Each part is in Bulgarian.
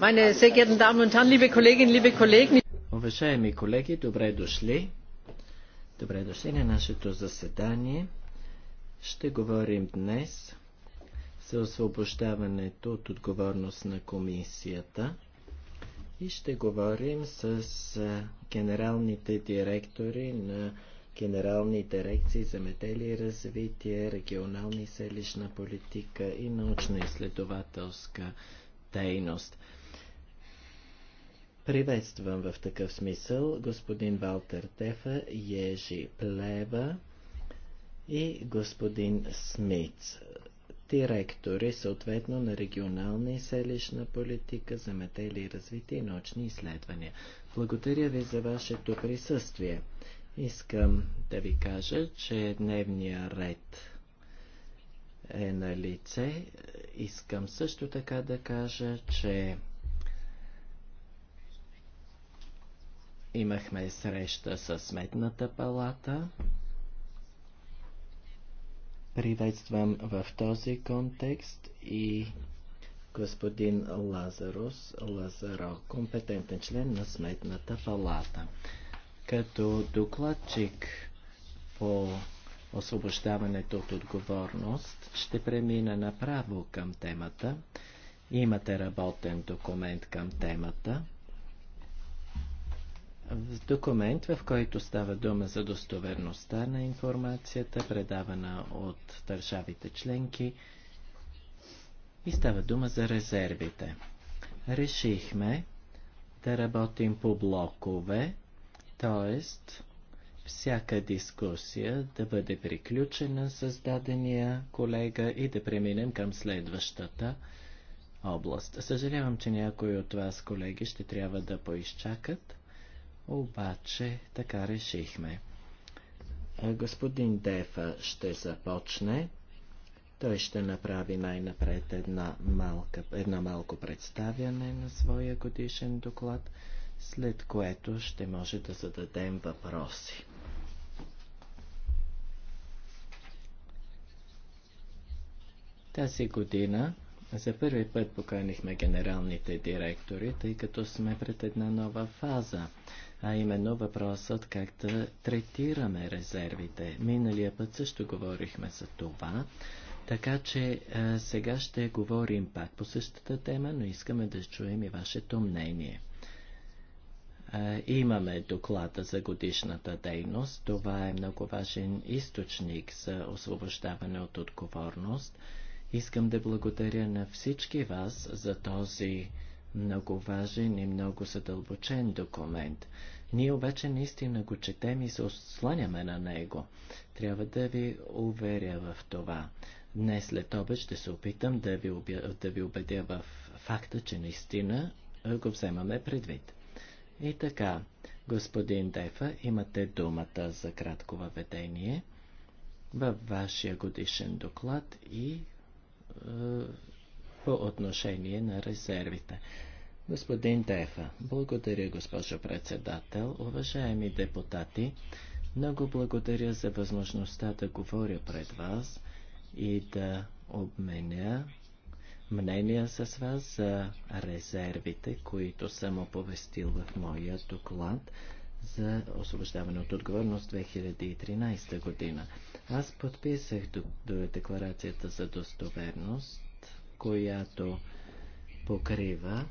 Meine sehr geehrten Damen und Herren, liebe Kolleginnen, liebe Kollegen. Уважаеми колеги, добре дошли. Добре дошли на нашето заседание. Ще говорим днес за освобождаването от отговорност на комисията и ще говорим с генералните директори на генерални дирекции за метели и развитие, регионални селищна политика и научно-изследователска дейност. Приветствам в такъв смисъл господин Валтер Тефа, Ежи Плева и господин Смиц, директори съответно на регионална и селищна политика, за метели и развитие и научни изследвания. Благодаря ви за вашето присъствие. Искам да ви кажа, че дневния ред е на лице. Искам също така да кажа, че Имахме среща с Сметната палата. Приветствам в този контекст и господин Лазарус Лазаро, компетентен член на Сметната палата. Като докладчик по освобождаването от отговорност, ще премина направо към темата. Имате работен документ към темата в документ, в който става дума за достоверността на информацията, предавана от държавите членки и става дума за резервите. Решихме да работим по блокове, т.е. всяка дискусия да бъде приключена с дадения колега и да преминем към следващата област. Съжалявам, че някои от вас, колеги, ще трябва да поизчакат обаче така решихме. Е, господин Дефа ще започне. Той ще направи най-напред една малка, едно малко представяне на своя годишен доклад, след което ще може да зададем въпроси. Тази година за първи път поканихме генералните директори, тъй като сме пред една нова фаза а именно въпросът как да третираме резервите. Миналия път също говорихме за това, така че а, сега ще говорим пак по същата тема, но искаме да чуем и вашето мнение. А, имаме доклада за годишната дейност. Това е много важен източник за освобождаване от отговорност. Искам да благодаря на всички вас за този много важен и много задълбочен документ. Ние обаче наистина го четем и се осланяме на него. Трябва да ви уверя в това. Днес след обед ще се опитам да ви, да ви убедя в факта, че наистина го вземаме предвид. И така, господин Дефа, имате думата за кратко въведение във вашия годишен доклад и по отношение на резервите. Господин Дефа, благодаря, госпожо председател, уважаеми депутати, много благодаря за възможността да говоря пред вас и да обменя мнения с вас за резервите, които съм оповестил в моя доклад за освобождаване от отговорност 2013 година. Аз подписах до, до декларацията за достоверност която покрива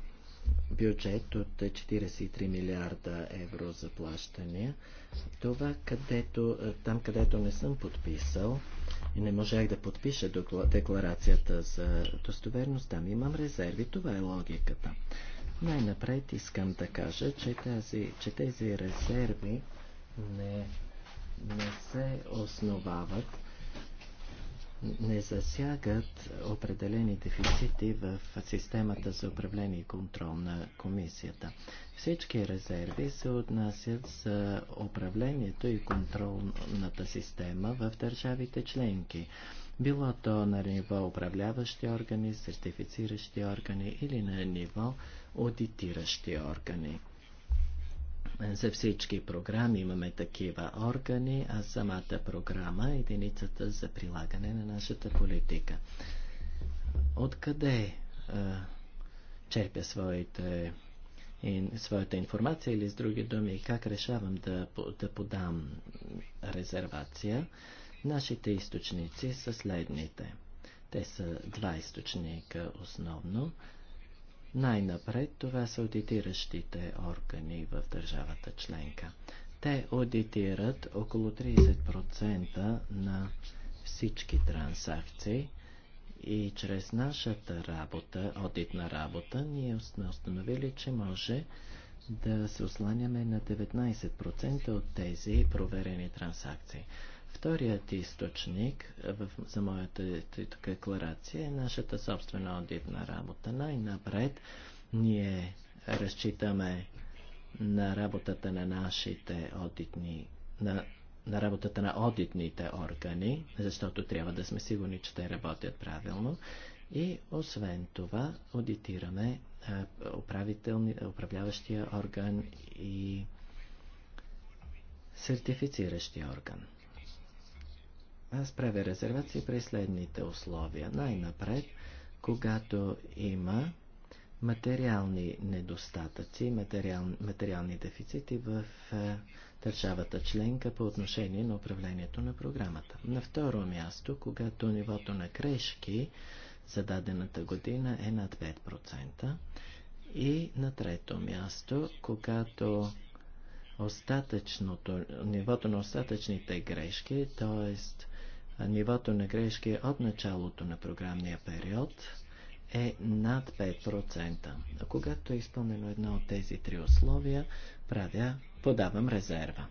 бюджет от 43 милиарда евро за плащания. Това, където, е, там където не съм подписал и не можах да подпиша декларацията за достоверност, там имам резерви. Това е логиката. Най-напред искам да кажа, че, тази, че тези резерви не, не се основават не засягат определени дефицити в системата за управление и контрол на комисията. Всички резерви се отнасят за управлението и контролната система в държавите членки. Било то на ниво управляващи органи, сертифициращи органи или на ниво аудитиращи органи. За всички програми имаме такива органи, а самата програма е единицата за прилагане на нашата политика. Откъде е, черпя своите, ин, своята информация или с други думи, как решавам да, да подам резервация? Нашите източници са следните. Те са два източника основно. Най-напред това са аудитиращите органи в държавата членка. Те аудитират около 30% на всички транзакции и чрез нашата работа, одитна работа, ние сме установили, че може да се осланяме на 19% от тези проверени транзакции. Вторият източник е, в, за моята декларация е нашата собствена аудитна работа. Най-напред ние разчитаме на работата на нашите одитни на, на работата на аудитните органи, защото трябва да сме сигурни, че те работят правилно. И освен това, аудитираме е, управляващия орган и сертифициращия орган. Аз правя резервация при следните условия. Най-напред, когато има материални недостатъци, материал, материални дефицити в е, държавата членка по отношение на управлението на програмата. На второ място, когато нивото на грешки за дадената година е над 5%. И на трето място, когато остатъчното, нивото на остатъчните грешки, т.е нивото на грешки от началото на програмния период е над 5%. А когато е изпълнено едно от тези три условия, правя, подавам резерва.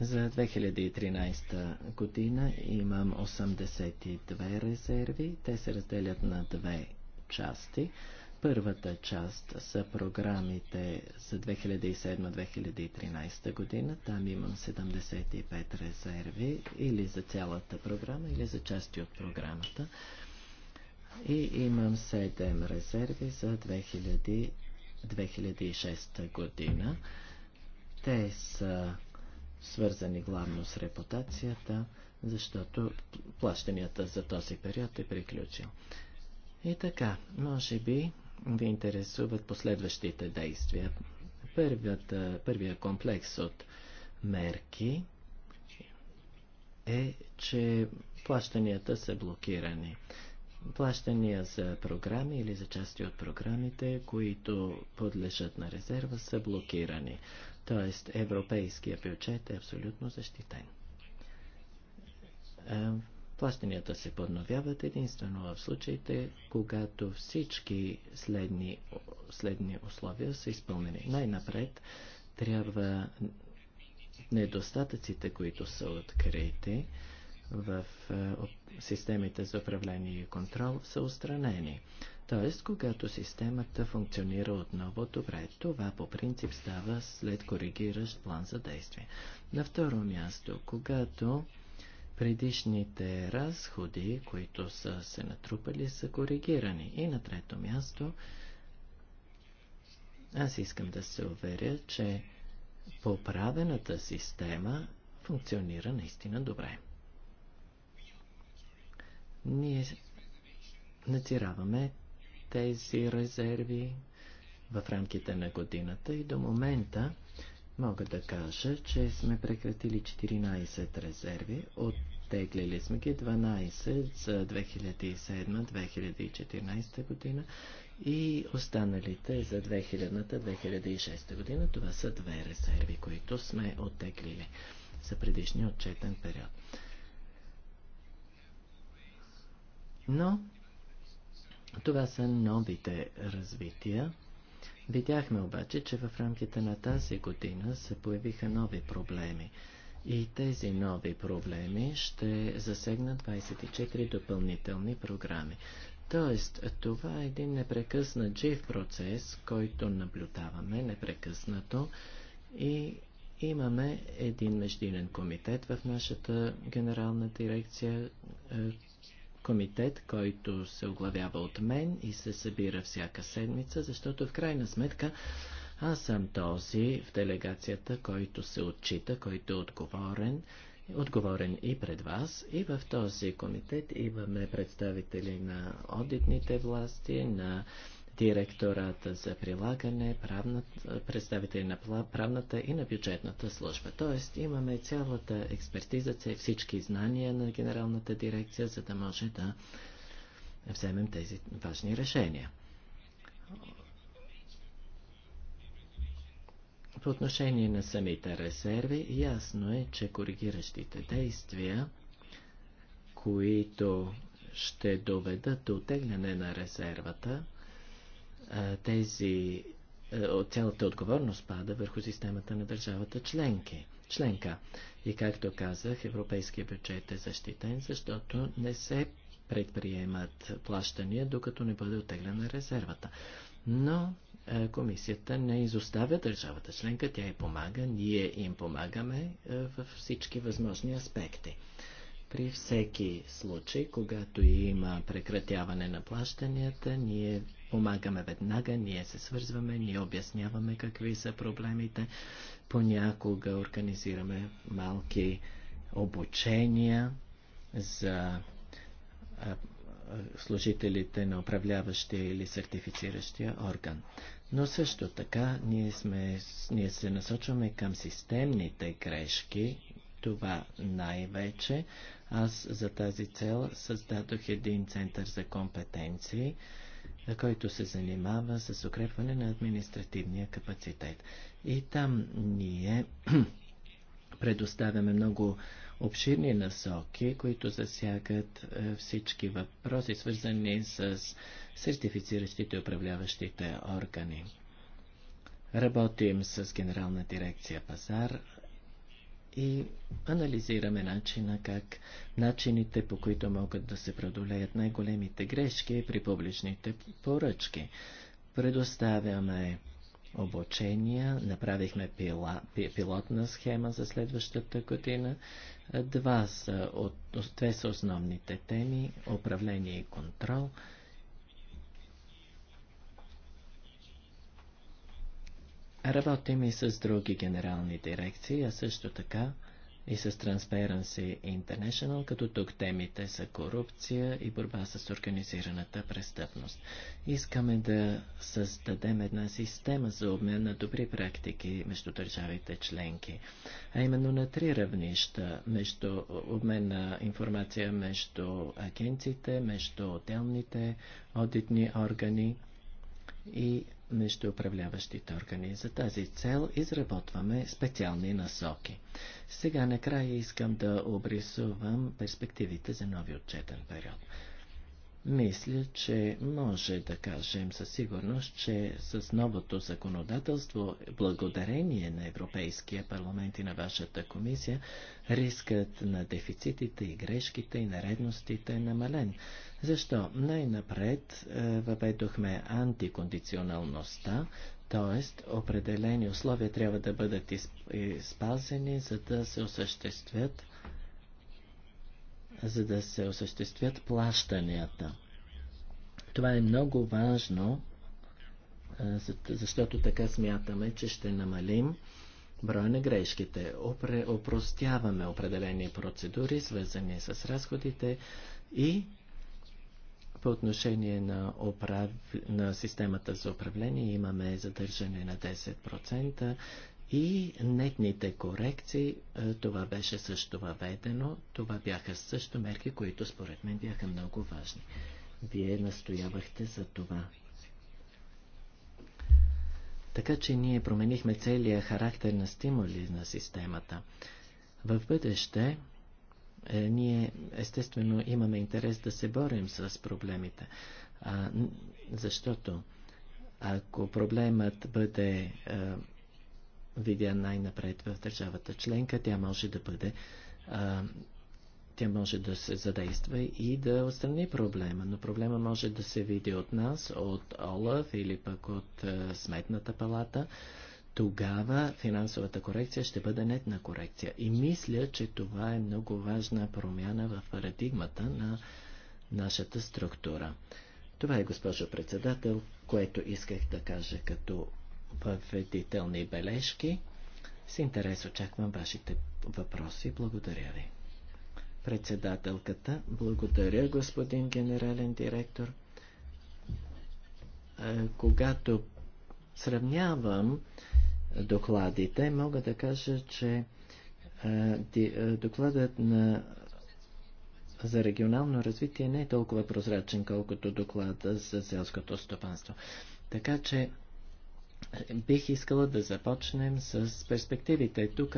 За 2013 година имам 82 резерви. Те се разделят на две части. Първата част са програмите за 2007-2013 година. Там имам 75 резерви или за цялата програма, или за части от програмата. И имам 7 резерви за 2006 година. Те са свързани главно с репутацията, защото плащанията за този период е приключил. И така, може би ви интересуват последващите действия. Първият, първият комплекс от мерки е, че плащанията са блокирани. Плащания за програми или за части от програмите, които подлежат на резерва, са блокирани. Тоест, европейския бюджет е абсолютно защитен. Плащанията се подновяват единствено в случаите, когато всички следни, следни условия са изпълнени. Най-напред трябва недостатъците, които са открити в е, системите за управление и контрол, са устранени. Тоест, когато системата функционира отново добре, това по принцип става след коригиращ план за действие. На второ място, когато предишните разходи, които са се натрупали, са коригирани. И на трето място, аз искам да се уверя, че поправената система функционира наистина добре. Ние натираваме тези резерви в рамките на годината и до момента мога да кажа, че сме прекратили 14 резерви, оттеглили сме ги 12 за 2007-2014 година и останалите за 2000-2006 година. Това са две резерви, които сме оттеглили за предишния отчетен период. Но това са новите развития. Видяхме обаче, че в рамките на тази година се появиха нови проблеми. И тези нови проблеми ще засегнат 24 допълнителни програми. Тоест, това е един непрекъснат жив процес, който наблюдаваме непрекъснато и имаме един междинен комитет в нашата генерална дирекция, е, комитет, който се оглавява от мен и се събира всяка седмица, защото в крайна сметка аз съм този в делегацията, който се отчита, който е отговорен, отговорен и пред вас. И в този комитет имаме представители на одитните власти, на директората за прилагане, представители на правната и на бюджетната служба. Тоест имаме цялата експертиза, всички знания на генералната дирекция, за да може да вземем тези важни решения. По отношение на самите резерви, ясно е, че коригиращите действия, които ще доведат до отегляне на резервата, тези, цялата отговорност пада върху системата на държавата членки, членка. И както казах, европейския бюджет е защитен, защото не се предприемат плащания, докато не бъде отеглена резервата. Но комисията не изоставя държавата членка, тя й помага, ние им помагаме във всички възможни аспекти. При всеки случай, когато има прекратяване на плащанията, ние помагаме веднага, ние се свързваме, ние обясняваме какви са проблемите. Понякога организираме малки обучения за служителите на управляващия или сертифициращия орган. Но също така ние, сме, ние се насочваме към системните грешки, това най-вече. Аз за тази цел създадох един център за компетенции, който се занимава с укрепване на административния капацитет. И там ние предоставяме много обширни насоки, които засягат е, всички въпроси, свързани с сертифициращите и управляващите органи. Работим с Генерална дирекция Пазар, и анализираме начина как начините по които могат да се преодолеят най-големите грешки е при публичните поръчки. Предоставяме обучения, направихме пила, пилотна схема за следващата година. Два са, от, две са основните теми – управление и контрол – Работим и с други генерални дирекции, а също така и с Transparency International, като тук темите са корупция и борба с организираната престъпност. Искаме да създадем една система за обмен на добри практики между държавите членки, а именно на три равнища между обмен на информация между агенциите, между отделните одитни органи и между управляващите органи. За тази цел изработваме специални насоки. Сега накрая искам да обрисувам перспективите за нови отчетен период. Мисля, че може да кажем със сигурност, че с новото законодателство, благодарение на Европейския парламент и на вашата комисия, рискът на дефицитите и грешките и наредностите е намален. Защо? Най-напред е, въведохме антикондиционалността, т.е. определени условия трябва да бъдат спазени, за да се осъществят за да се осъществят плащанията. Това е много важно, е, защото така смятаме, че ще намалим броя на грешките. опростяваме определени процедури, свързани с разходите и по отношение на, управ... на системата за управление имаме задържане на 10% и нетните корекции, е, това беше също въведено, това бяха също мерки, които според мен бяха много важни. Вие настоявахте за това. Така че ние променихме целия характер на стимули на системата. В бъдеще е, ние естествено имаме интерес да се борим с проблемите, а, защото ако проблемът бъде а, видян най-напред в държавата членка, тя може да бъде а, тя може да се задейства и да отстрани проблема, но проблема може да се види от нас, от ОЛАФ или пък от а, Сметната палата. А, тогава финансовата корекция ще бъде нетна корекция. И мисля, че това е много важна промяна в парадигмата на нашата структура. Това е, госпожо председател, което исках да кажа като въведителни бележки. С интерес очаквам вашите въпроси. Благодаря ви. Председателката, благодаря, господин генерален директор. Е, когато сравнявам докладите, мога да кажа, че докладът на за регионално развитие не е толкова прозрачен, колкото доклада за селското стопанство. Така че бих искала да започнем с перспективите. Тук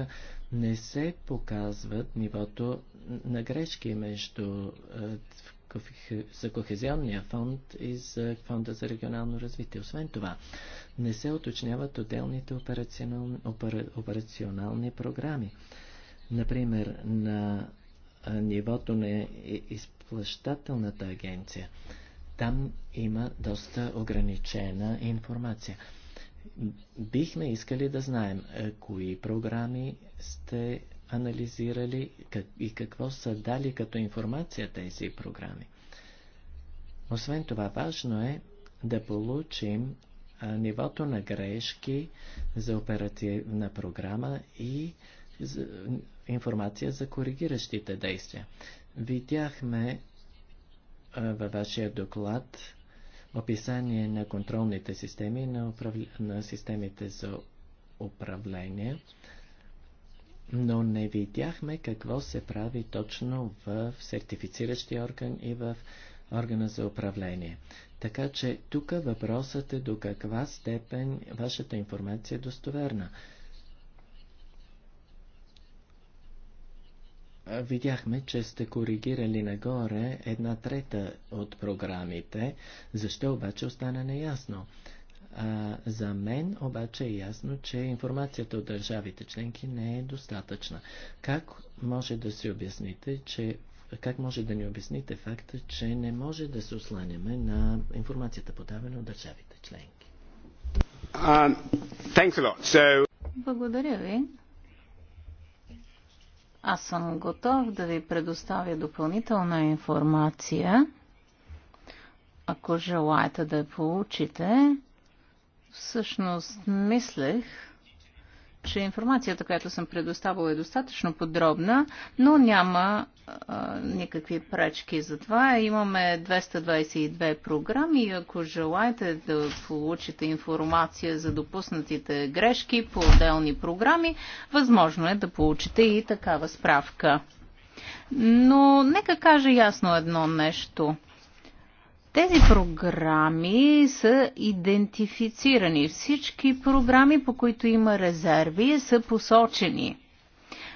не се показват нивото на грешки между за Кохезионния фонд и за Фонда за регионално развитие. Освен това, не се уточняват отделните операционални, опер, операционални програми. Например, на нивото на изплащателната агенция. Там има доста ограничена информация. Бихме искали да знаем кои програми сте анализирали как, и какво са дали като информация тези програми. Освен това, важно е да получим а, нивото на грешки за оперативна програма и за, информация за коригиращите действия. Видяхме а, във вашия доклад описание на контролните системи, на, управ... на системите за управление но не видяхме какво се прави точно в сертифициращия орган и в органа за управление. Така че тук въпросът е до каква степен вашата информация е достоверна. Видяхме, че сте коригирали нагоре една трета от програмите, защо обаче остана неясно. А, за мен обаче е ясно, че информацията от държавите членки не е достатъчна. Как може да си обясните, че как може да ни обясните факта, че не може да се осланяме на информацията подавена от държавите членки? Um, so... Благодаря ви. Аз съм готов да ви предоставя допълнителна информация, ако желаете да я получите. Всъщност, мислех, че информацията, която съм предоставила е достатъчно подробна, но няма а, никакви пречки за това. Имаме 222 програми и ако желаете да получите информация за допуснатите грешки по отделни програми, възможно е да получите и такава справка. Но нека кажа ясно едно нещо – тези програми са идентифицирани. Всички програми, по които има резерви, са посочени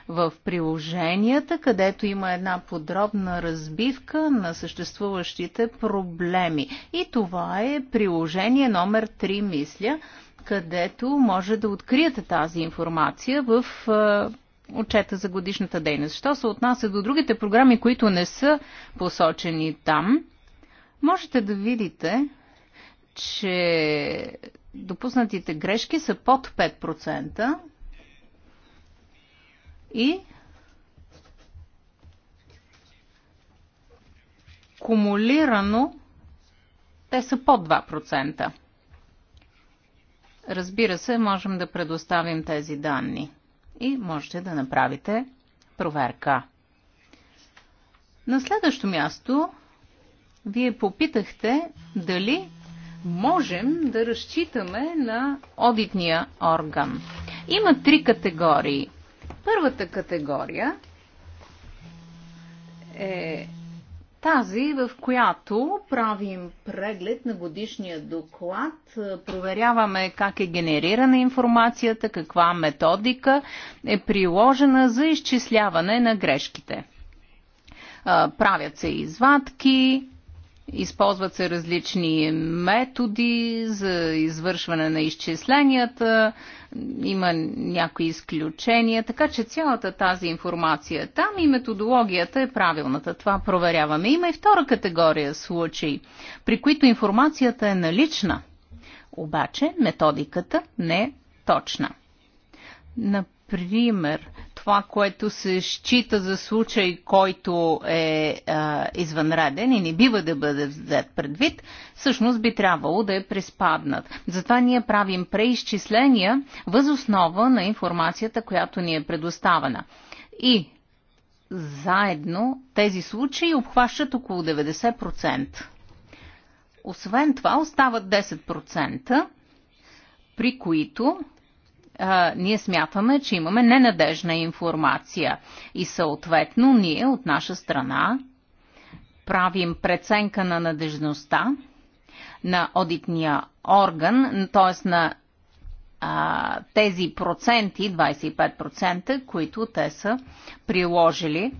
в приложенията, където има една подробна разбивка на съществуващите проблеми. И това е приложение номер 3, мисля, където може да откриете тази информация в отчета за годишната дейност. Що се отнася до другите програми, които не са посочени там, можете да видите, че допуснатите грешки са под 5% и кумулирано те са под 2%. Разбира се, можем да предоставим тези данни и можете да направите проверка. На следващо място вие попитахте дали можем да разчитаме на одитния орган. Има три категории. Първата категория е тази, в която правим преглед на годишния доклад, проверяваме как е генерирана информацията, каква методика е приложена за изчисляване на грешките. Правят се извадки, Използват се различни методи за извършване на изчисленията, има някои изключения, така че цялата тази информация е там и методологията е правилната. Това проверяваме. Има и втора категория случаи, при които информацията е налична, обаче методиката не е точна. Например, това, което се счита за случай, който е а, извънреден и не бива да бъде взет предвид, всъщност би трябвало да е приспаднат. Затова ние правим преизчисления възоснова на информацията, която ни е предоставена. И заедно тези случаи обхващат около 90%. Освен това остават 10%, при които а, ние смятаме, че имаме ненадежна информация и съответно ние от наша страна правим преценка на надежността на одитния орган, т.е. на а, тези проценти, 25%, които те са приложили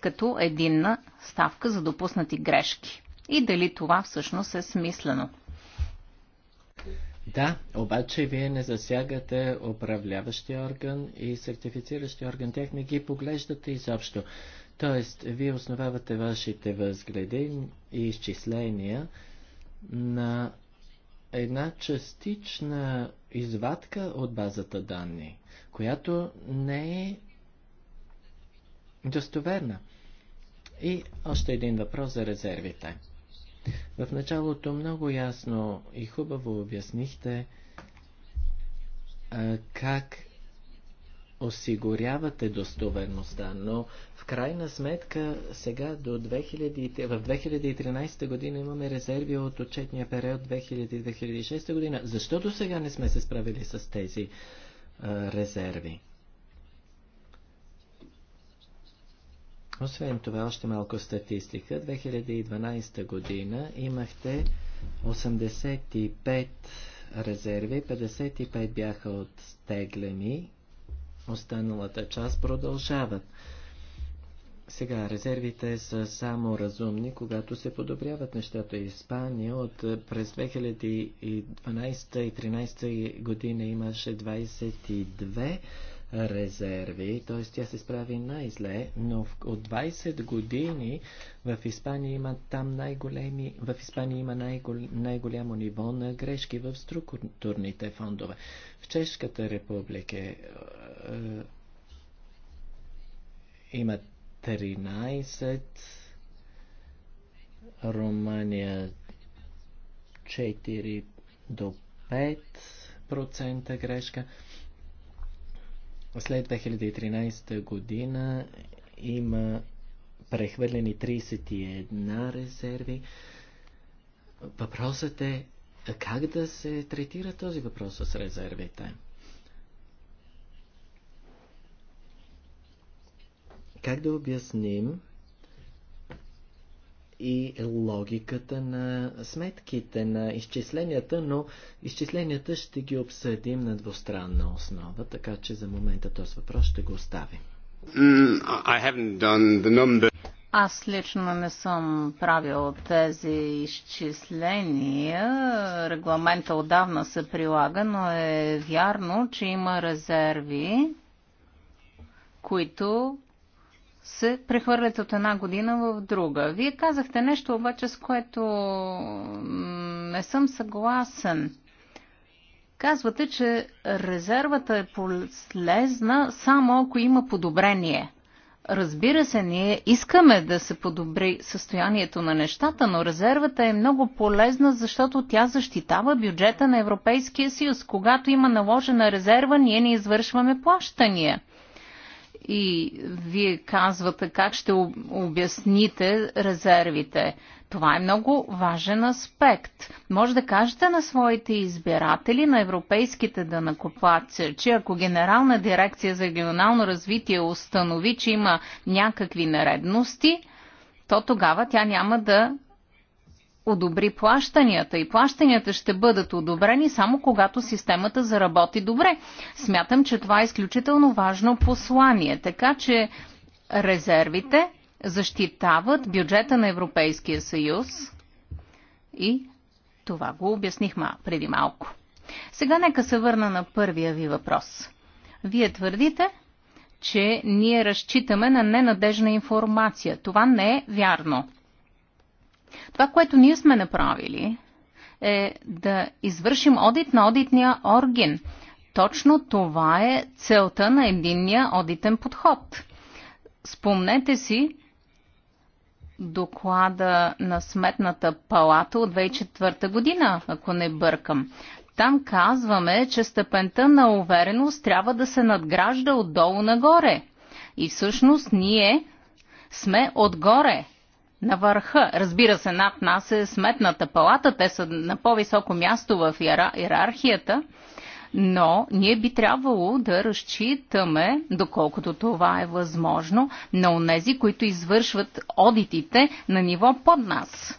като единна ставка за допуснати грешки. И дали това всъщност е смислено. Да, обаче вие не засягате управляващия орган и сертифициращия орган. Тях не ги поглеждате изобщо. Тоест, вие основавате вашите възгледи и изчисления на една частична извадка от базата данни, която не е достоверна. И още един въпрос за резервите. В началото много ясно и хубаво обяснихте а, как осигурявате достоверността, но в крайна сметка сега до 2000, в 2013 година имаме резерви от отчетния период 2000-2006 година. Защо до сега не сме се справили с тези а, резерви? Освен това, още малко статистика. 2012 година имахте 85 резерви, 55 бяха оттеглени, останалата част продължават. Сега, резервите са само разумни, когато се подобряват нещата. Испания от през 2012 и 2013 година имаше 22 резерви, т.е. тя се справи най-зле, но от 20 години в Испания има там най-големи, в Испания има най-гол, най-голямо ниво на грешки в структурните фондове. В Чешката република е, е има 13, Румъния 4 до 5% грешка. След 2013 година има прехвърлени 31 резерви. Въпросът е как да се третира този въпрос с резервите? Как да обясним и логиката на сметките, на изчисленията, но изчисленията ще ги обсъдим на двустранна основа, така че за момента този въпрос ще го оставим. Mm, Аз лично не съм правил тези изчисления. Регламента отдавна се прилага, но е вярно, че има резерви, които се прехвърлят от една година в друга. Вие казахте нещо обаче, с което не съм съгласен. Казвате, че резервата е полезна само ако има подобрение. Разбира се, ние искаме да се подобри състоянието на нещата, но резервата е много полезна, защото тя защитава бюджета на Европейския съюз. Когато има наложена резерва, ние не извършваме плащания и вие казвате как ще обясните резервите. Това е много важен аспект. Може да кажете на своите избиратели, на европейските данакоплатци, че ако Генерална дирекция за регионално развитие установи, че има някакви нередности, то тогава тя няма да одобри плащанията и плащанията ще бъдат одобрени само когато системата заработи добре. Смятам, че това е изключително важно послание, така че резервите защитават бюджета на Европейския съюз и това го обясних преди малко. Сега нека се върна на първия ви въпрос. Вие твърдите, че ние разчитаме на ненадежна информация. Това не е вярно. Това, което ние сме направили, е да извършим одит на одитния орган. Точно това е целта на единния одитен подход. Спомнете си доклада на Сметната палата от 2004 година, ако не бъркам. Там казваме, че степента на увереност трябва да се надгражда отдолу нагоре. И всъщност ние сме отгоре на върха. Разбира се, над нас е сметната палата, те са на по-високо място в иерархията, но ние би трябвало да разчитаме, доколкото това е възможно, на онези, които извършват одитите на ниво под нас.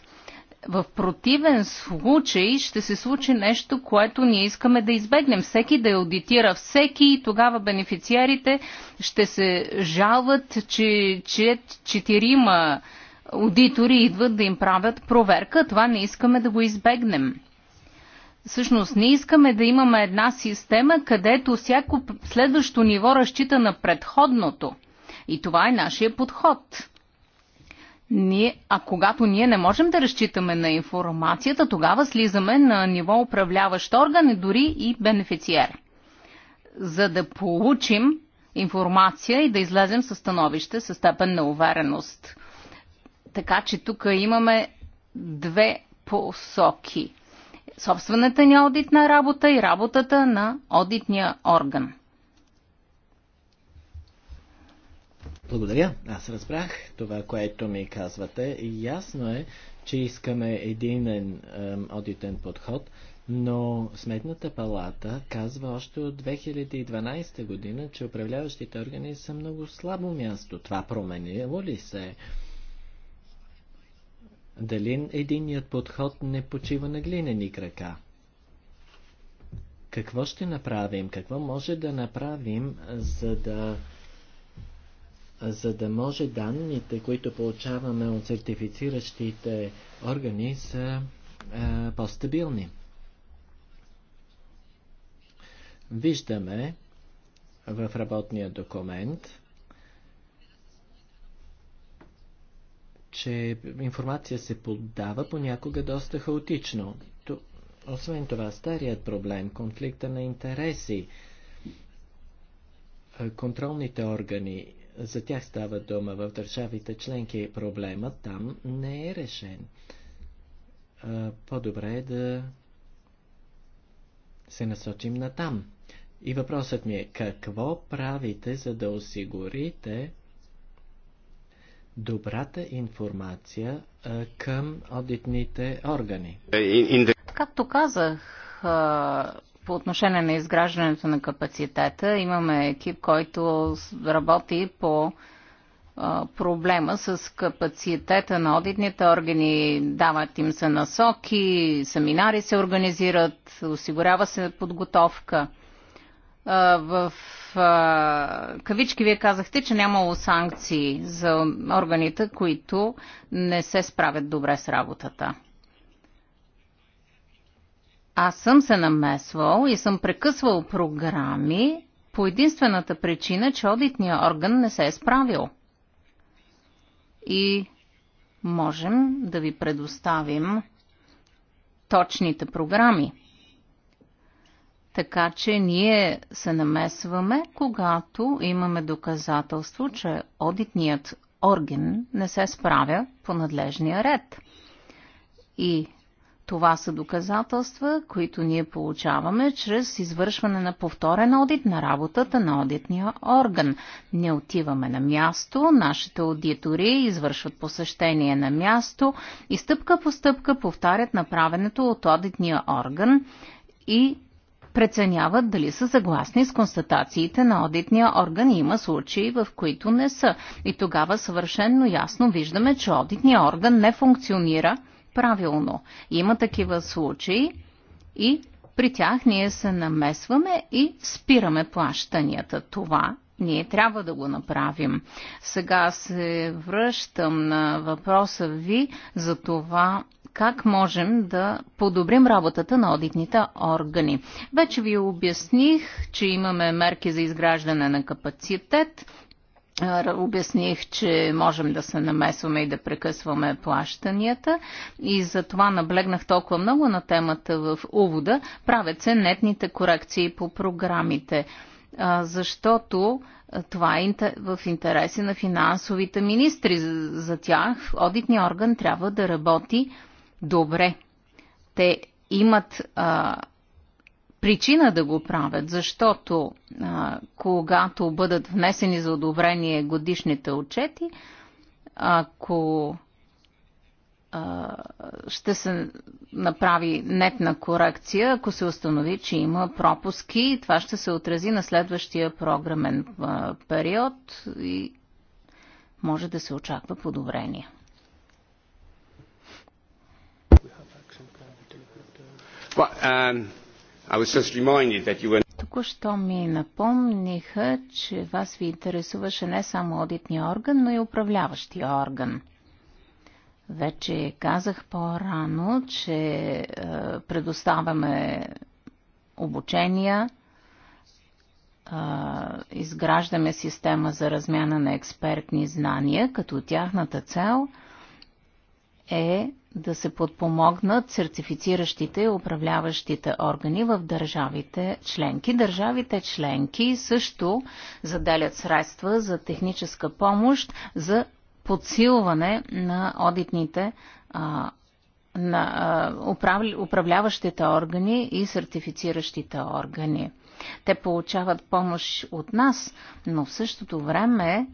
В противен случай ще се случи нещо, което ние искаме да избегнем. Всеки да аудитира всеки и тогава бенефициарите ще се жалват, че четирима че аудитори идват да им правят проверка. Това не искаме да го избегнем. Всъщност, не искаме да имаме една система, където всяко следващо ниво разчита на предходното. И това е нашия подход. Ние, а когато ние не можем да разчитаме на информацията, тогава слизаме на ниво управляващ орган и дори и бенефициер. За да получим информация и да излезем със становище със степен на увереност. Така че тук имаме две посоки. Собствената ни одитна работа и работата на одитния орган. Благодаря. Аз разбрах това, което ми казвате. Ясно е, че искаме един ем, одитен подход, но Сметната палата казва още от 2012 година, че управляващите органи са много слабо място. Това променило ли се? Е? Дали единият подход не почива на глинени крака? Какво ще направим? Какво може да направим, за да, за да може данните, които получаваме от сертифициращите органи, са по-стабилни? Виждаме в работния документ, че информация се поддава понякога доста хаотично. Освен това, старият проблем, конфликта на интереси, е, контролните органи, за тях става дума в държавите членки, проблема там не е решен. Е, по-добре е да се насочим на там. И въпросът ми е, какво правите, за да осигурите добрата информация към одитните органи. Както казах, по отношение на изграждането на капацитета, имаме екип, който работи по проблема с капацитета на одитните органи, дават им се насоки, семинари се организират, осигурява се подготовка в кавички вие казахте, че нямало санкции за органите, които не се справят добре с работата. Аз съм се намесвал и съм прекъсвал програми по единствената причина, че одитният орган не се е справил. И можем да ви предоставим точните програми така че ние се намесваме, когато имаме доказателство, че одитният орган не се справя по надлежния ред. И това са доказателства, които ние получаваме чрез извършване на повторен одит на работата на одитния орган. Не отиваме на място, нашите аудитори извършват посещение на място и стъпка по стъпка повтарят направенето от одитния орган и преценяват дали са съгласни с констатациите на одитния орган. Има случаи, в които не са. И тогава съвършенно ясно виждаме, че одитния орган не функционира правилно. Има такива случаи и при тях ние се намесваме и спираме плащанията. Това ние трябва да го направим. Сега се връщам на въпроса ви за това как можем да подобрим работата на одитните органи. Вече ви обясних, че имаме мерки за изграждане на капацитет. Обясних, че можем да се намесваме и да прекъсваме плащанията и за това наблегнах толкова много на темата в увода. Правят се нетните корекции по програмите защото това е в интереси на финансовите министри. За тях одитния орган трябва да работи добре. Те имат а, причина да го правят, защото а, когато бъдат внесени за одобрение годишните отчети, ако а, ще се направи нетна корекция, ако се установи, че има пропуски, това ще се отрази на следващия програмен а, период и може да се очаква подобрение. Um, Току-що ми напомниха, че вас ви интересуваше не само одитния орган, но и управляващия орган. Вече казах по-рано, че е, предоставяме обучения, е, изграждаме система за размяна на експертни знания, като тяхната цел е да се подпомогнат сертифициращите и управляващите органи в държавите членки. Държавите членки също заделят средства за техническа помощ за подсилване на одитните а, на а, управ, управляващите органи и сертифициращите органи. Те получават помощ от нас, но в същото време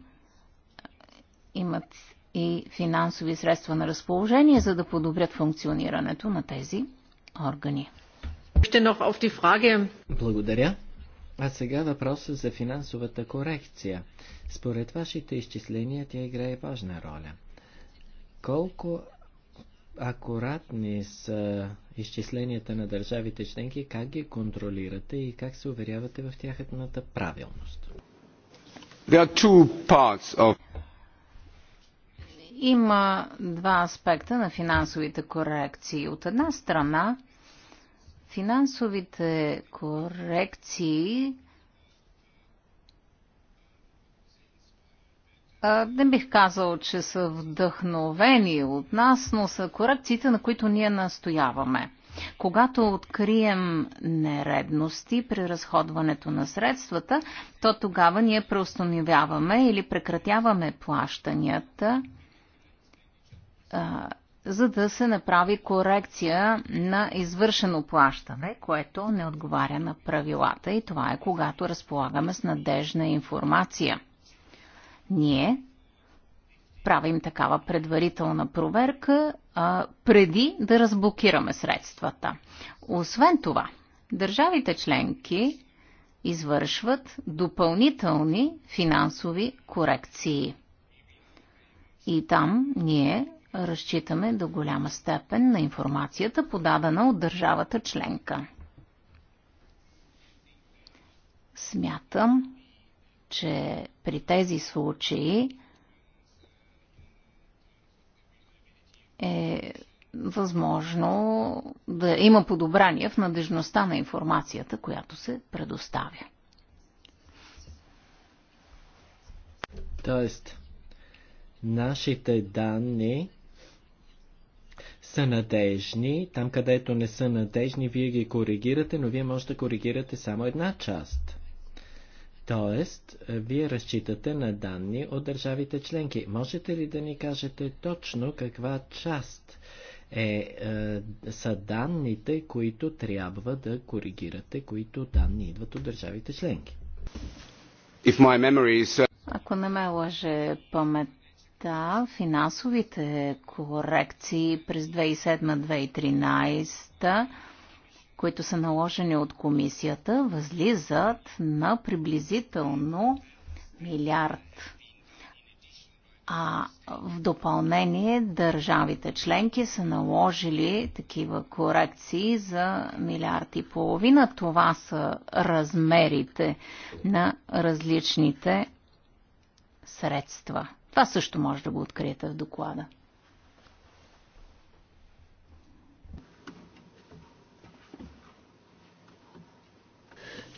имат и финансови средства на разположение, за да подобрят функционирането на тези органи. Благодаря. А сега въпросът за финансовата корекция. Според вашите изчисления тя играе важна роля. Колко акуратни са изчисленията на държавите членки, как ги контролирате и как се уверявате в тяхната правилност? Of... Има два аспекта на финансовите корекции. От една страна, финансовите корекции не бих казал, че са вдъхновени от нас, но са корекциите, на които ние настояваме. Когато открием нередности при разходването на средствата, то тогава ние преустановяваме или прекратяваме плащанията за да се направи корекция на извършено плащане, което не отговаря на правилата и това е когато разполагаме с надежна информация. Ние правим такава предварителна проверка а, преди да разблокираме средствата. Освен това, държавите членки извършват допълнителни финансови корекции. И там ние разчитаме до голяма степен на информацията, подадена от държавата членка. Смятам, че при тези случаи е възможно да има подобрание в надежността на информацията, която се предоставя. Тоест, нашите данни са надежни, там където не са надежни, вие ги коригирате, но вие можете да коригирате само една част. Тоест, вие разчитате на данни от държавите членки. Можете ли да ни кажете точно каква част е, е, са данните, които трябва да коригирате, които данни идват от държавите членки? If my memory is... Uh, Ако не ме лъже памет, да, финансовите корекции през 2007-2013, които са наложени от комисията, възлизат на приблизително милиард. А в допълнение държавите членки са наложили такива корекции за милиард и половина. Това са размерите на различните средства. Това също може да го откриете в доклада.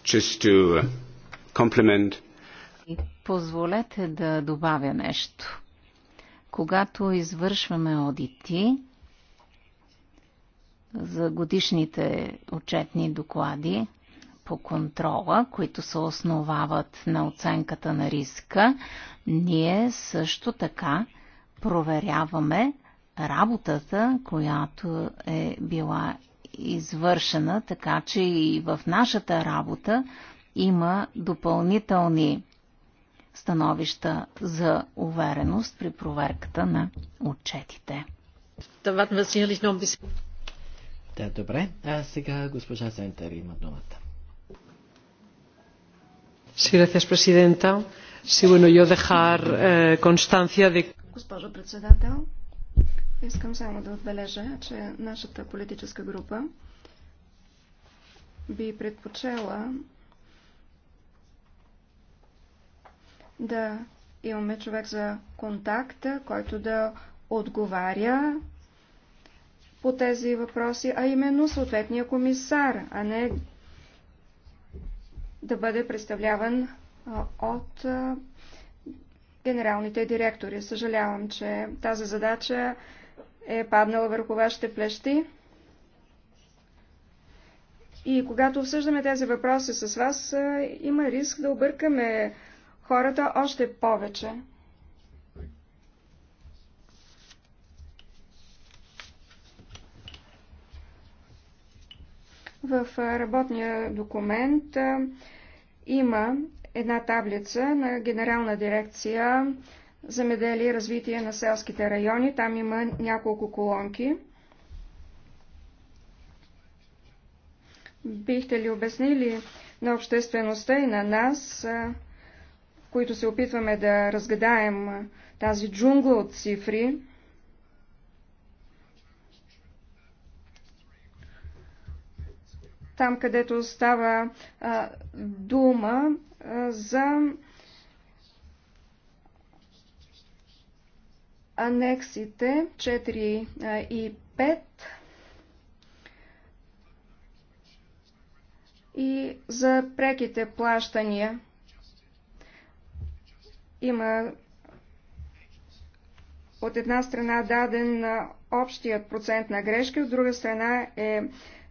Just to uh, compliment. Позволете да добавя нещо. Когато извършваме одити за годишните отчетни доклади, по контрола, които се основават на оценката на риска. Ние също така проверяваме работата, която е била извършена, така че и в нашата работа има допълнителни становища за увереност при проверката на отчетите. Да, добре. А сега госпожа Сентер има думата. Sí, gracias, presidenta. Eh, Госпожо председател, искам само да отбележа, че нашата политическа група би предпочела да имаме човек за контакт, който да отговаря по тези въпроси, а именно съответния комисар, а не да бъде представляван от генералните директори. Съжалявам, че тази задача е паднала върху вашите плещи. И когато обсъждаме тези въпроси с вас, има риск да объркаме хората още повече. В работния документ има една таблица на Генерална дирекция Замеделие и развитие на селските райони. Там има няколко колонки. Бихте ли обяснили на обществеността и на нас, които се опитваме да разгадаем тази джунгла от цифри, там, където става а, дума за анексите 4 и 5 и за преките плащания. Има от една страна даден общият процент на грешки, от друга страна е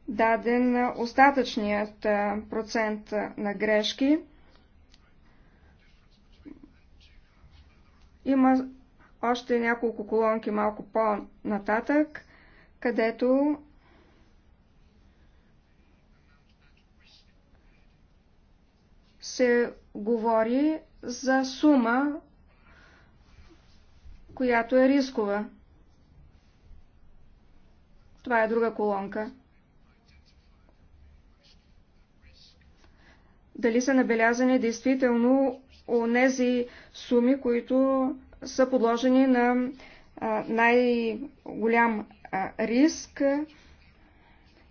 даден остатъчният процент на грешки. Има още няколко колонки малко по-нататък, където се говори за сума, която е рискова. Това е друга колонка. Дали са набелязани действително онези суми, които са подложени на най-голям риск.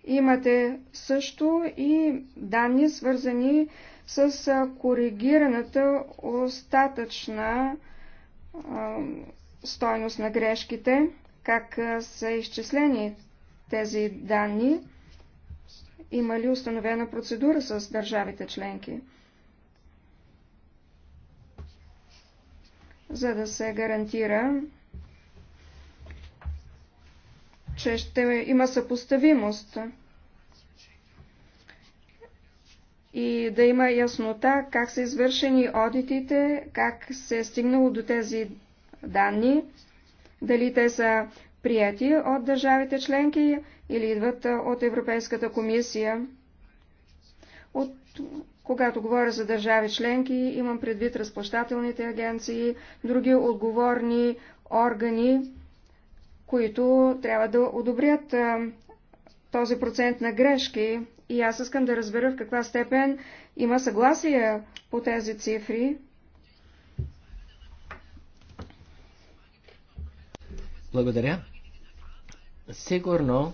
Имате също и данни, свързани с коригираната остатъчна стойност на грешките, как са изчислени тези данни, има ли установена процедура с държавите членки. за да се гарантира, че ще има съпоставимост и да има яснота как са извършени одитите, как се е стигнало до тези данни, дали те са прияти от държавите членки или идват от Европейската комисия. От когато говоря за държави членки, имам предвид разплащателните агенции, други отговорни органи, които трябва да одобрят този процент на грешки. И аз искам да разбера в каква степен има съгласие по тези цифри. Благодаря. Сигурно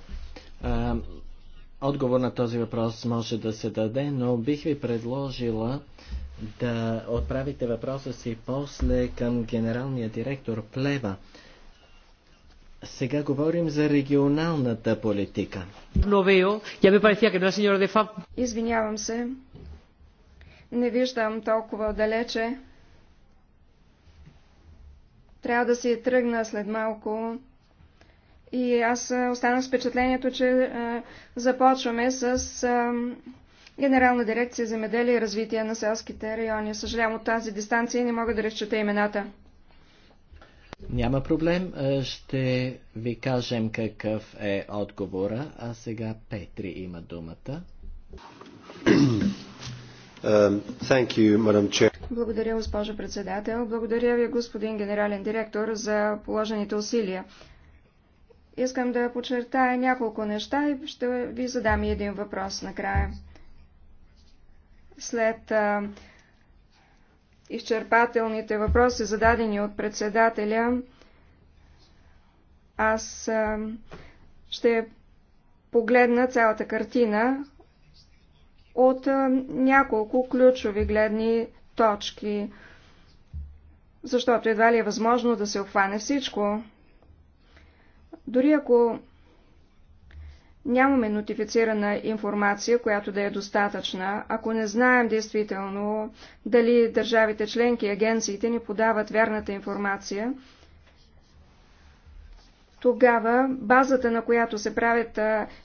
Отговор на този въпрос може да се даде, но бих ви предложила да отправите въпроса си после към генералния директор Плева. Сега говорим за регионалната политика. Извинявам се. Не виждам толкова далече. Трябва да си тръгна след малко. И аз останах с впечатлението, че започваме с Генерална дирекция за меделие и развитие на селските райони. Съжалявам от тази дистанция не мога да разчета имената. Няма проблем. Ще ви кажем какъв е отговора. А сега Петри има думата. Е, you, Благодаря, госпожо председател. Благодаря ви, господин генерален директор, за положените усилия. Искам да подчертая няколко неща и ще ви задам един въпрос накрая. След а, изчерпателните въпроси, зададени от председателя, аз а, ще погледна цялата картина от а, няколко ключови гледни точки, защото едва ли е възможно да се обхване всичко. Дори ако нямаме нотифицирана информация, която да е достатъчна, ако не знаем действително дали държавите членки и агенциите ни подават вярната информация, тогава базата, на която се правят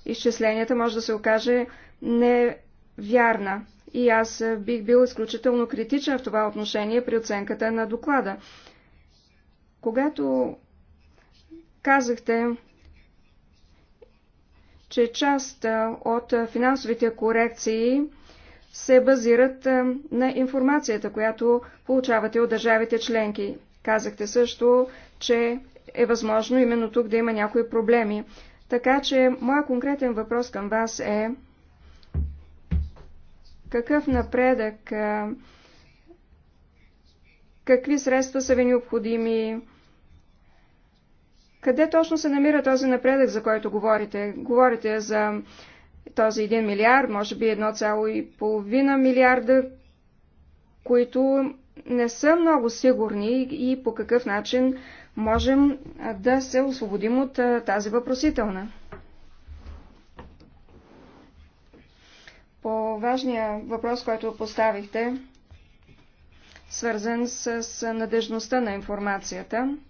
изчисленията, може да се окаже невярна. И аз бих бил изключително критичен в това отношение при оценката на доклада. Когато Казахте, че част от финансовите корекции се базират на информацията, която получавате от държавите членки. Казахте също, че е възможно именно тук да има някои проблеми. Така че, моят конкретен въпрос към вас е какъв напредък, какви средства са ви необходими, къде точно се намира този напредък, за който говорите? Говорите за този 1 милиард, може би 1,5 милиарда, които не са много сигурни и по какъв начин можем да се освободим от тази въпросителна. По важния въпрос, който поставихте, свързан с надежността на информацията –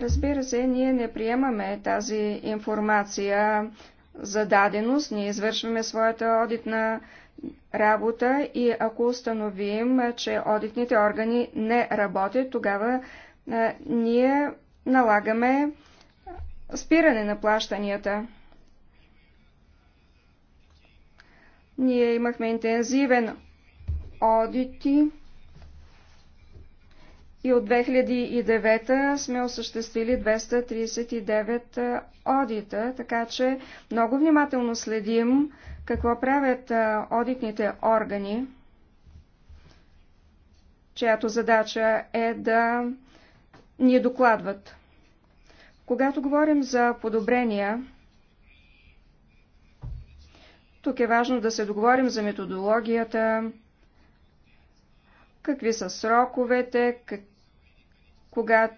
Разбира се, ние не приемаме тази информация за даденост, ние извършваме своята одитна работа и ако установим, че одитните органи не работят, тогава ние налагаме спиране на плащанията. Ние имахме интензивен одити и от 2009 сме осъществили 239 одита, така че много внимателно следим какво правят одитните органи, чиято задача е да ни докладват. Когато говорим за подобрения, тук е важно да се договорим за методологията, какви са сроковете, как кога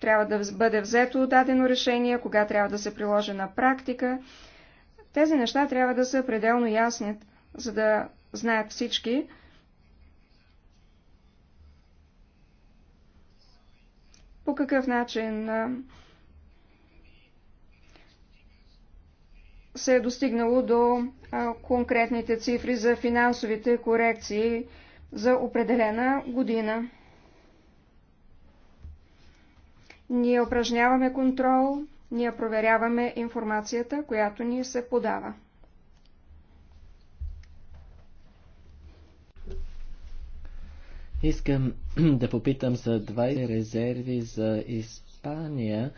трябва да бъде взето дадено решение, кога трябва да се приложи на практика. Тези неща трябва да са пределно ясни, за да знаят всички. По какъв начин се е достигнало до конкретните цифри за финансовите корекции за определена година. Ние упражняваме контрол, ние проверяваме информацията, която ни се подава. Искам да попитам за 20 резерви за Испания.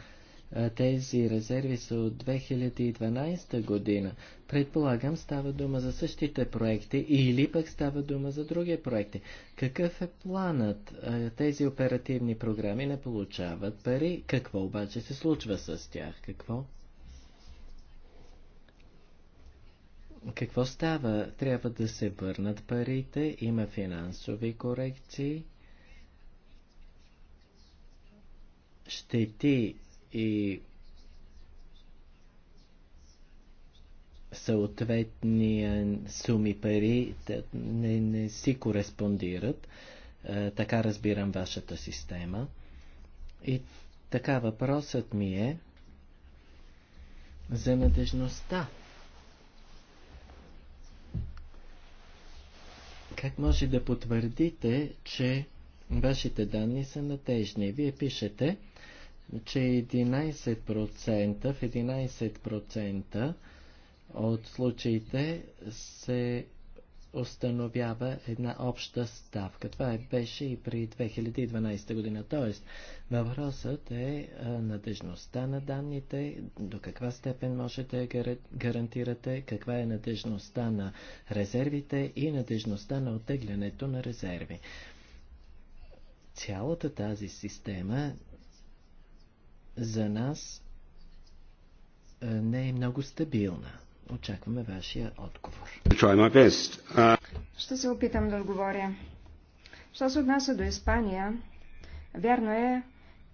Тези резерви са от 2012 година. Предполагам, става дума за същите проекти или пък става дума за други проекти. Какъв е планът? Тези оперативни програми не получават пари. Какво обаче се случва с тях? Какво? Какво става? Трябва да се върнат парите, има финансови корекции. щети и съответния суми пари не, не си кореспондират. Е, така разбирам вашата система. И така въпросът ми е за надежността. Как може да потвърдите, че вашите данни са надежни? Вие пишете, че 11% в 11% от случаите се установява една обща ставка. Това е, беше и при 2012 година. Тоест, въпросът е надежността на данните, до каква степен можете да гарантирате, каква е надежността на резервите и надежността на оттеглянето на резерви. Цялата тази система за нас не е много стабилна. Очакваме вашия отговор. Uh, Ще се опитам да отговоря. Що се отнася до Испания, вярно е,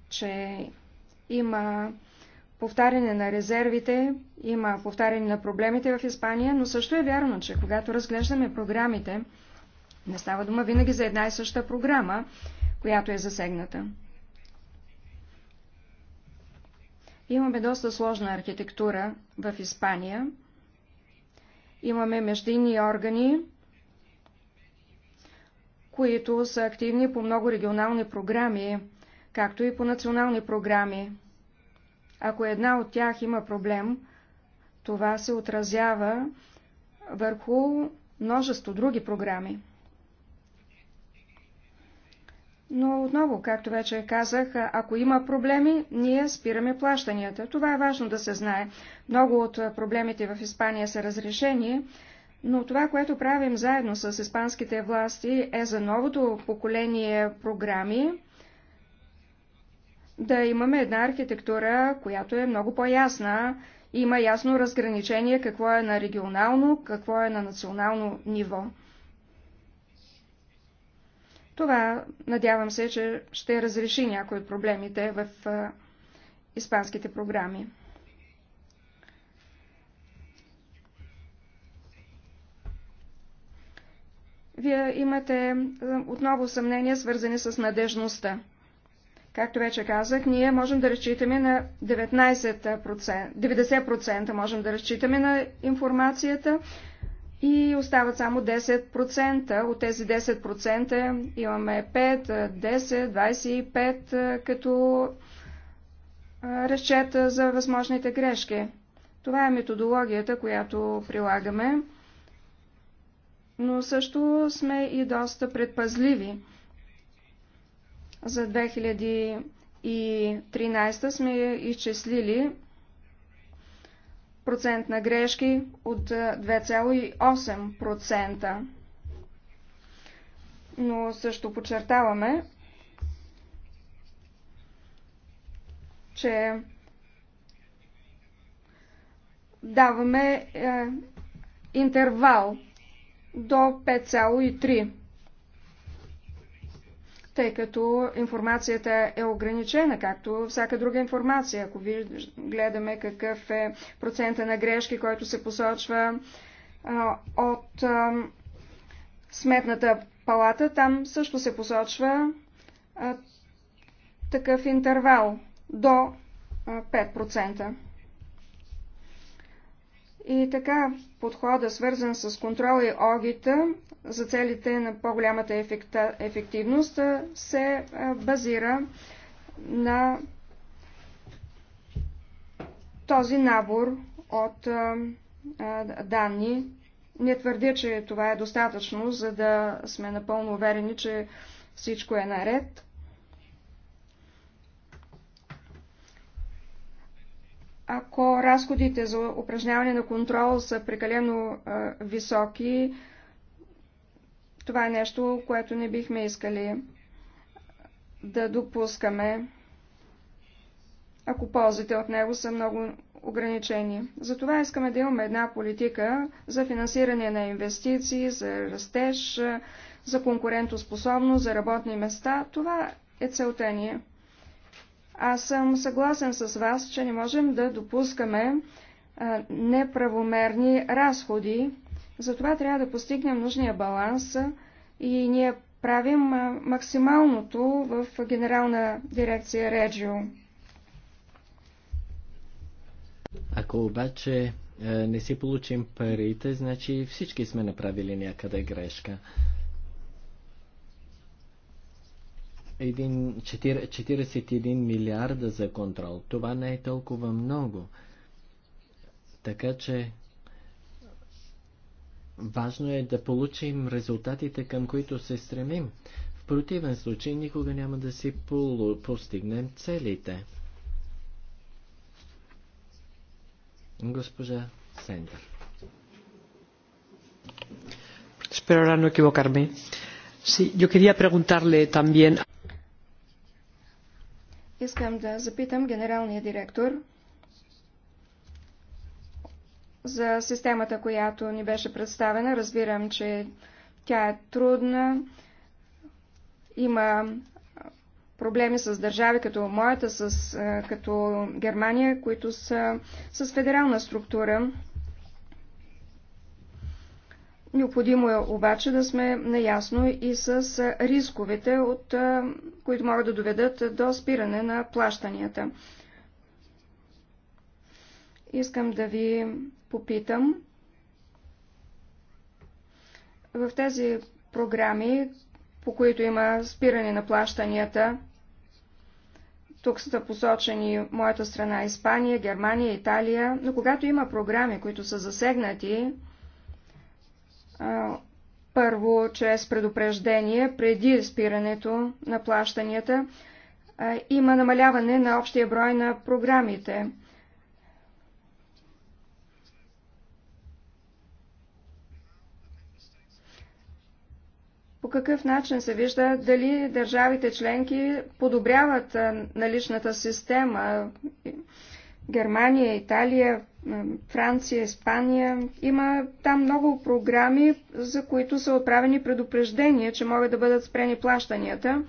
че има повтаряне на резервите, има повтаряне на проблемите в Испания, но също е вярно, че когато разглеждаме програмите, не става дума винаги за една и съща програма, която е засегната. Имаме доста сложна архитектура в Испания. Имаме междинни органи, които са активни по много регионални програми, както и по национални програми. Ако една от тях има проблем, това се отразява върху множество други програми. Но отново, както вече казах, ако има проблеми, ние спираме плащанията. Това е важно да се знае. Много от проблемите в Испания са разрешени, но това, което правим заедно с испанските власти е за новото поколение програми да имаме една архитектура, която е много по-ясна, има ясно разграничение какво е на регионално, какво е на национално ниво. Това, надявам се, че ще разреши някои от проблемите в испанските програми. Вие имате отново съмнения, свързани с надежността. Както вече казах, ние можем да разчитаме на 19%, 90% можем да разчитаме на информацията, и остават само 10%. От тези 10% имаме 5, 10, 25 като разчета за възможните грешки. Това е методологията, която прилагаме, но също сме и доста предпазливи. За 2013 сме изчислили процент на грешки от 2,8%. Е, Но също подчертаваме, че даваме е, интервал до 5,3 тъй като информацията е ограничена, както всяка друга информация. Ако ви гледаме какъв е процента на грешки, който се посочва а, от а, сметната палата, там също се посочва а, такъв интервал до а, 5%. И така, подхода, свързан с контрол и огита за целите на по-голямата ефективност, се базира на този набор от данни. Не твърдя, че това е достатъчно, за да сме напълно уверени, че всичко е наред. ако разходите за упражняване на контрол са прекалено а, високи, това е нещо, което не бихме искали да допускаме, ако ползите от него са много ограничени. Затова искаме да имаме една политика за финансиране на инвестиции, за растеж, за конкурентоспособност, за работни места. Това е целта ни. Аз съм съгласен с вас, че не можем да допускаме а, неправомерни разходи. Затова трябва да постигнем нужния баланс и ние правим максималното в Генерална дирекция Реджио. Ако обаче е, не си получим парите, значи всички сме направили някъде грешка. един, 4, 41 милиарда за контрол. Това не е толкова много. Така че важно е да получим резултатите, към които се стремим. В противен случай никога няма да си по постигнем целите. Госпожа Сендър. Espero ahora no equivocarme. Sí, yo quería preguntarle también. Искам да запитам генералния директор за системата, която ни беше представена. Разбирам, че тя е трудна. Има проблеми с държави като моята, с, като Германия, които са с федерална структура. Необходимо е обаче да сме наясно и с рисковете, от, които могат да доведат до спиране на плащанията. Искам да ви попитам в тези програми, по които има спиране на плащанията, тук са посочени моята страна Испания, Германия, Италия, но когато има програми, които са засегнати, първо чрез предупреждение преди спирането на плащанията. Има намаляване на общия брой на програмите. По какъв начин се вижда дали държавите членки подобряват наличната система? Германия, Италия, Франция, Испания. Има там много програми, за които са отправени предупреждения, че могат да бъдат спрени плащанията.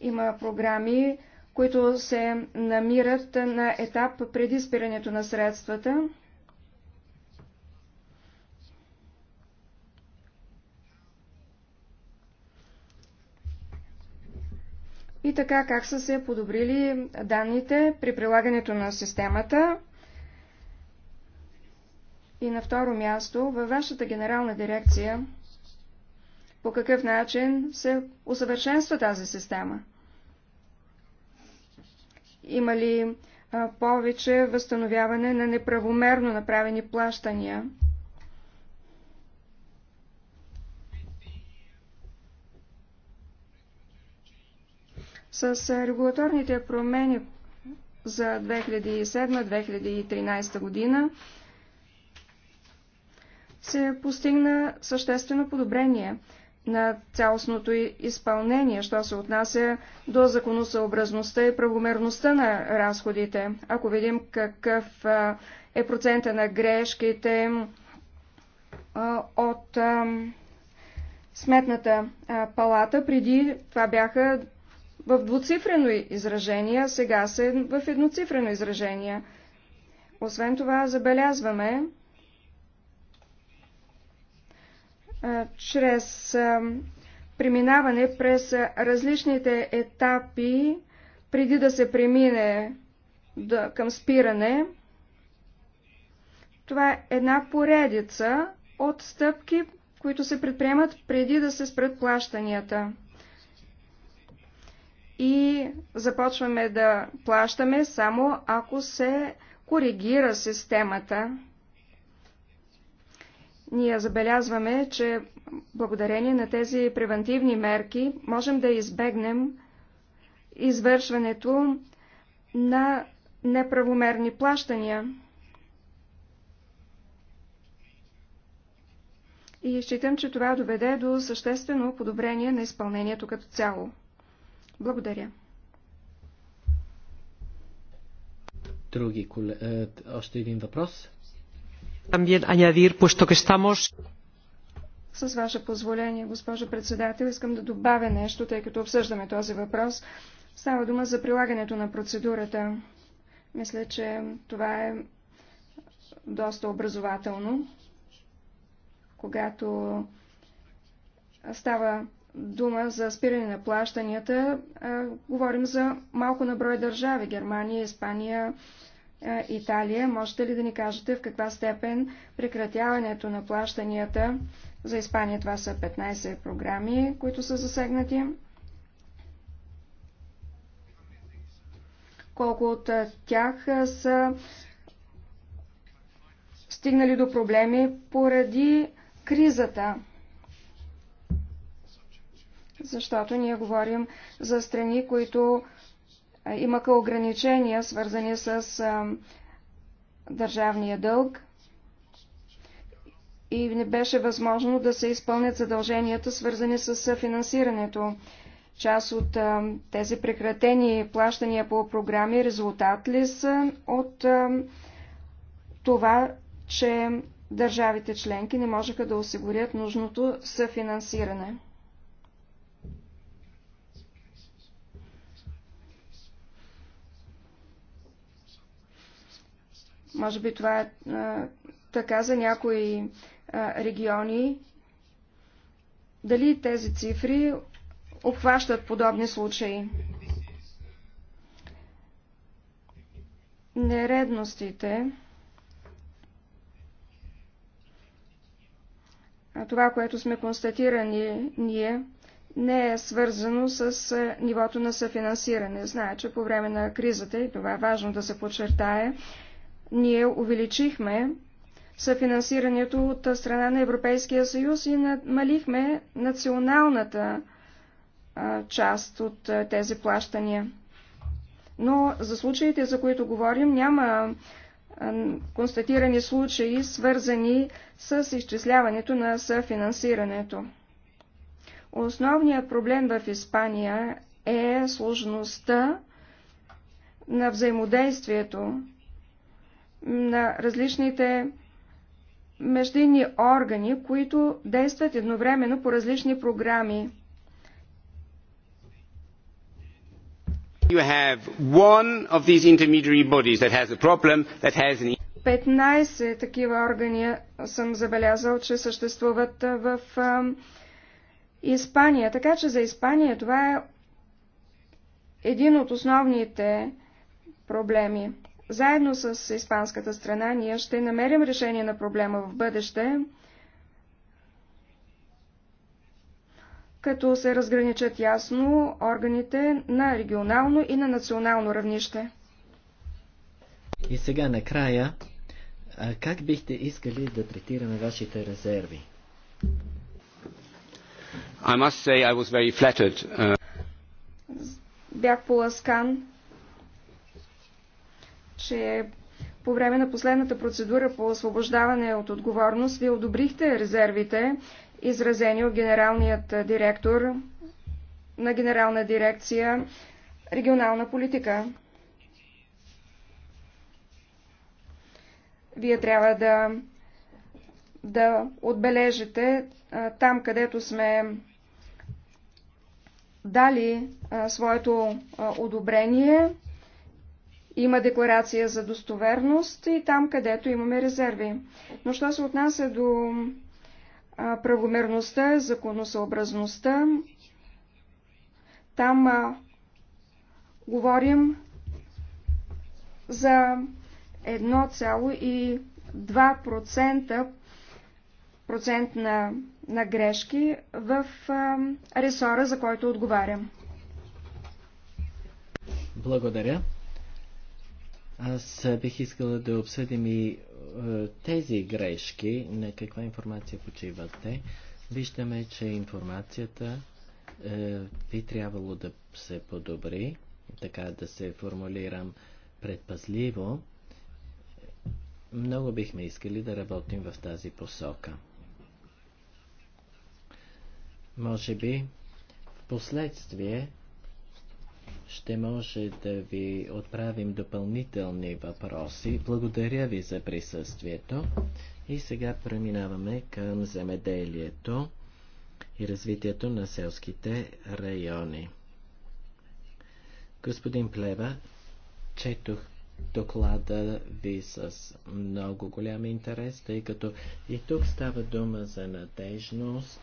Има програми, които се намират на етап преди спирането на средствата. И така как са се подобрили данните при прилагането на системата. И на второ място, във вашата генерална дирекция, по какъв начин се усъвършенства тази система? Има ли а, повече възстановяване на неправомерно направени плащания? С регулаторните промени за 2007-2013 година се постигна съществено подобрение на цялостното изпълнение, що се отнася до законосъобразността и правомерността на разходите. Ако видим какъв е процента на грешките от сметната палата, преди това бяха в двуцифрено изражение, сега са в едноцифрено изражение. Освен това забелязваме, чрез преминаване през различните етапи, преди да се премине към спиране. Това е една поредица от стъпки, които се предприемат преди да се спрат плащанията. И започваме да плащаме само ако се коригира системата. Ние забелязваме, че благодарение на тези превентивни мерки можем да избегнем извършването на неправомерни плащания. И считам, че това доведе до съществено подобрение на изпълнението като цяло. Благодаря. Други, коле... Е, още един въпрос. С ваше позволение, госпожо председател, искам да добавя нещо, тъй като обсъждаме този въпрос. Става дума за прилагането на процедурата. Мисля, че това е доста образователно, когато става дума за спиране на плащанията, говорим за малко на брой държави Германия, Испания, Италия. Можете ли да ни кажете в каква степен прекратяването на плащанията за Испания? Това са 15 програми, които са засегнати. Колко от тях са стигнали до проблеми поради кризата? Защото ние говорим за страни, които имаха ограничения, свързани с държавния дълг и не беше възможно да се изпълнят задълженията, свързани с финансирането. Част от тези прекратени плащания по програми резултат ли са от това, че държавите членки не можеха да осигурят нужното съфинансиране? Може би това е, е така за някои е, региони. Дали тези цифри обхващат подобни случаи? Нередностите. Това, което сме констатирани ние, не е свързано с е, нивото на съфинансиране. Знае, че по време на кризата, и това е важно да се подчертае, ние увеличихме съфинансирането от страна на Европейския съюз и намалихме националната част от тези плащания. Но за случаите, за които говорим, няма констатирани случаи, свързани с изчисляването на съфинансирането. Основният проблем в Испания е сложността на взаимодействието на различните междинни органи, които действат едновременно по различни програми. You have one of these intermediary bodies that has a problem, that has an... 15 такива органи съм забелязал, че съществуват в Испания. Така че за Испания това е един от основните проблеми. Заедно с испанската страна ние ще намерим решение на проблема в бъдеще, като се разграничат ясно органите на регионално и на национално равнище. И сега накрая, как бихте искали да третираме вашите резерви? I must say I was very flattered. Uh... Бях поласкан че по време на последната процедура по освобождаване от отговорност вие одобрихте резервите, изразени от генералният директор на Генерална дирекция регионална политика. Вие трябва да, да отбележите там, където сме дали своето одобрение има декларация за достоверност и там, където имаме резерви. Но що се отнася до правомерността, законосъобразността, там а, говорим за 1,2% процент на, на грешки в а, ресора, за който отговарям. Благодаря. Аз бих искала да обсъдим и е, тези грешки, на каква информация почиват те. Виждаме, че информацията е, би трябвало да се подобри, така да се формулирам предпазливо. Много бихме искали да работим в тази посока. Може би в последствие ще може да ви отправим допълнителни въпроси. Благодаря ви за присъствието. И сега преминаваме към земеделието и развитието на селските райони. Господин Плева, четох доклада ви с много голям интерес, тъй като и тук става дума за надежност,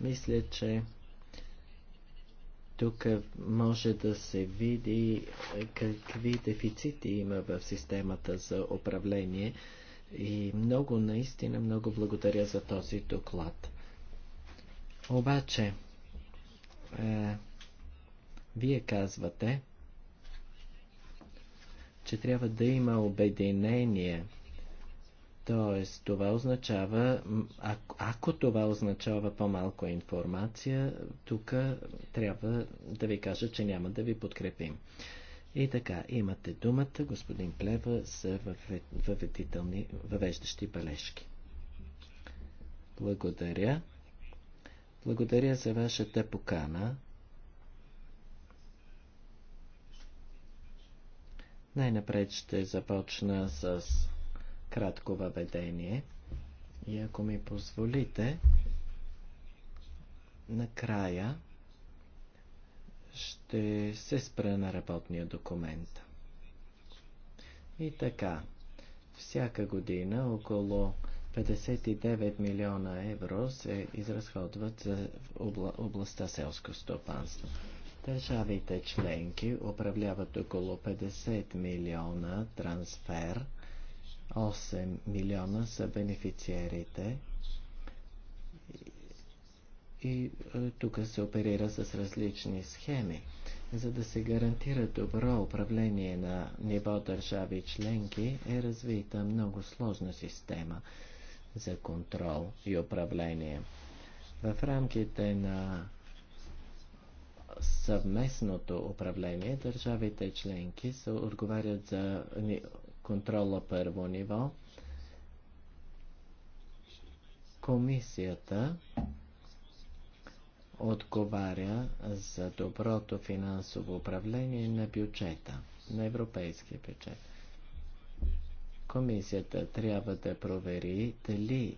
Мисля, че тук може да се види е, какви дефицити има в системата за управление и много, наистина много благодаря за този доклад. Обаче, е, вие казвате, че трябва да има обединение – Тоест, това означава, ако, ако това означава по-малко информация, тук трябва да ви кажа, че няма да ви подкрепим. И така, имате думата, господин Плева, за въведителни, въвеждащи бележки. Благодаря. Благодаря за вашата покана. Най-напред ще започна с кратко въведение. И ако ми позволите, накрая ще се спра на работния документ. И така, всяка година около 59 милиона евро се изразходват за обла областта селско стопанство. Държавите членки управляват около 50 милиона трансфер – 8 милиона са бенефициерите. И е, тук се оперира с различни схеми. За да се гарантира добро управление на ниво държави членки е развита много сложна система за контрол и управление. В рамките на съвместното управление държавите членки се отговарят за контрола първо ниво. Комисията отговаря за доброто финансово управление на бюджета, на европейския бюджет. Комисията трябва да провери дали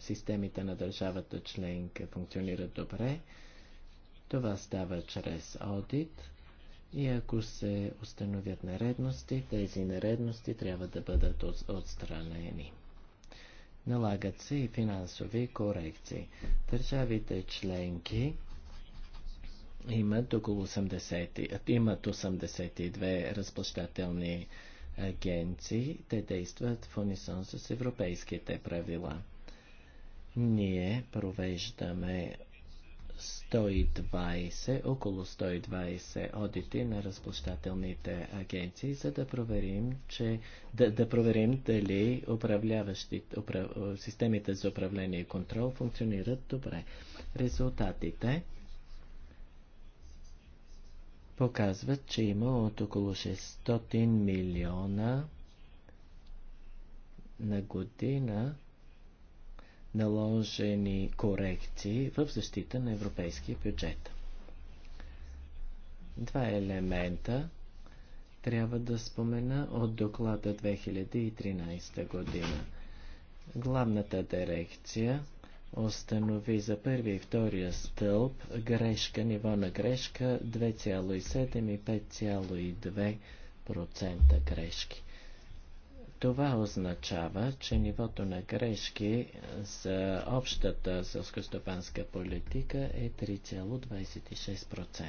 системите на държавата членка функционират добре. Това става чрез аудит и ако се установят нередности, тези нередности трябва да бъдат отстранени. Налагат се и финансови корекции. Държавите членки имат около 80, имат 82 разплащателни агенции. Те действат в унисон с европейските правила. Ние провеждаме 120, около 120 одити на разплащателните агенции, за да проверим, че, да, да проверим дали управляващи, упра, системите за управление и контрол функционират добре. Резултатите показват, че има от около 600 милиона на година наложени корекции в защита на европейския бюджет. Два елемента трябва да спомена от доклада 2013 година. Главната дирекция установи за първи и втория стълб грешка, ниво на грешка 2,7 и 5,2% грешки. Това означава, че нивото на грешки за общата селскостопанска политика е 3,26%.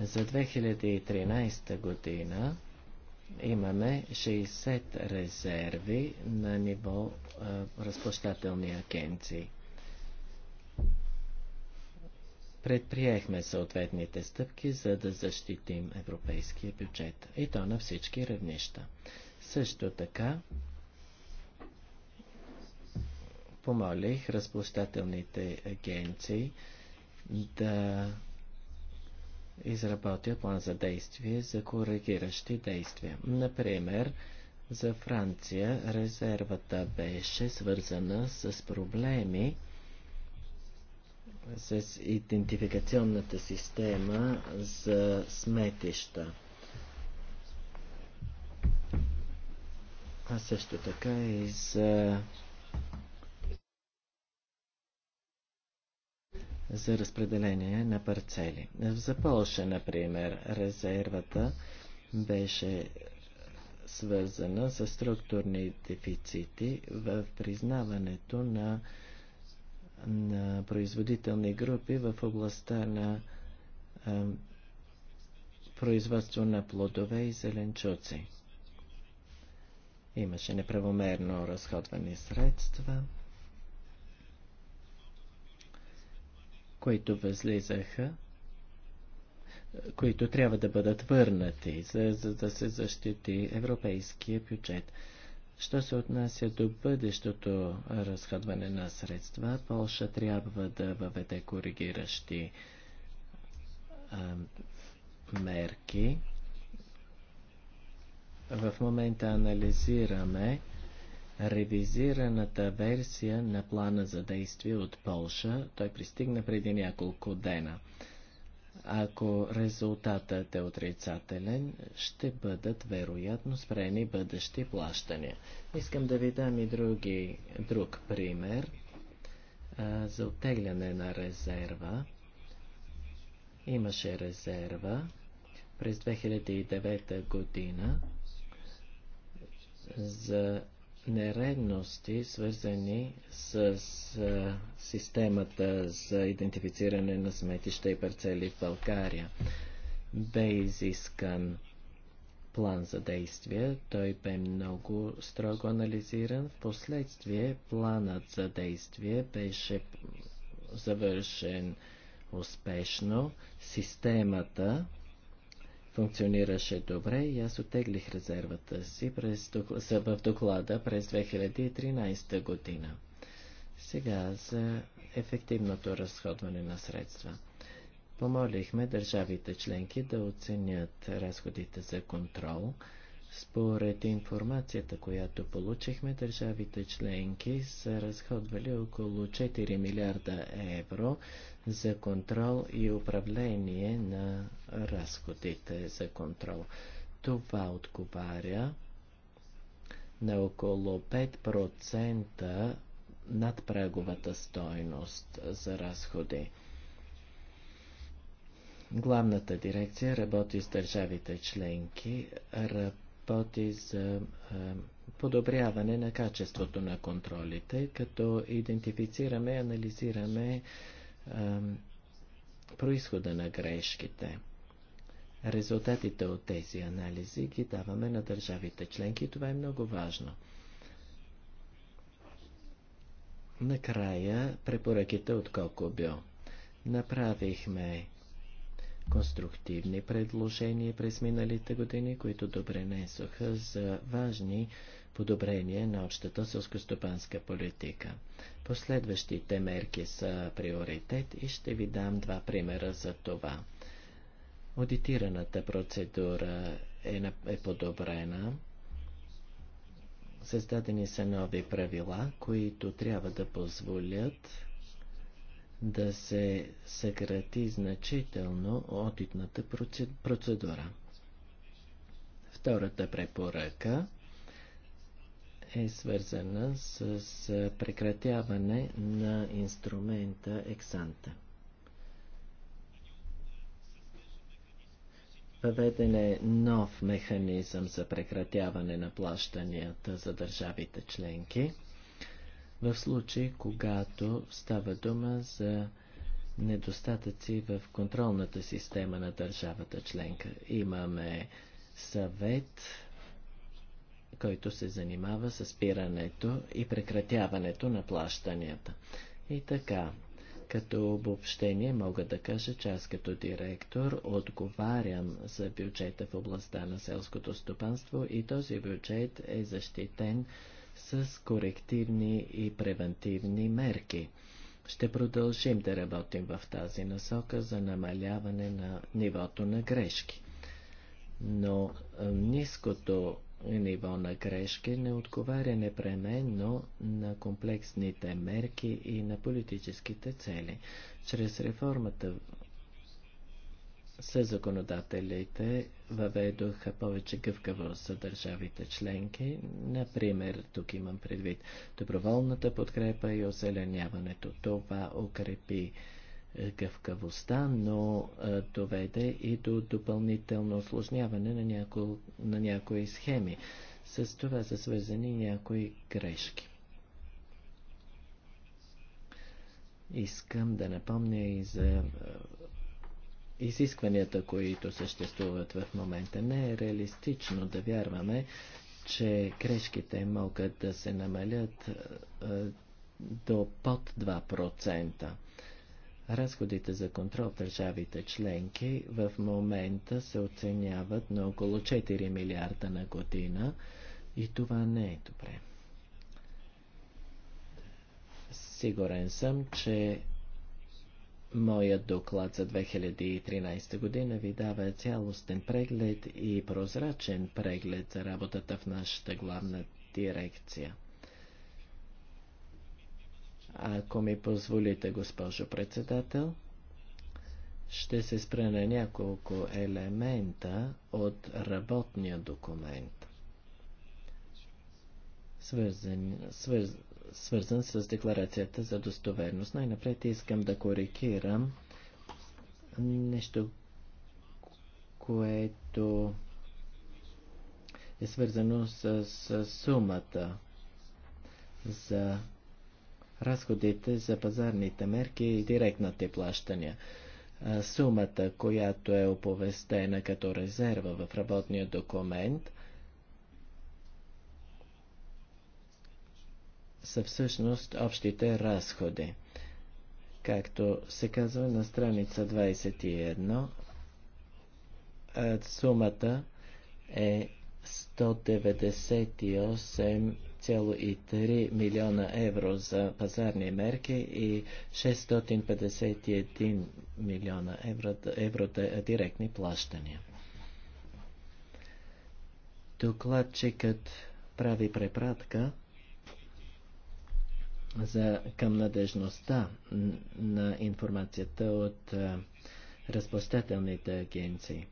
За 2013 година имаме 60 резерви на ниво разплащателни агенции. Предприехме съответните стъпки, за да защитим европейския бюджет и то на всички равнища. Също така помолих разплащателните агенции да изработя план за действие за коригиращи действия. Например, за Франция резервата беше свързана с проблеми, с идентификационната система за сметища. А също така и за за разпределение на парцели. За Полша, например, резервата беше свързана с структурни дефицити в признаването на на производителни групи в областта на а, е, производство на плодове и зеленчуци. Имаше неправомерно разходвани средства, които възлизаха, които трябва да бъдат върнати, за, за да се защити европейския бюджет. Що се отнася до бъдещото разходване на средства, Полша трябва да въведе коригиращи а, мерки. В момента анализираме ревизираната версия на плана за действие от Полша. Той пристигна преди няколко дена. Ако резултатът е отрицателен, ще бъдат вероятно спрени бъдещи плащания. Искам да ви дам и други, друг пример а, за оттегляне на резерва. Имаше резерва през 2009 година за нередности, свързани с а, системата за идентифициране на сметища и парцели в България. Бе изискан план за действие. Той бе много строго анализиран. Впоследствие планът за действие беше завършен успешно. Системата функционираше добре и аз отеглих резервата си през, в доклада през 2013 година. Сега за ефективното разходване на средства. Помолихме държавите членки да оценят разходите за контрол. Според информацията, която получихме, държавите членки са разходвали около 4 милиарда евро за контрол и управление на разходите за контрол. Това отговаря на около 5% над праговата стойност за разходи. Главната дирекция работи с държавите членки, работи за подобряване на качеството на контролите, като идентифицираме, и анализираме происхода на грешките. Резултатите от тези анализи ги даваме на държавите членки това е много важно. Накрая препоръките от Кокобио. Направихме конструктивни предложения през миналите години, които несоха за важни подобрение на общата сълскостопанска политика. Последващите мерки са приоритет и ще ви дам два примера за това. Аудитираната процедура е, е подобрена. Създадени са нови правила, които трябва да позволят да се съкрати значително одитната процедура. Втората препоръка е свързана с прекратяване на инструмента ексанта. Въведен е нов механизъм за прекратяване на плащанията за държавите членки в случай, когато става дума за недостатъци в контролната система на държавата членка. Имаме съвет който се занимава с спирането и прекратяването на плащанията. И така, като обобщение мога да кажа, че аз като директор отговарям за бюджета в областта на селското стопанство и този бюджет е защитен с корективни и превентивни мерки. Ще продължим да работим в тази насока за намаляване на нивото на грешки. Но ниското е ниво на грешки не отговаря непременно на комплексните мерки и на политическите цели. Чрез реформата се законодателите въведоха повече гъвкавост за държавите членки. Например, тук имам предвид доброволната подкрепа и озеленяването. Това укрепи е, гъвкавостта, но е, доведе и до допълнително осложняване на, няко, на някои схеми. С това са свързани някои грешки. Искам да напомня и за е, изискванията, които съществуват в момента. Не е реалистично да вярваме, че грешките могат да се намалят до под 2%. Разходите за контрол в държавите членки в момента се оценяват на около 4 милиарда на година и това не е добре. Сигурен съм, че Моят доклад за 2013 година ви дава цялостен преглед и прозрачен преглед за работата в нашата главна дирекция. Ако ми позволите, госпожо председател, ще се спра на няколко елемента от работния документ, свързан, свърз, свързан с декларацията за достоверност. Най-напред искам да корекирам нещо, което е свързано с, с сумата за разходите за пазарните мерки и директните плащания. Сумата, която е оповестена като резерва в работния документ, са всъщност общите разходи. Както се казва на страница 21, сумата е 198 1,3 милиона евро за пазарни мерки и 651 милиона евро, евро директни плащания. Докладчикът прави препратка за, към надежността на информацията от разплащателните агенции.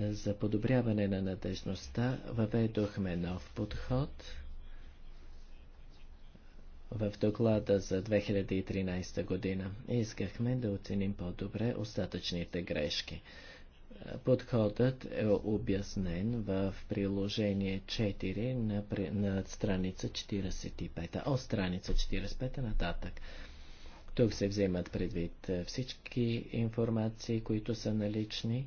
За подобряване на надежността въведохме нов подход – в доклада за 2013 година. Искахме да оценим по-добре остатъчните грешки. Подходът е обяснен в приложение 4 на, на страница 45, от страница 45 нататък. Тук се вземат предвид е, всички информации, които са налични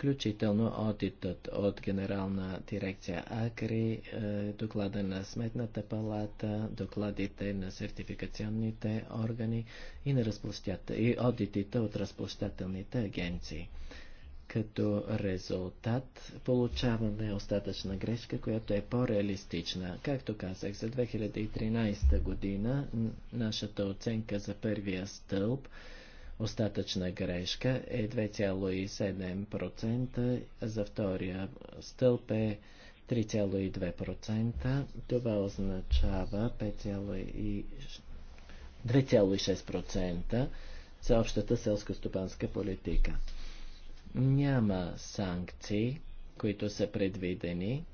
включително одитът от Генерална дирекция АКРИ, е, доклада на Сметната палата, докладите на сертификационните органи и, на и одитите от разплащателните агенции. Като резултат получаваме остатъчна грешка, която е по-реалистична. Както казах, за 2013 година нашата оценка за първия стълб – Остатъчна грешка е 2,7%, за втория стълб е 3,2%. Това означава 2,6% за общата селско ступанска политика. Няма санкции, които са предвидени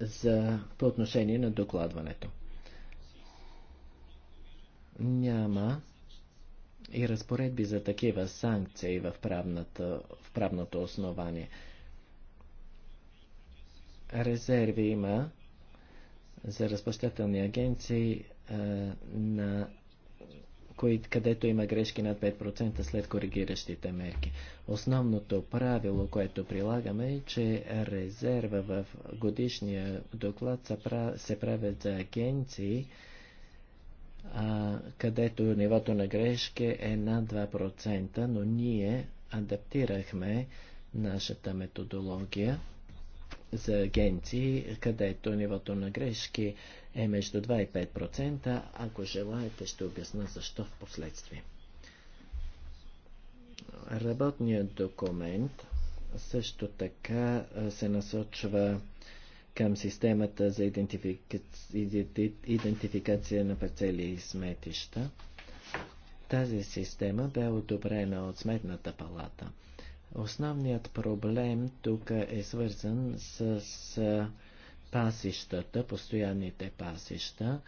за, по отношение на докладването няма и разпоредби за такива санкции в, правната, в правното основание. Резерви има за разплащателни агенции а, на кои, където има грешки над 5% след коригиращите мерки. Основното правило, което прилагаме е, че резерва в годишния доклад се правят за агенции, където нивото на грешки е над 2%, но ние адаптирахме нашата методология за агенции, където нивото на грешки е между 2 и 5%. Ако желаете, ще обясна защо в последствие. Работният документ също така се насочва към системата за идентифика... идентификация на парцели и сметища. Тази система бе одобрена от Сметната палата. Основният проблем тук е свързан с пасищата, постоянните пасища.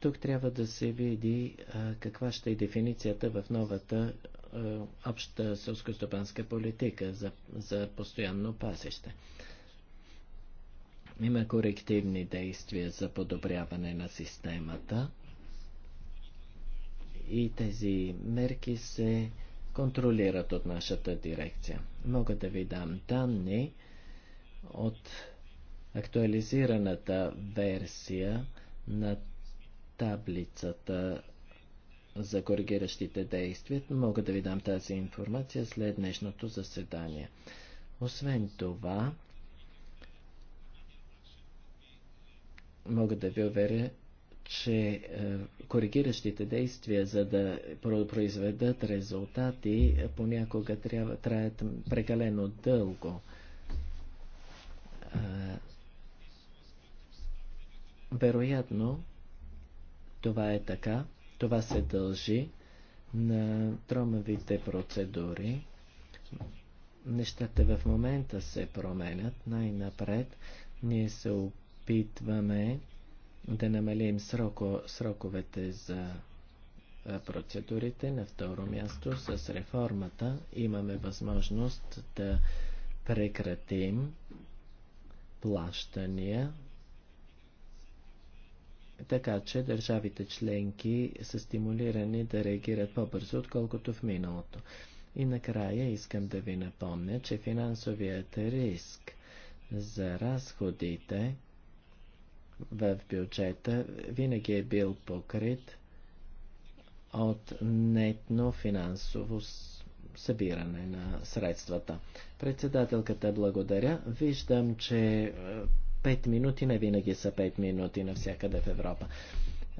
Тук трябва да се види а, каква ще е дефиницията в новата а, обща селскостопанска политика за, за постоянно пасище. Има корективни действия за подобряване на системата и тези мерки се контролират от нашата дирекция. Мога да ви дам данни от актуализираната версия на таблицата за коригиращите действия. Мога да ви дам тази информация след днешното заседание. Освен това, мога да ви уверя, че е, коригиращите действия, за да произведат резултати, понякога трябва, траят прекалено дълго. Е, вероятно, това е така. Това се дължи на тромавите процедури. Нещата в момента се променят. Най-напред ние се опитваме опитваме да намалим сроко, сроковете за процедурите. На второ място с реформата имаме възможност да прекратим плащания, така че държавите членки са стимулирани да реагират по-бързо, отколкото в миналото. И накрая искам да ви напомня, че финансовият риск за разходите – в бюджета винаги е бил покрит от нетно финансово събиране на средствата. Председателката благодаря. Виждам, че 5 е, минути не винаги са 5 минути навсякъде в Европа.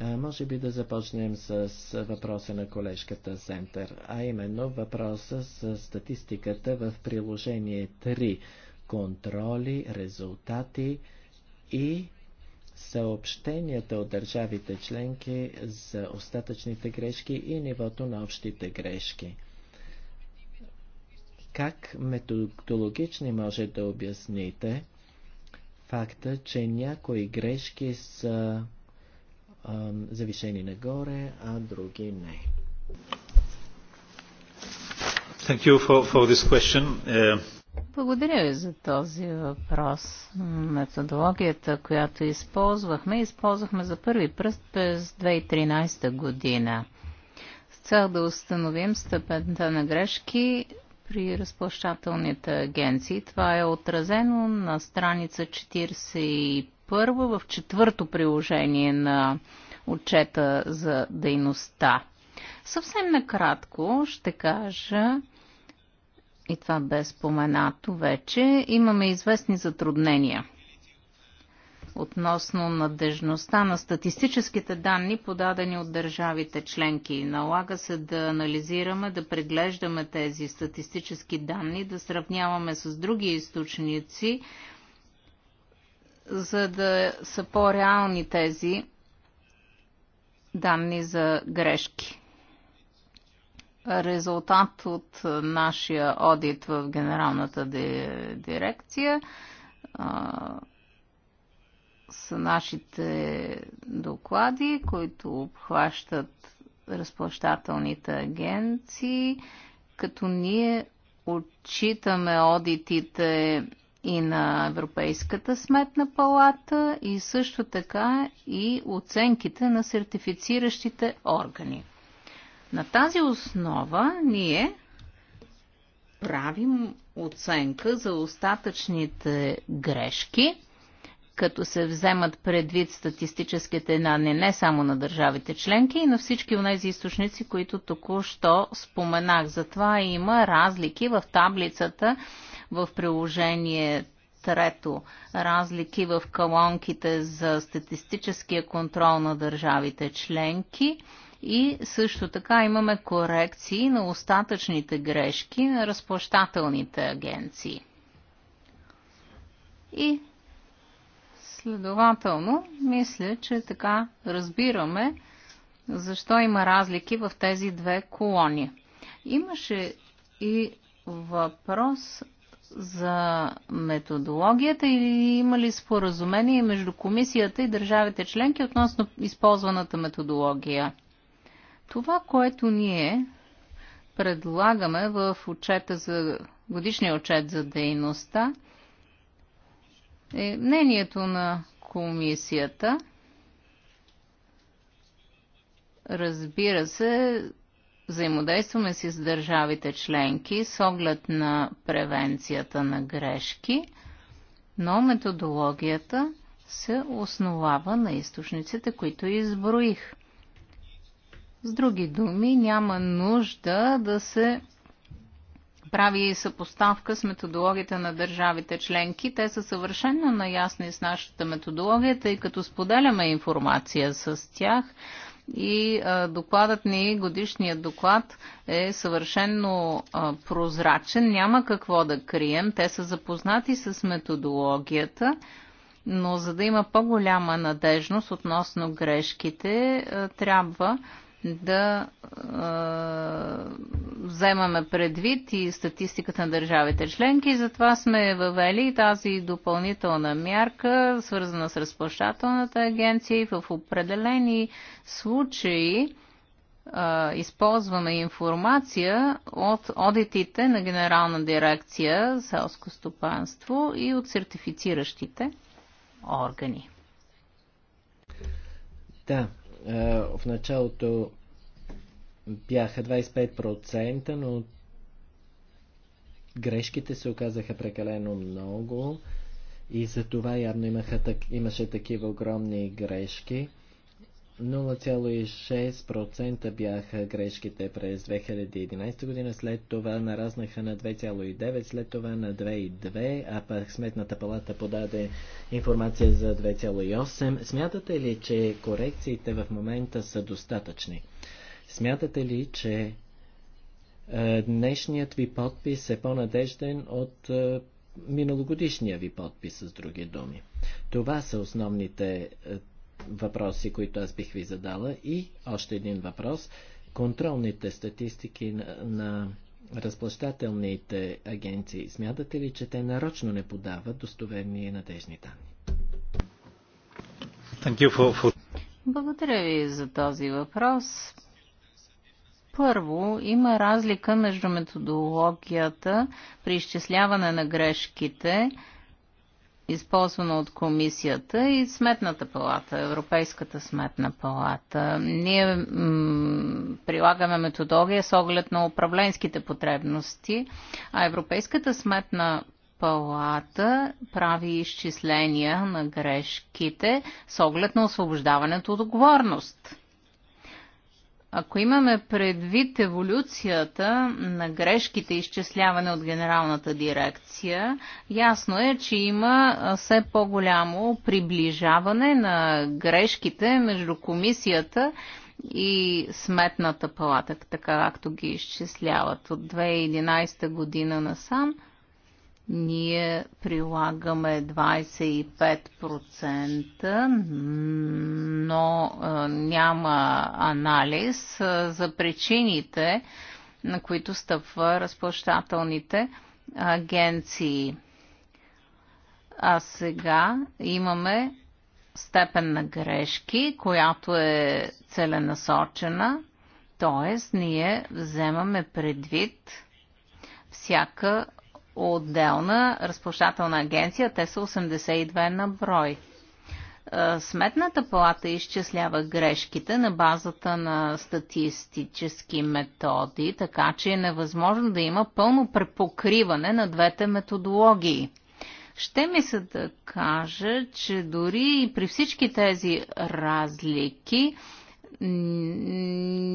Е, може би да започнем с въпроса на колежката Сентер, а именно въпроса с статистиката в приложение 3. Контроли, резултати и съобщенията от държавите членки за остатъчните грешки и нивото на общите грешки. Как методологични може да обясните факта, че някои грешки са э, завишени нагоре, а други не? Thank you for, for this question. Uh... Благодаря ви за този въпрос. Методологията, която използвахме, използвахме за първи пръст през 2013 година с цел да установим степента на грешки при разплащателните агенции. Това е отразено на страница 41 в четвърто приложение на отчета за дейността. Съвсем накратко ще кажа, и това бе споменато вече, имаме известни затруднения относно надежността на статистическите данни, подадени от държавите членки. Налага се да анализираме, да преглеждаме тези статистически данни, да сравняваме с други източници, за да са по-реални тези данни за грешки резултат от нашия одит в Генералната дирекция са нашите доклади, които обхващат разплащателните агенции, като ние отчитаме одитите и на Европейската сметна палата и също така и оценките на сертифициращите органи. На тази основа ние правим оценка за остатъчните грешки, като се вземат предвид статистическите данни не само на държавите членки и на всички от тези източници, които току-що споменах. Затова има разлики в таблицата в приложение трето. Разлики в колонките за статистическия контрол на държавите членки – и също така имаме корекции на остатъчните грешки на разплащателните агенции. И следователно, мисля, че така разбираме защо има разлики в тези две колони. Имаше и въпрос за методологията или има ли споразумение между комисията и държавите членки относно използваната методология? Това, което ние предлагаме в отчета за, годишния отчет за дейността, е мнението на комисията. Разбира се, взаимодействаме си с държавите членки с оглед на превенцията на грешки, но методологията се основава на източниците, които изброих. С други думи, няма нужда да се прави и съпоставка с методологията на държавите членки. Те са съвършенно наясни с нашата методология, тъй като споделяме информация с тях и а, докладът ни, годишният доклад е съвършенно а, прозрачен, няма какво да крием. Те са запознати с методологията, но за да има по-голяма надежност относно грешките, а, трябва да е, вземаме предвид и статистиката на държавите членки. Затова сме въвели тази допълнителна мярка, свързана с разплащателната агенция и в определени случаи използваме информация от одитите на Генерална дирекция селско стопанство и от сертифициращите органи. Да, е, в началото бяха 25%, но грешките се оказаха прекалено много и за това явно имаха, имаше такива огромни грешки. 0,6% бяха грешките през 2011 година, след това нараснаха на 2,9, след това на 2,2, а пък Сметната палата подаде информация за 2,8. Смятате ли, че корекциите в момента са достатъчни? Смятате ли, че е, днешният ви подпис е по-надежден от е, миналогодишния ви подпис, с други думи? Това са основните е, въпроси, които аз бих ви задала. И още един въпрос. Контролните статистики на, на разплащателните агенции. Смятате ли, че те нарочно не подават достоверни и надежни данни? For... Благодаря ви за този въпрос. Първо, има разлика между методологията при изчисляване на грешките използвана от комисията и Сметната палата, Европейската сметна палата. Ние прилагаме методология с оглед на управленските потребности, а Европейската сметна палата прави изчисления на грешките с оглед на освобождаването от отговорност. Ако имаме предвид еволюцията на грешките, изчисляване от генералната дирекция, ясно е, че има все по-голямо приближаване на грешките между комисията и сметната палата, така както ги изчисляват от 2011 година насам – ние прилагаме 25%, но няма анализ за причините, на които стъпва разплащателните агенции. А сега имаме степен на грешки, която е целенасочена, т.е. ние вземаме предвид всяка отделна разплащателна агенция. Те са 82 на брой. Е, Сметната палата изчислява грешките на базата на статистически методи, така че е невъзможно да има пълно препокриване на двете методологии. Ще ми се да кажа, че дори и при всички тези разлики,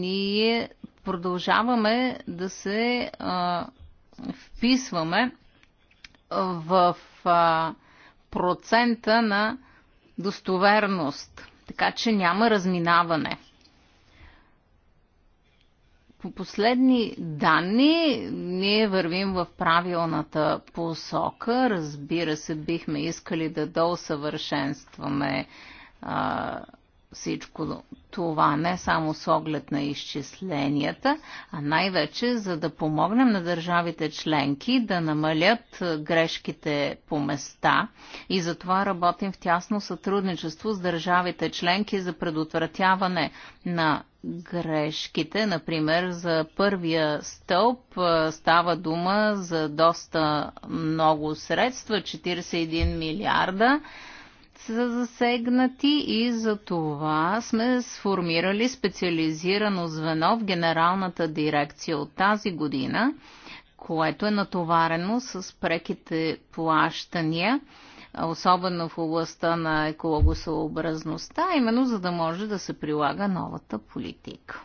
ние продължаваме да се а, вписваме в процента на достоверност. Така че няма разминаване. По последни данни ние вървим в правилната посока. Разбира се, бихме искали да доусъвършенстваме а, всичко това не само с оглед на изчисленията, а най-вече за да помогнем на държавите членки да намалят грешките по места и затова работим в тясно сътрудничество с държавите членки за предотвратяване на грешките. Например, за първия стълб става дума за доста много средства, 41 милиарда са засегнати и за това сме сформирали специализирано звено в Генералната дирекция от тази година, което е натоварено с преките плащания, особено в областта на екологосъобразността, именно за да може да се прилага новата политика.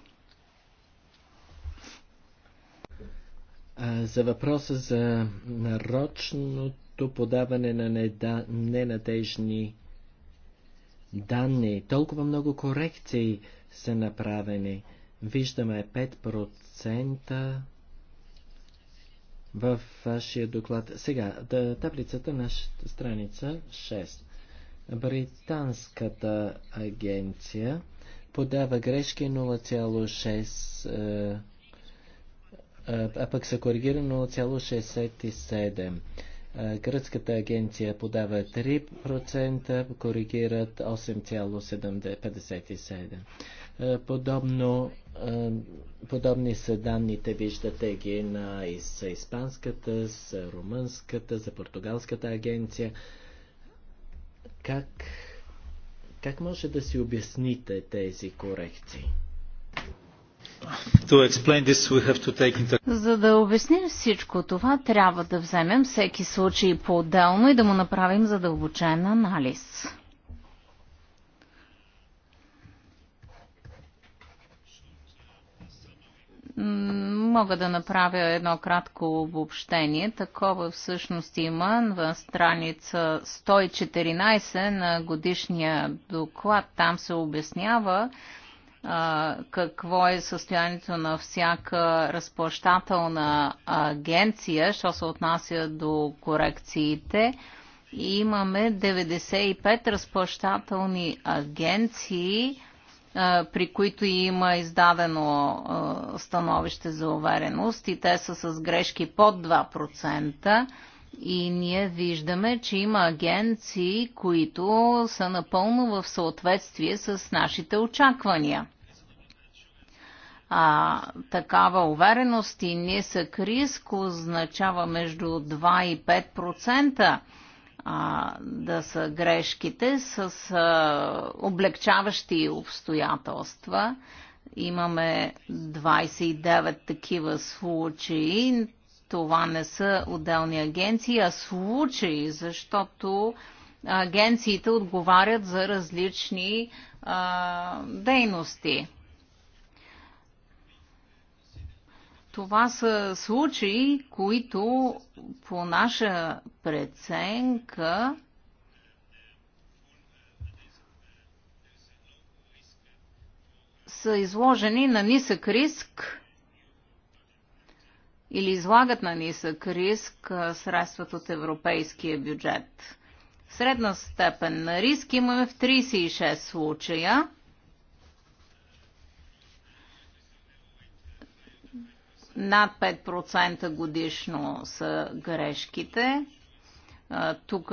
За въпроса за нарочното подаване на ненадежни данни, толкова много корекции са направени. Виждаме 5% в вашия доклад. Сега, да, таблицата на страница 6. Британската агенция подава грешки 0,6, е, а пък са коригира 0,67. Е, гръцката агенция подава 3%, коригират 8,57. Е, подобно, е, подобни са данните, виждате ги на, с испанската, с румънската, за португалската агенция. Как, как може да си обясните тези корекции? За да обясним всичко това, трябва да вземем всеки случай по-отделно и да му направим задълбочен анализ. Мога да направя едно кратко обобщение. Такова всъщност има в страница 114 на годишния доклад. Там се обяснява, а, какво е състоянието на всяка разплащателна агенция, що се отнася до корекциите. И имаме 95 разплащателни агенции, при които има издадено становище за увереност и те са с грешки под 2%. И ние виждаме, че има агенции, които са напълно в съответствие с нашите очаквания. А, такава увереност и нисък риск означава между 2 и 5% а, да са грешките с а, облегчаващи обстоятелства. Имаме 29 такива случаи. Това не са отделни агенции, а случаи, защото агенциите отговарят за различни а, дейности. Това са случаи, които по наша преценка са изложени на нисък риск или излагат на нисък риск средствата от европейския бюджет. Средна степен на риск имаме в 36 случая. Над 5% годишно са грешките. Тук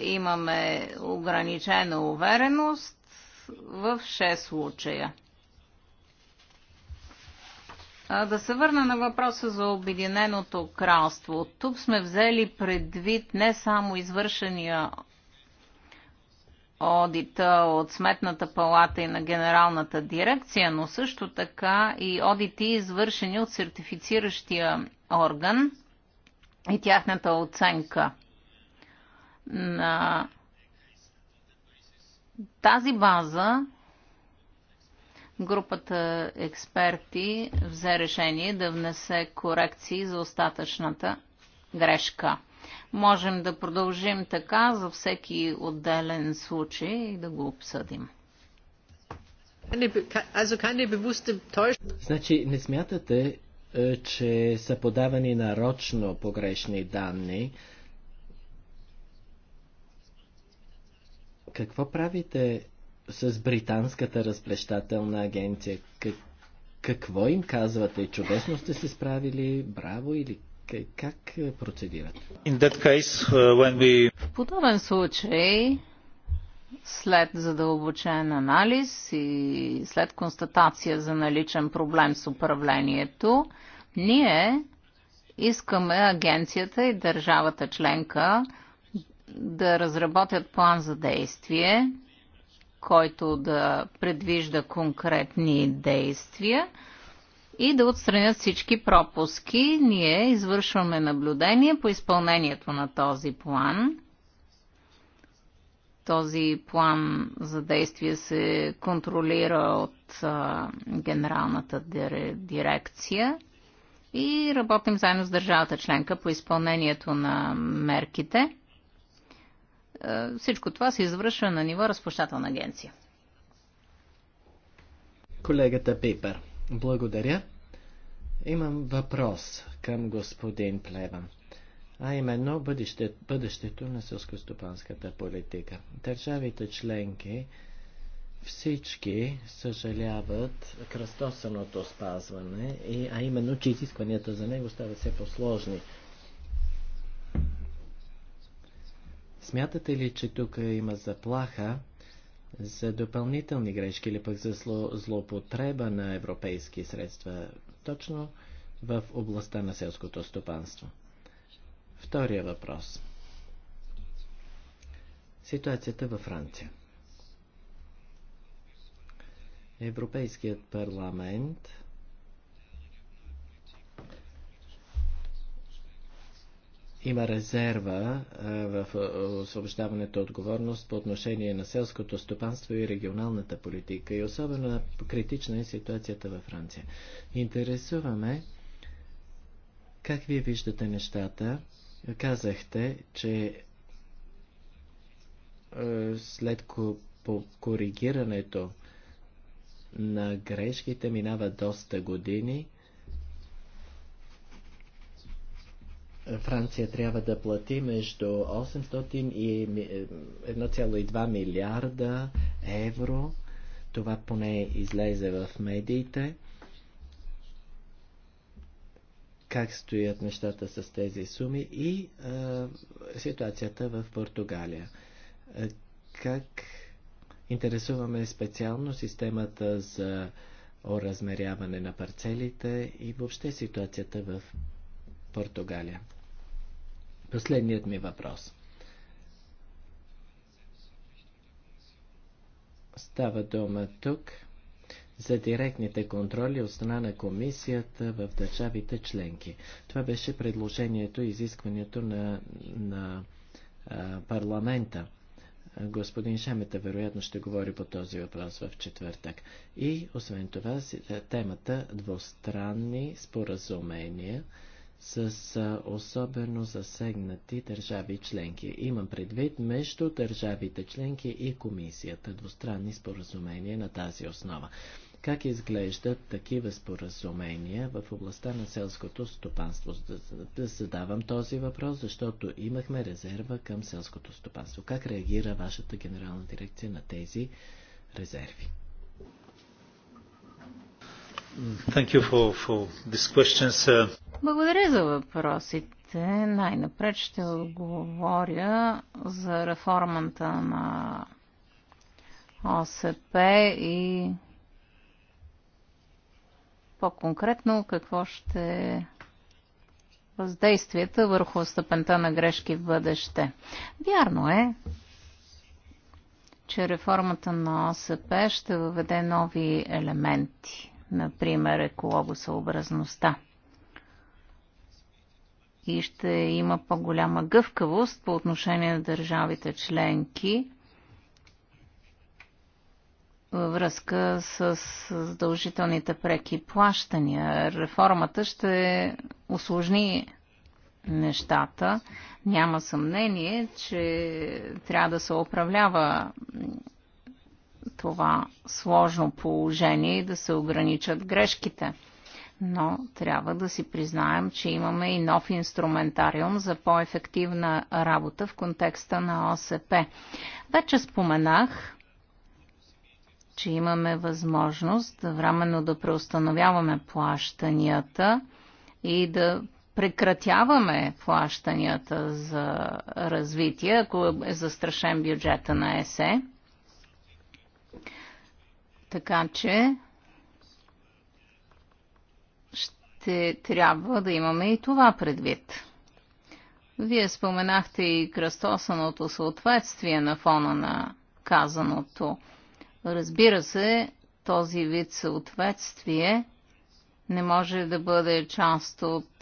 имаме ограничена увереност в 6 случая. Да се върна на въпроса за Обединеното кралство. Тук сме взели предвид не само извършения одита от Сметната палата и на Генералната дирекция, но също така и одити, извършени от сертифициращия орган и тяхната оценка на тази база групата експерти взе решение да внесе корекции за остатъчната грешка. Можем да продължим така за всеки отделен случай и да го обсъдим. Значи не смятате, е, че са подавани нарочно погрешни данни. Какво правите с британската разплещателна агенция. Как, какво им казвате? Чудесно сте се справили? Браво или как процедират? Case, uh, we... В подобен случай, след задълбочен анализ и след констатация за наличен проблем с управлението, ние искаме агенцията и държавата членка да разработят план за действие, който да предвижда конкретни действия и да отстранят всички пропуски. Ние извършваме наблюдение по изпълнението на този план. Този план за действие се контролира от а, генералната дирекция и работим заедно с държавата членка по изпълнението на мерките. Е, всичко това се извършва на ниво разплащателна агенция. Колегата Пипер, благодаря. Имам въпрос към господин Плеван, а именно бъдеще, бъдещето на сълскостопанската политика. Държавите членки всички съжаляват кръстосаното спазване, а именно, че изискванията за него стават все по-сложни. Смятате ли, че тук има заплаха за допълнителни грешки или пък за зло, злоупотреба на европейски средства, точно в областта на селското стопанство? Втория въпрос. Ситуацията във Франция. Европейският парламент има резерва в освобождаването отговорност по отношение на селското стопанство и регионалната политика. И особено критична е ситуацията във Франция. Интересуваме как вие виждате нещата. Казахте, че след по коригирането на грешките минава доста години – Франция трябва да плати между 800 и 1,2 е, милиарда евро. Това поне излезе в медиите. Как стоят нещата с тези суми и а, е, ситуацията в Португалия. А, е, как интересуваме специално системата за оразмеряване на парцелите и въобще ситуацията в Португалия. Последният ми въпрос. Става дума тук за директните контроли от страна на комисията в държавите членки. Това беше предложението и изискването на, на а, парламента. Господин Шамета вероятно ще говори по този въпрос в четвъртък. И освен това темата двустранни споразумения с особено засегнати държави членки. Имам предвид между държавите членки и комисията двустранни споразумения на тази основа. Как изглеждат такива споразумения в областта на селското стопанство? Да задавам този въпрос, защото имахме резерва към селското стопанство. Как реагира вашата генерална дирекция на тези резерви? Благодаря за въпросите. Най-напред ще отговоря за реформата на ОСП и по-конкретно какво ще въздействията върху стъпента на грешки в бъдеще. Вярно е, че реформата на ОСП ще въведе нови елементи например екологосъобразността. И ще има по-голяма гъвкавост по отношение на държавите членки във връзка с задължителните преки плащания. Реформата ще осложни нещата. Няма съмнение, че трябва да се управлява това сложно положение и да се ограничат грешките. Но трябва да си признаем, че имаме и нов инструментариум за по-ефективна работа в контекста на ОСП. Вече споменах, че имаме възможност временно да преустановяваме плащанията и да прекратяваме плащанията за развитие, ако е застрашен бюджета на ЕСЕ. Така че ще трябва да имаме и това предвид. Вие споменахте и кръстосаното съответствие на фона на казаното. Разбира се, този вид съответствие не може да бъде част от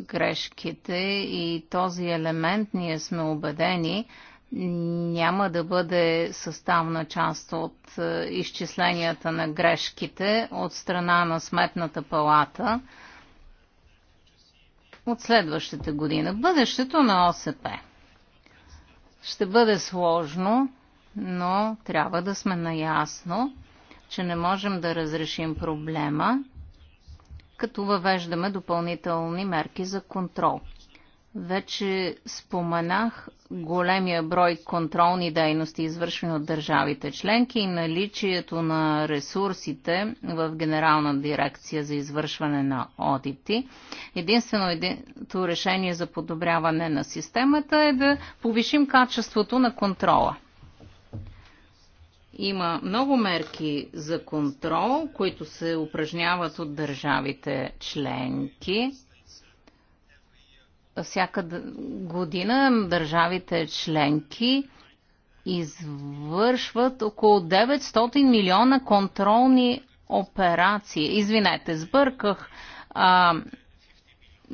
грешките и този елемент ние сме убедени, няма да бъде съставна част от е, изчисленията на грешките от страна на Сметната палата от следващата година. Бъдещето на ОСП. Ще бъде сложно, но трябва да сме наясно, че не можем да разрешим проблема, като въвеждаме допълнителни мерки за контрол. Вече споменах големия брой контролни дейности, извършени от държавите членки и наличието на ресурсите в Генерална дирекция за извършване на одити. Единствено единто решение за подобряване на системата е да повишим качеството на контрола. Има много мерки за контрол, които се упражняват от държавите членки всяка година държавите членки извършват около 900 милиона контролни операции. Извинете, сбърках.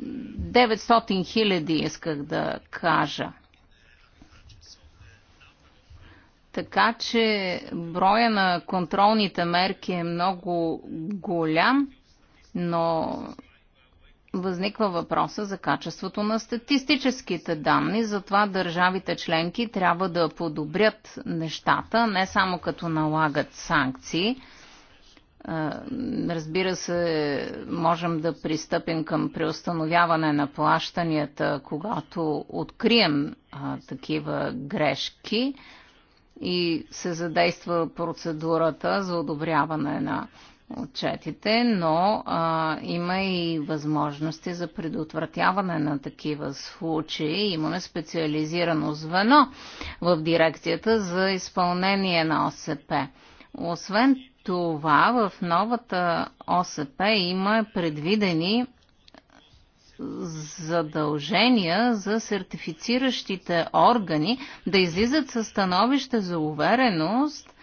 900 хиляди исках да кажа. Така че броя на контролните мерки е много голям, но възниква въпроса за качеството на статистическите данни, затова държавите членки трябва да подобрят нещата, не само като налагат санкции. Е, разбира се, можем да пристъпим към преустановяване на плащанията, когато открием а, е, такива грешки и се задейства процедурата за одобряване на отчетите, но а, има и възможности за предотвратяване на такива случаи. Имаме специализирано звено в дирекцията за изпълнение на ОСП. Освен това, в новата ОСП има предвидени задължения за сертифициращите органи да излизат със становище за увереност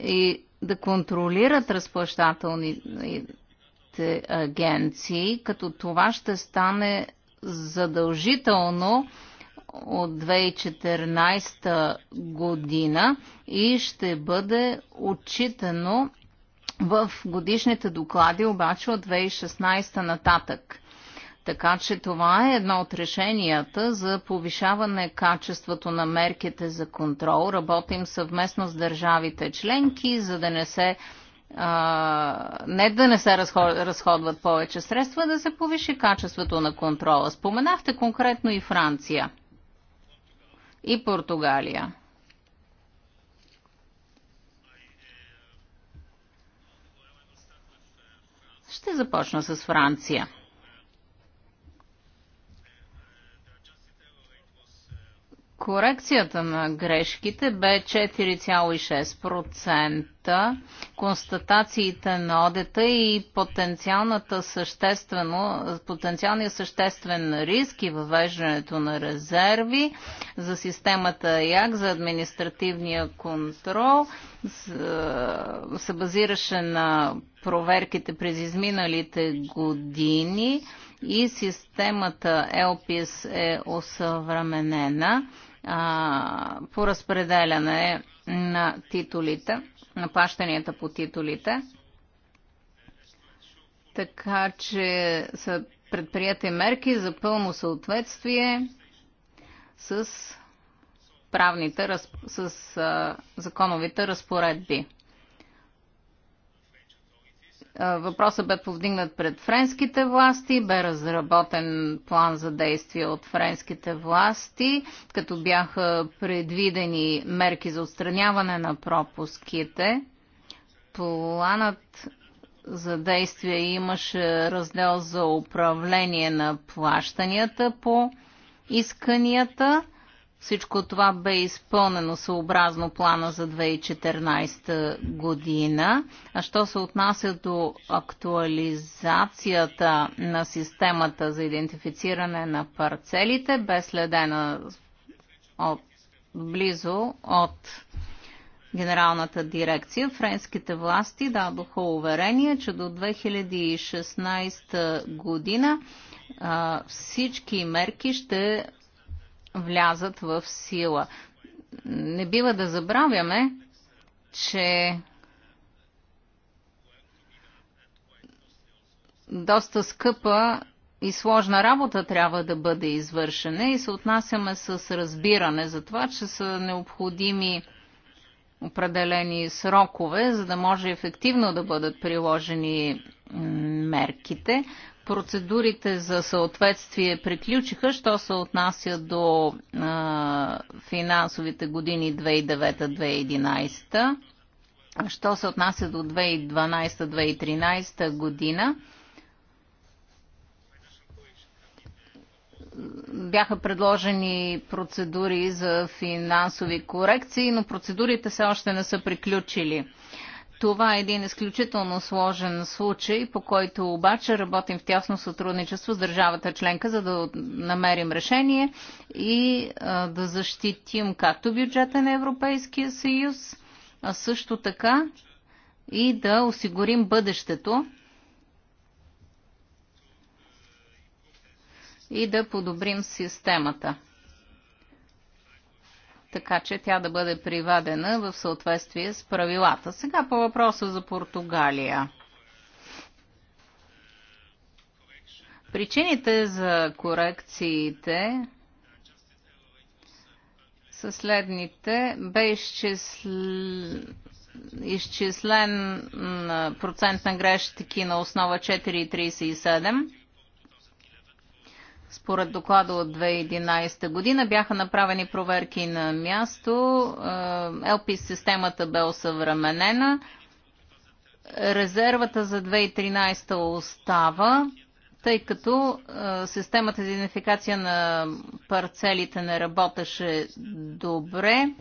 и да контролират разплащателните агенции, като това ще стане задължително от 2014 година и ще бъде отчитано в годишните доклади, обаче от 2016 нататък. Така че това е едно от решенията за повишаване качеството на мерките за контрол. Работим съвместно с държавите членки, за да не се а, не да не се разходват повече средства, да се повиши качеството на контрола. Споменахте конкретно и Франция и Португалия. Ще започна с Франция. Корекцията на грешките бе 4,6%. Констатациите на одета и потенциалната съществено, потенциалният съществен риск и въвеждането на резерви за системата ЯК за административния контрол е, се базираше на проверките през изминалите години и системата ЕОПИС е осъвременена а, по разпределяне на титулите, на плащанията по титулите. Така че са предприяти мерки за пълно съответствие с правните, с а, законовите разпоредби. Въпросът бе повдигнат пред френските власти, бе разработен план за действие от френските власти, като бяха предвидени мерки за отстраняване на пропуските. Планът за действие имаше раздел за управление на плащанията по исканията – всичко това бе изпълнено съобразно плана за 2014 година. А що се отнася до актуализацията на системата за идентифициране на парцелите, бе следена от, близо от Генералната дирекция, френските власти дадоха уверение, че до 2016 година а, всички мерки ще влязат в сила. Не бива да забравяме, че доста скъпа и сложна работа трябва да бъде извършена и се отнасяме с разбиране за това, че са необходими определени срокове, за да може ефективно да бъдат приложени мерките процедурите за съответствие приключиха, що се отнася до а, финансовите години 2009-2011, а що се отнася до 2012-2013 година. бяха предложени процедури за финансови корекции, но процедурите все още не са приключили. Това е един изключително сложен случай, по който обаче работим в тясно сътрудничество с държавата членка, за да намерим решение и а, да защитим както бюджета на Европейския съюз, а също така и да осигурим бъдещето и да подобрим системата така че тя да бъде приведена в съответствие с правилата. Сега по въпроса за Португалия. Причините за корекциите са следните. Бе изчисл... изчислен процент на грешки на основа 4,37 според доклада от 2011 година бяха направени проверки на място. Е, ЛП системата бе осъвременена. Резервата за 2013 остава, тъй като е, системата за идентификация на парцелите не работеше добре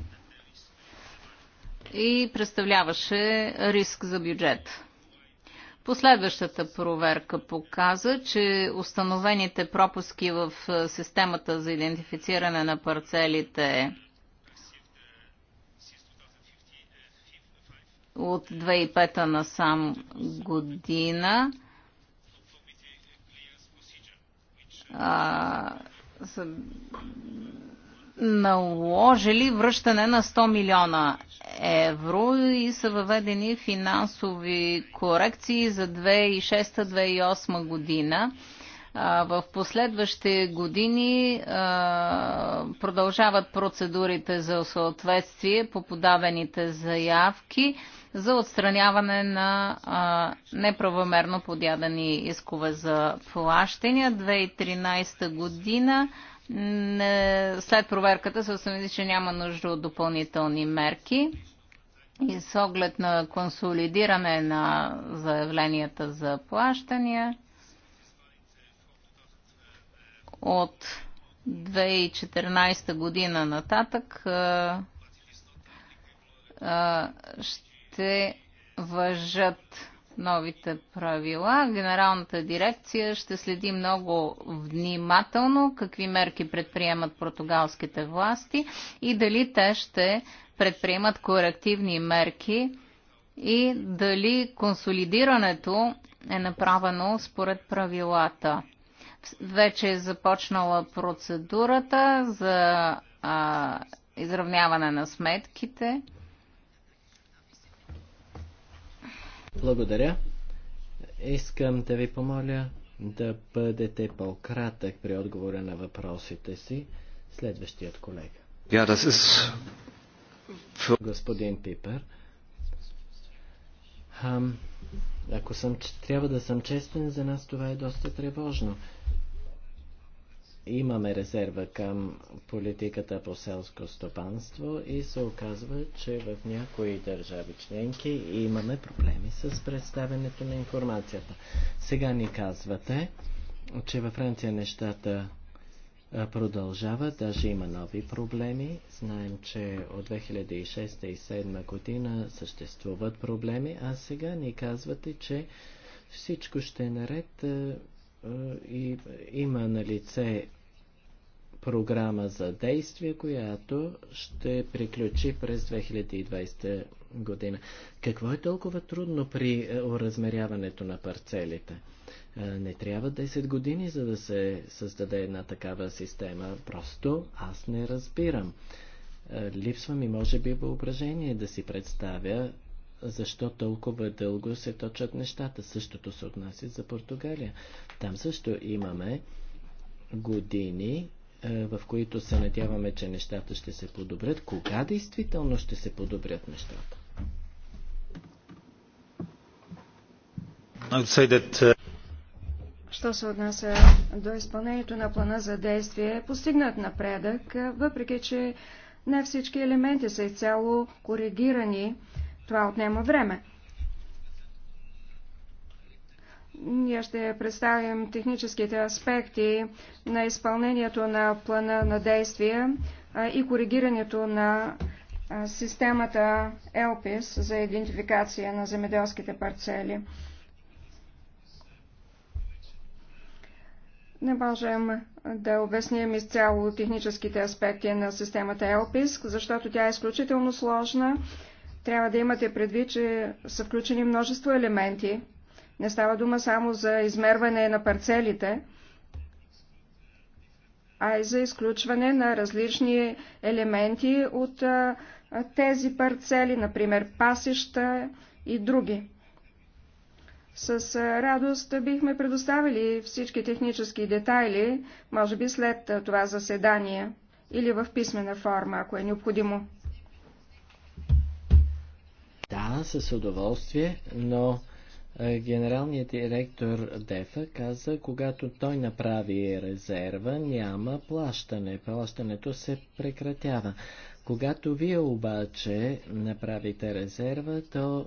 и представляваше риск за бюджет. Последващата проверка показа, че установените пропуски в е, системата за идентифициране на парцелите от 2005 на сам година а, са наложили връщане на 100 милиона евро и са въведени финансови корекции за 2006-2008 година. В последващите години продължават процедурите за съответствие по подавените заявки за отстраняване на неправомерно подядани искове за плащания. 2013 година след проверката се установи, че няма нужда от допълнителни мерки. И с оглед на консолидиране на заявленията за плащания от 2014 година нататък ще въжат новите правила. Генералната дирекция ще следи много внимателно какви мерки предприемат португалските власти и дали те ще предприемат корективни мерки и дали консолидирането е направено според правилата. Вече е започнала процедурата за а, изравняване на сметките. Благодаря. Искам да ви помоля да бъдете по-кратък при отговора на въпросите си. Следващият колега. Ja, das ist Господин Пипер. Ам, ако съм, трябва да съм честен, за нас това е доста тревожно имаме резерва към политиката по селско стопанство и се оказва, че в някои държави членки имаме проблеми с представянето на информацията. Сега ни казвате, че във Франция нещата продължават, даже има нови проблеми. Знаем, че от 2006 и 2007 година съществуват проблеми, а сега ни казвате, че всичко ще е наред и има на лице програма за действие, която ще приключи през 2020 година. Какво е толкова трудно при оразмеряването е, на парцелите? Е, не трябва 10 години, за да се създаде една такава система. Просто аз не разбирам. Е, липсва ми, може би, въображение да си представя защо толкова дълго се точат нещата. Същото се отнася за Португалия. Там също имаме години, е, в които се надяваме, че нещата ще се подобрят. Кога действително ще се подобрят нещата? Uh, Що се отнася до изпълнението на плана за действие, е постигнат напредък, е, въпреки че не всички елементи са изцяло коригирани. Това отнема време. Ние ще представим техническите аспекти на изпълнението на плана на действие и коригирането на системата ЕЛПИС за идентификация на земеделските парцели. Не можем да обясним изцяло техническите аспекти на системата ЕЛПИС, защото тя е изключително сложна. Трябва да имате предвид, че са включени множество елементи, не става дума само за измерване на парцелите, а и за изключване на различни елементи от а, тези парцели, например пасища и други. С радост бихме предоставили всички технически детайли, може би след това заседание или в писмена форма, ако е необходимо. Да, с удоволствие, но е, генералният директор Дефа каза, когато той направи резерва, няма плащане. Плащането се прекратява. Когато вие обаче направите резерва, то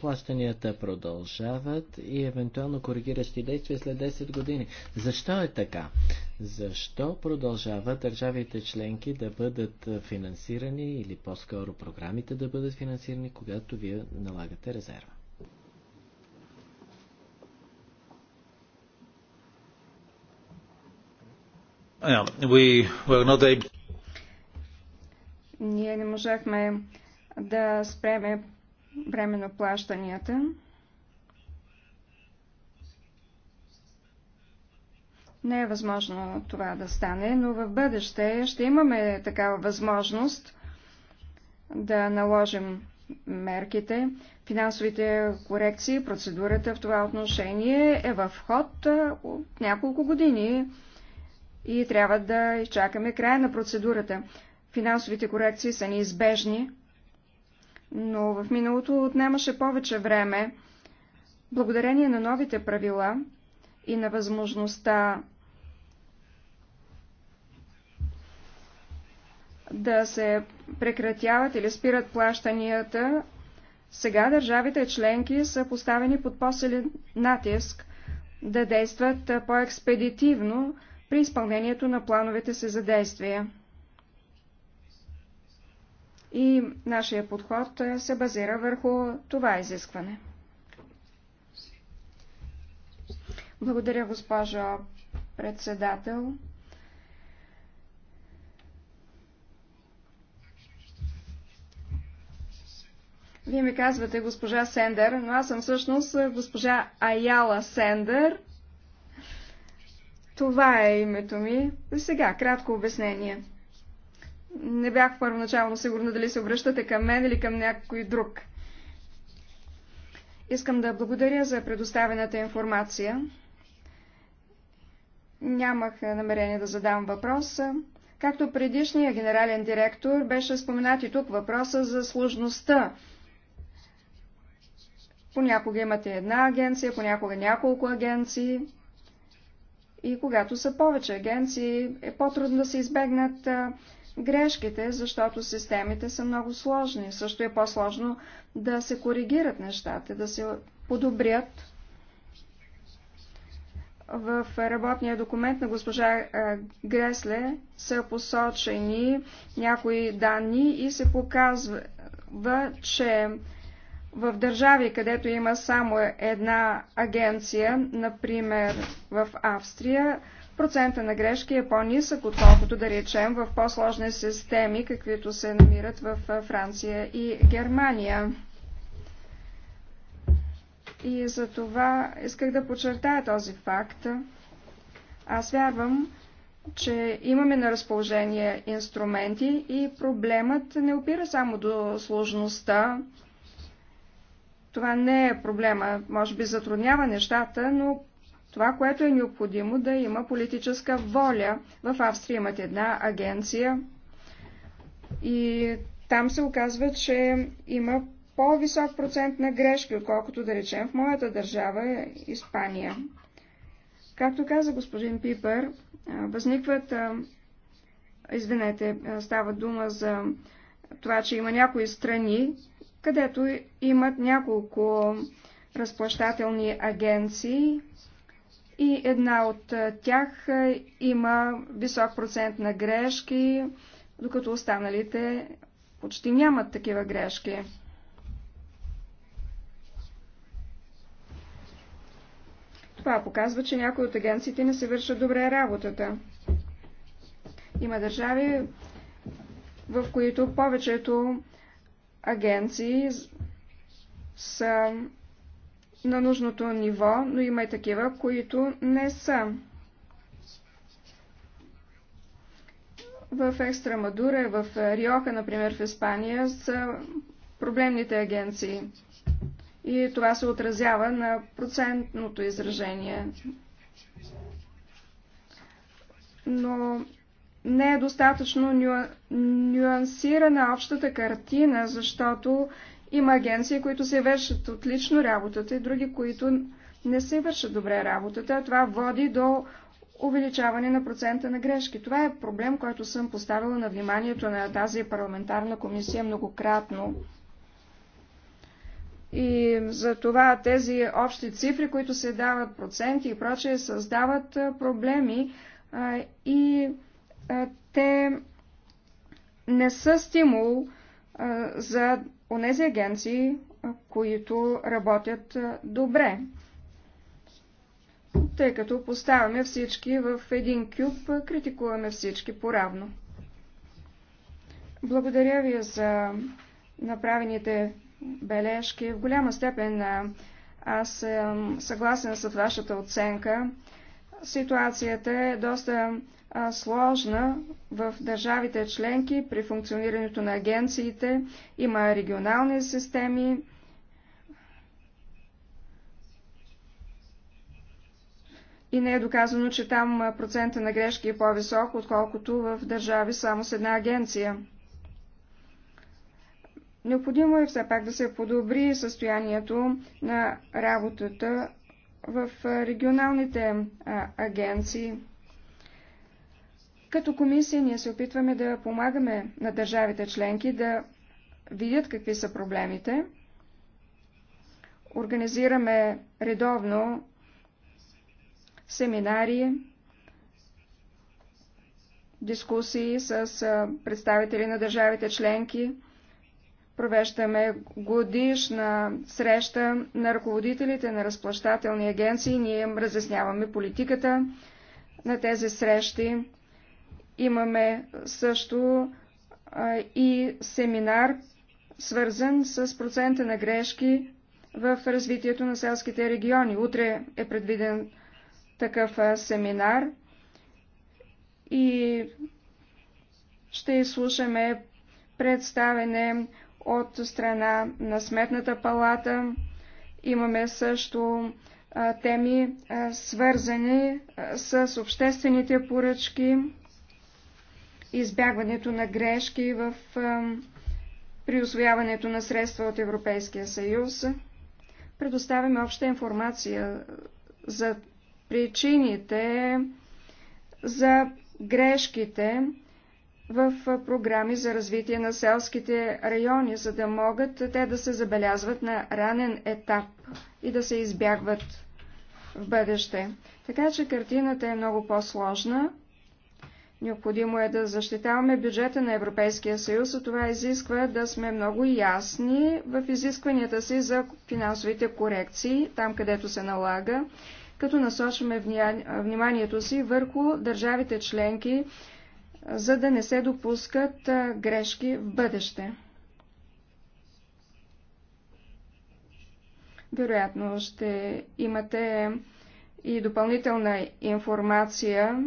плащанията продължават и евентуално коригиращи действия след 10 години. Защо е така? Защо продължават държавите членки да бъдат финансирани или по-скоро програмите да бъдат финансирани, когато вие налагате резерва? Yeah, Ние не можахме да спреме временно плащанията. Не е възможно това да стане, но в бъдеще ще имаме такава възможност да наложим мерките. Финансовите корекции, процедурата в това отношение е в ход от няколко години и трябва да изчакаме края на процедурата. Финансовите корекции са неизбежни, но в миналото отнемаше повече време. Благодарение на новите правила и на възможността да се прекратяват или спират плащанията, сега държавите членки са поставени под по-силен натиск да действат по-експедитивно, при изпълнението на плановете си за действие. И нашия подход се базира върху това изискване. Благодаря, госпожо председател. Вие ми казвате госпожа Сендер, но аз съм всъщност госпожа Аяла Сендер. Това е името ми. За сега, кратко обяснение. Не бях първоначално сигурна дали се обръщате към мен или към някой друг. Искам да благодаря за предоставената информация. Нямах намерение да задам въпроса. Както предишния генерален директор, беше споменат и тук въпроса за сложността. Понякога имате една агенция, понякога няколко агенции. И когато са повече агенции, е по-трудно да се избегнат грешките, защото системите са много сложни. Също е по-сложно да се коригират нещата, да се подобрят. В работния документ на госпожа Гресле са посочени някои данни и се показва, че в държави, където има само една агенция, например в Австрия, процента на грешки е по-нисък, отколкото да речем в по-сложни системи, каквито се намират в Франция и Германия. И за това исках да подчертая този факт. Аз вярвам, че имаме на разположение инструменти и проблемът не опира само до сложността, това не е проблема, може би затруднява нещата, но това, което е необходимо да има политическа воля. В Австрия имат една агенция и там се оказва, че има по-висок процент на грешки, отколкото да речем в моята държава е Испания. Както каза господин Пипер, възникват, извинете, става дума за това, че има някои страни, където имат няколко разплащателни агенции и една от тях има висок процент на грешки, докато останалите почти нямат такива грешки. Това показва, че някои от агенциите не се вършат добре работата. Има държави, в които повечето агенции са на нужното ниво, но има и такива, които не са. В Екстрамадура, в Риоха, например, в Испания, са проблемните агенции. И това се отразява на процентното изражение. Но не е достатъчно ню... нюансирана общата картина, защото има агенции, които се вършат отлично работата и други, които не се вършат добре работата. Това води до увеличаване на процента на грешки. Това е проблем, който съм поставила на вниманието на тази парламентарна комисия многократно. И за това тези общи цифри, които се дават, проценти и прочее, създават проблеми а, и е, те не са стимул е, за онези агенции, е, които работят добре. Тъй като поставяме всички в един кюб, критикуваме всички по-равно. Благодаря ви за направените бележки. В голяма степен аз съм съгласен с вашата оценка. Ситуацията е доста сложна в държавите членки при функционирането на агенциите. Има регионални системи. И не е доказано, че там процента на грешки е по-висок, отколкото в държави само с една агенция. Необходимо е все пак да се подобри състоянието на работата в регионалните агенции. Като комисия ние се опитваме да помагаме на държавите членки да видят какви са проблемите. Организираме редовно семинари, дискусии с представители на държавите членки. Провеждаме годишна среща на ръководителите на разплащателни агенции. Ние им разясняваме политиката на тези срещи. Имаме също и семинар, свързан с процента на грешки в развитието на селските региони. Утре е предвиден такъв семинар и ще изслушаме представене от страна на Сметната палата. Имаме също теми, свързани с обществените поръчки избягването на грешки в, при освояването на средства от Европейския съюз. Предоставяме обща информация за причините за грешките в програми за развитие на селските райони, за да могат те да се забелязват на ранен етап и да се избягват в бъдеще. Така че картината е много по-сложна, Необходимо е да защитаваме бюджета на Европейския съюз, а това изисква да сме много ясни в изискванията си за финансовите корекции, там където се налага, като насочваме вниманието си върху държавите членки, за да не се допускат грешки в бъдеще. Вероятно ще имате и допълнителна информация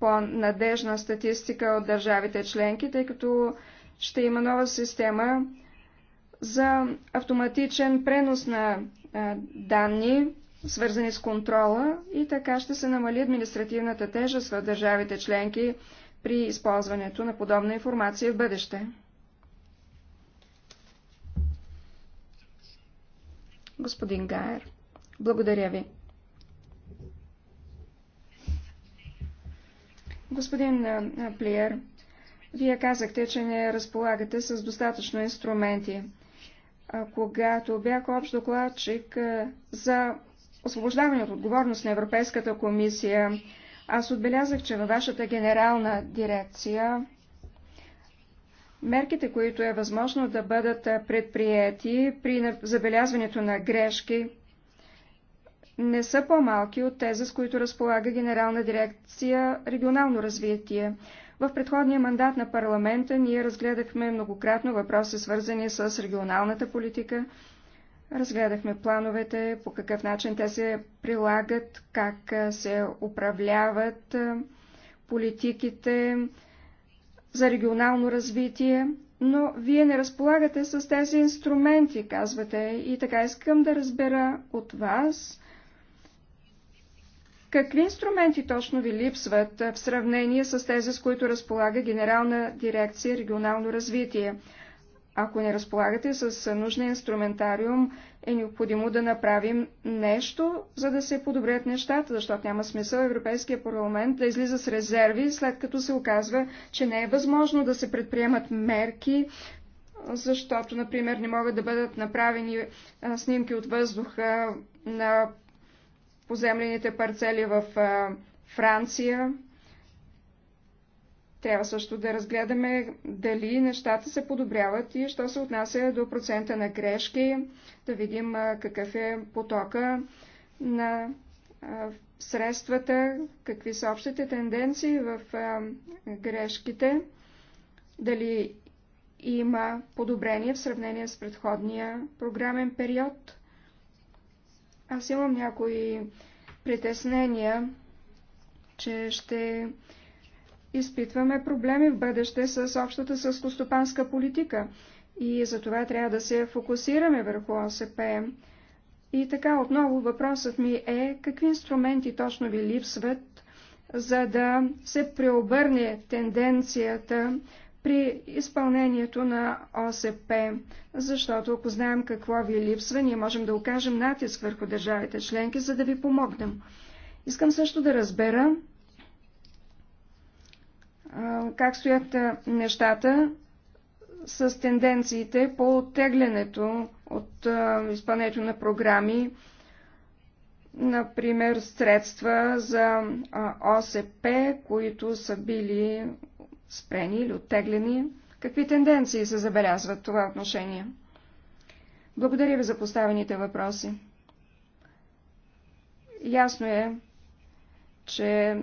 по-надежна статистика от държавите членки, тъй като ще има нова система за автоматичен пренос на данни, свързани с контрола и така ще се намали административната тежест в държавите членки при използването на подобна информация в бъдеще. Господин Гайер, благодаря ви. Господин Плиер, вие казахте, че не разполагате с достатъчно инструменти. Когато бях общ докладчик за освобождаване от отговорност на Европейската комисия, аз отбелязах, че във вашата генерална дирекция мерките, които е възможно да бъдат предприяти при забелязването на грешки, не са по-малки от тези, с които разполага Генерална дирекция регионално развитие. В предходния мандат на парламента ние разгледахме многократно въпроси, свързани с регионалната политика. Разгледахме плановете, по какъв начин те се прилагат, как се управляват политиките за регионално развитие, но вие не разполагате с тези инструменти, казвате, и така искам да разбера от вас Какви инструменти точно ви липсват в сравнение с тези, с които разполага Генерална дирекция регионално развитие? Ако не разполагате с нужния инструментариум, е необходимо да направим нещо, за да се подобрят нещата, защото няма смисъл Европейския парламент да излиза с резерви, след като се оказва, че не е възможно да се предприемат мерки, защото, например, не могат да бъдат направени снимки от въздуха на поземлените парцели в Франция. Трябва също да разгледаме дали нещата се подобряват и що се отнася до процента на грешки, да видим какъв е потока на средствата, какви са общите тенденции в грешките, дали има подобрение в сравнение с предходния програмен период. Аз имам някои притеснения, че ще изпитваме проблеми в бъдеще с общата сълскостопанска политика и за това трябва да се фокусираме върху ОСП. И така отново въпросът ми е какви инструменти точно ви липсват, за да се преобърне тенденцията при изпълнението на ОСП, защото ако знаем какво ви липсва, ние можем да окажем натиск върху държавите членки, за да ви помогнем. Искам също да разбера как стоят нещата с тенденциите по оттеглянето от изпълнението на програми, например, средства за ОСП, които са били спрени или оттеглени? Какви тенденции се забелязват това отношение? Благодаря ви за поставените въпроси. Ясно е, че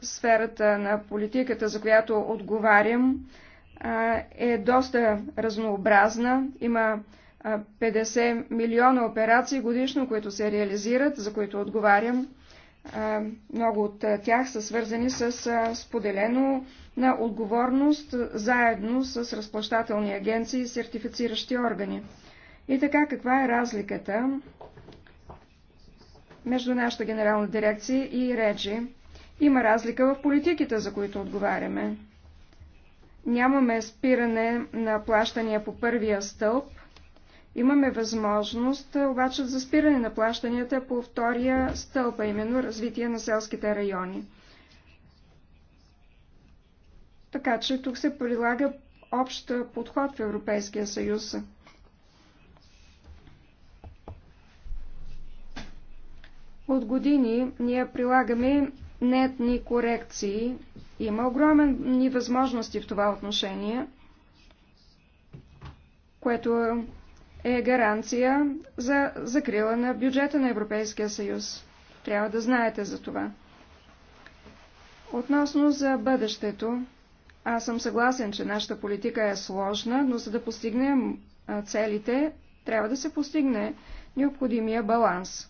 сферата на политиката, за която отговарям, е доста разнообразна. Има 50 милиона операции годишно, които се реализират, за които отговарям. Много от тях са свързани с споделено на отговорност заедно с разплащателни агенции и сертифициращи органи. И така, каква е разликата между нашата генерална дирекция и Реджи? Има разлика в политиките, за които отговаряме. Нямаме спиране на плащания по първия стълб, Имаме възможност е, обаче за спиране на плащанията по втория стълб, а именно развитие на селските райони. Така че тук се прилага общ подход в Европейския съюз. От години ние прилагаме нетни корекции. Има огромни възможности в това отношение, което е гаранция за закрила на бюджета на Европейския съюз. Трябва да знаете за това. Относно за бъдещето, аз съм съгласен, че нашата политика е сложна, но за да постигнем целите, трябва да се постигне необходимия баланс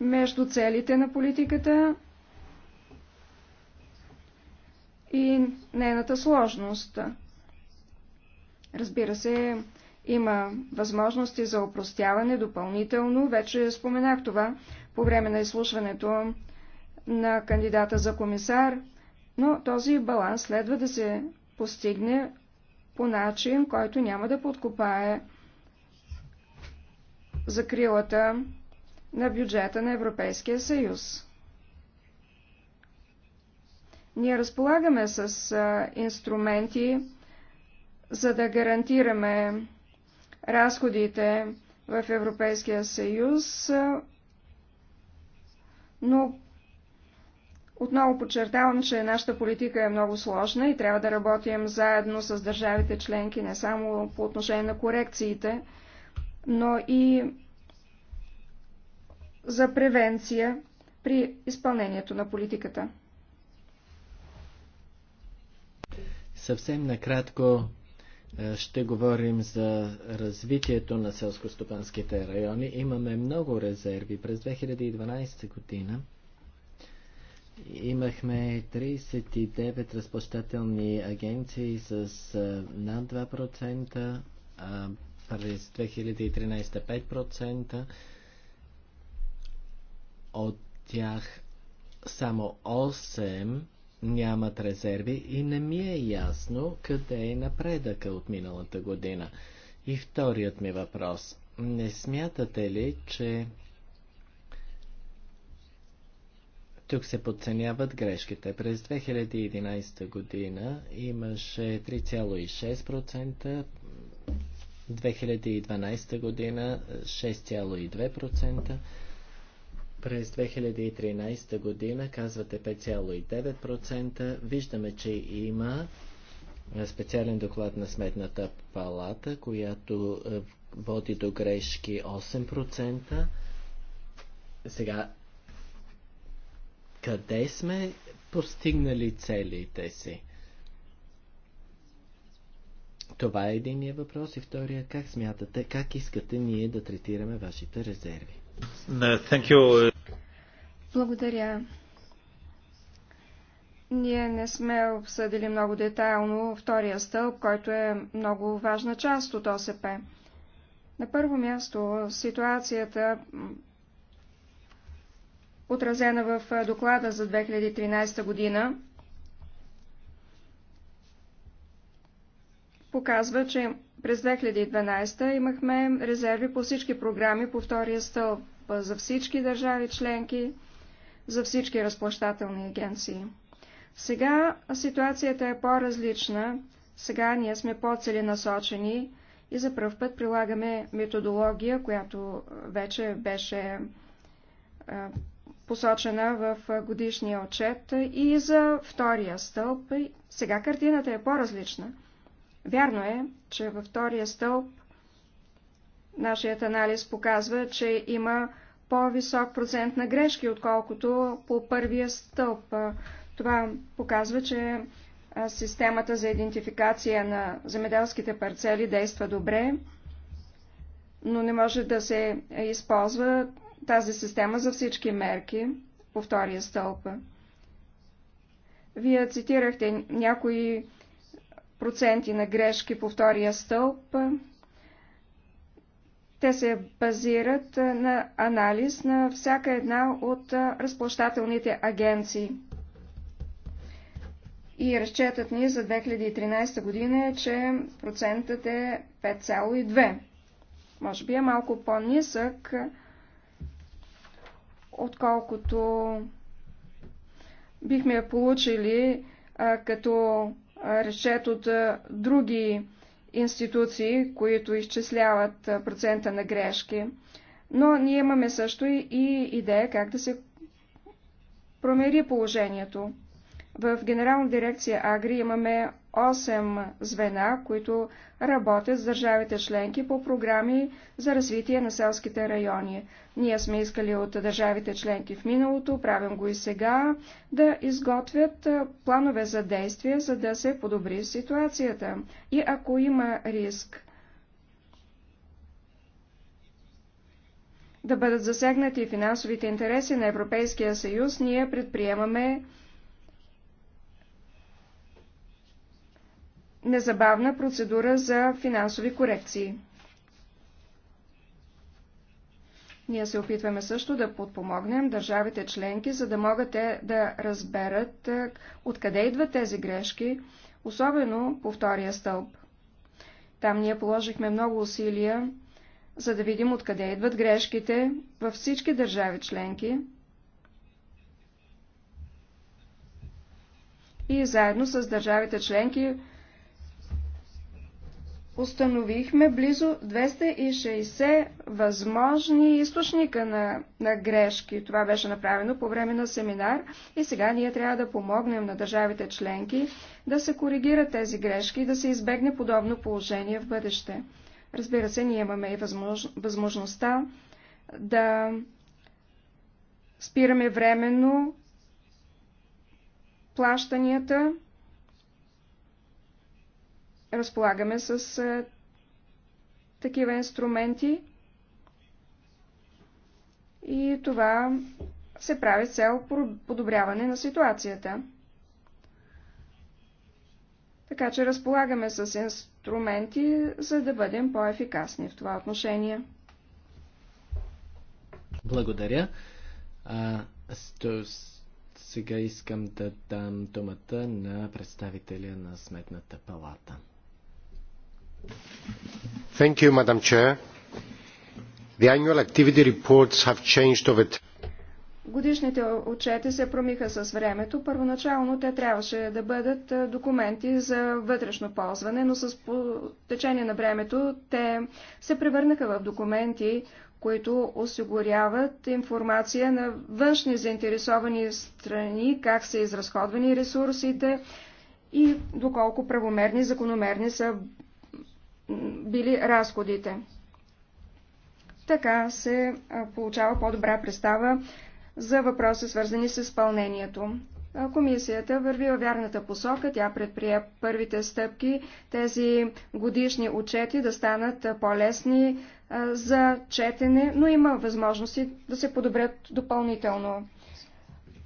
между целите на политиката и нейната сложност. Разбира се, има възможности за опростяване допълнително. Вече споменах това по време на изслушването на кандидата за комисар, но този баланс следва да се постигне по начин, който няма да подкопае закрилата на бюджета на Европейския съюз. Ние разполагаме с инструменти, за да гарантираме разходите в Европейския съюз, но отново подчертавам, че нашата политика е много сложна и трябва да работим заедно с държавите членки, не само по отношение на корекциите, но и за превенция при изпълнението на политиката. Съвсем накратко е, ще говорим за развитието на селскостопанските райони. Имаме много резерви. През 2012 година имахме 39 разплащателни агенции с е, над 2%, а през 2013 5%. От тях само 8 нямат резерви и не ми е ясно къде е напредъка от миналата година. И вторият ми въпрос. Не смятате ли, че Тук се подценяват грешките. През 2011 година имаше 3,6%, 2012 година 6,2%, през 2013 година казвате 5,9%. Виждаме, че има специален доклад на Сметната палата, която е, води до грешки 8%. Сега, къде сме постигнали целите си? Това е единия въпрос и втория, как смятате, как искате ние да третираме вашите резерви? Благодаря. Ние не сме обсъдили много детайлно втория стълб, който е много важна част от ОСП. На първо място ситуацията, отразена в доклада за 2013 година, показва, че през 2012 имахме резерви по всички програми по втория стълб за всички държави членки, за всички разплащателни агенции. Сега ситуацията е по-различна. Сега ние сме по-целенасочени и за пръв път прилагаме методология, която вече беше е, посочена в годишния отчет и за втория стълб. Сега картината е по-различна. Вярно е, че във втория стълб нашият анализ показва, че има по-висок процент на грешки, отколкото по първия стълб. Това показва, че системата за идентификация на земеделските парцели действа добре, но не може да се използва тази система за всички мерки по втория стълб. Вие цитирахте някои проценти на грешки по втория стълб. Те се базират на анализ на всяка една от разплащателните агенции. И разчетът ни за 2013 година е, че процентът е 5,2. Може би е малко по-нисък, отколкото бихме получили а, като разчет от други институции, които изчисляват процента на грешки. Но ние имаме също и идея как да се промери положението. В Генерална дирекция Агри имаме 8 звена, които работят с държавите членки по програми за развитие на селските райони. Ние сме искали от държавите членки в миналото, правим го и сега, да изготвят планове за действие, за да се подобри ситуацията. И ако има риск да бъдат засегнати финансовите интереси на Европейския съюз, ние предприемаме незабавна процедура за финансови корекции. Ние се опитваме също да подпомогнем държавите членки, за да могат те да разберат е, откъде идват тези грешки, особено по втория стълб. Там ние положихме много усилия, за да видим откъде идват грешките във всички държави членки и заедно с държавите членки установихме близо 260 възможни източника на, на грешки. Това беше направено по време на семинар и сега ние трябва да помогнем на държавите членки да се коригират тези грешки и да се избегне подобно положение в бъдеще. Разбира се, ние имаме и възмож... възможността да спираме временно плащанията разполагаме с такива инструменти и това се прави с цел подобряване на ситуацията. Така че разполагаме с инструменти, за да бъдем по-ефикасни в това отношение. Благодаря. А, сега искам да дам думата на представителя на Сметната палата. Madam president The annual activity reports have changed over Годишните отчети се промиха с времето. Първоначално те трябваше да бъдат документи за вътрешно ползване, но с течение на времето те се превърнаха в документи, които осигуряват информация на външни заинтересовани страни, как са изразходвани ресурсите и доколко правомерни и закономерни са били разходите. Така се получава по-добра представа за въпроси, свързани с изпълнението. Комисията върви във вярната посока, тя предприе първите стъпки, тези годишни отчети да станат по-лесни за четене, но има възможности да се подобрят допълнително.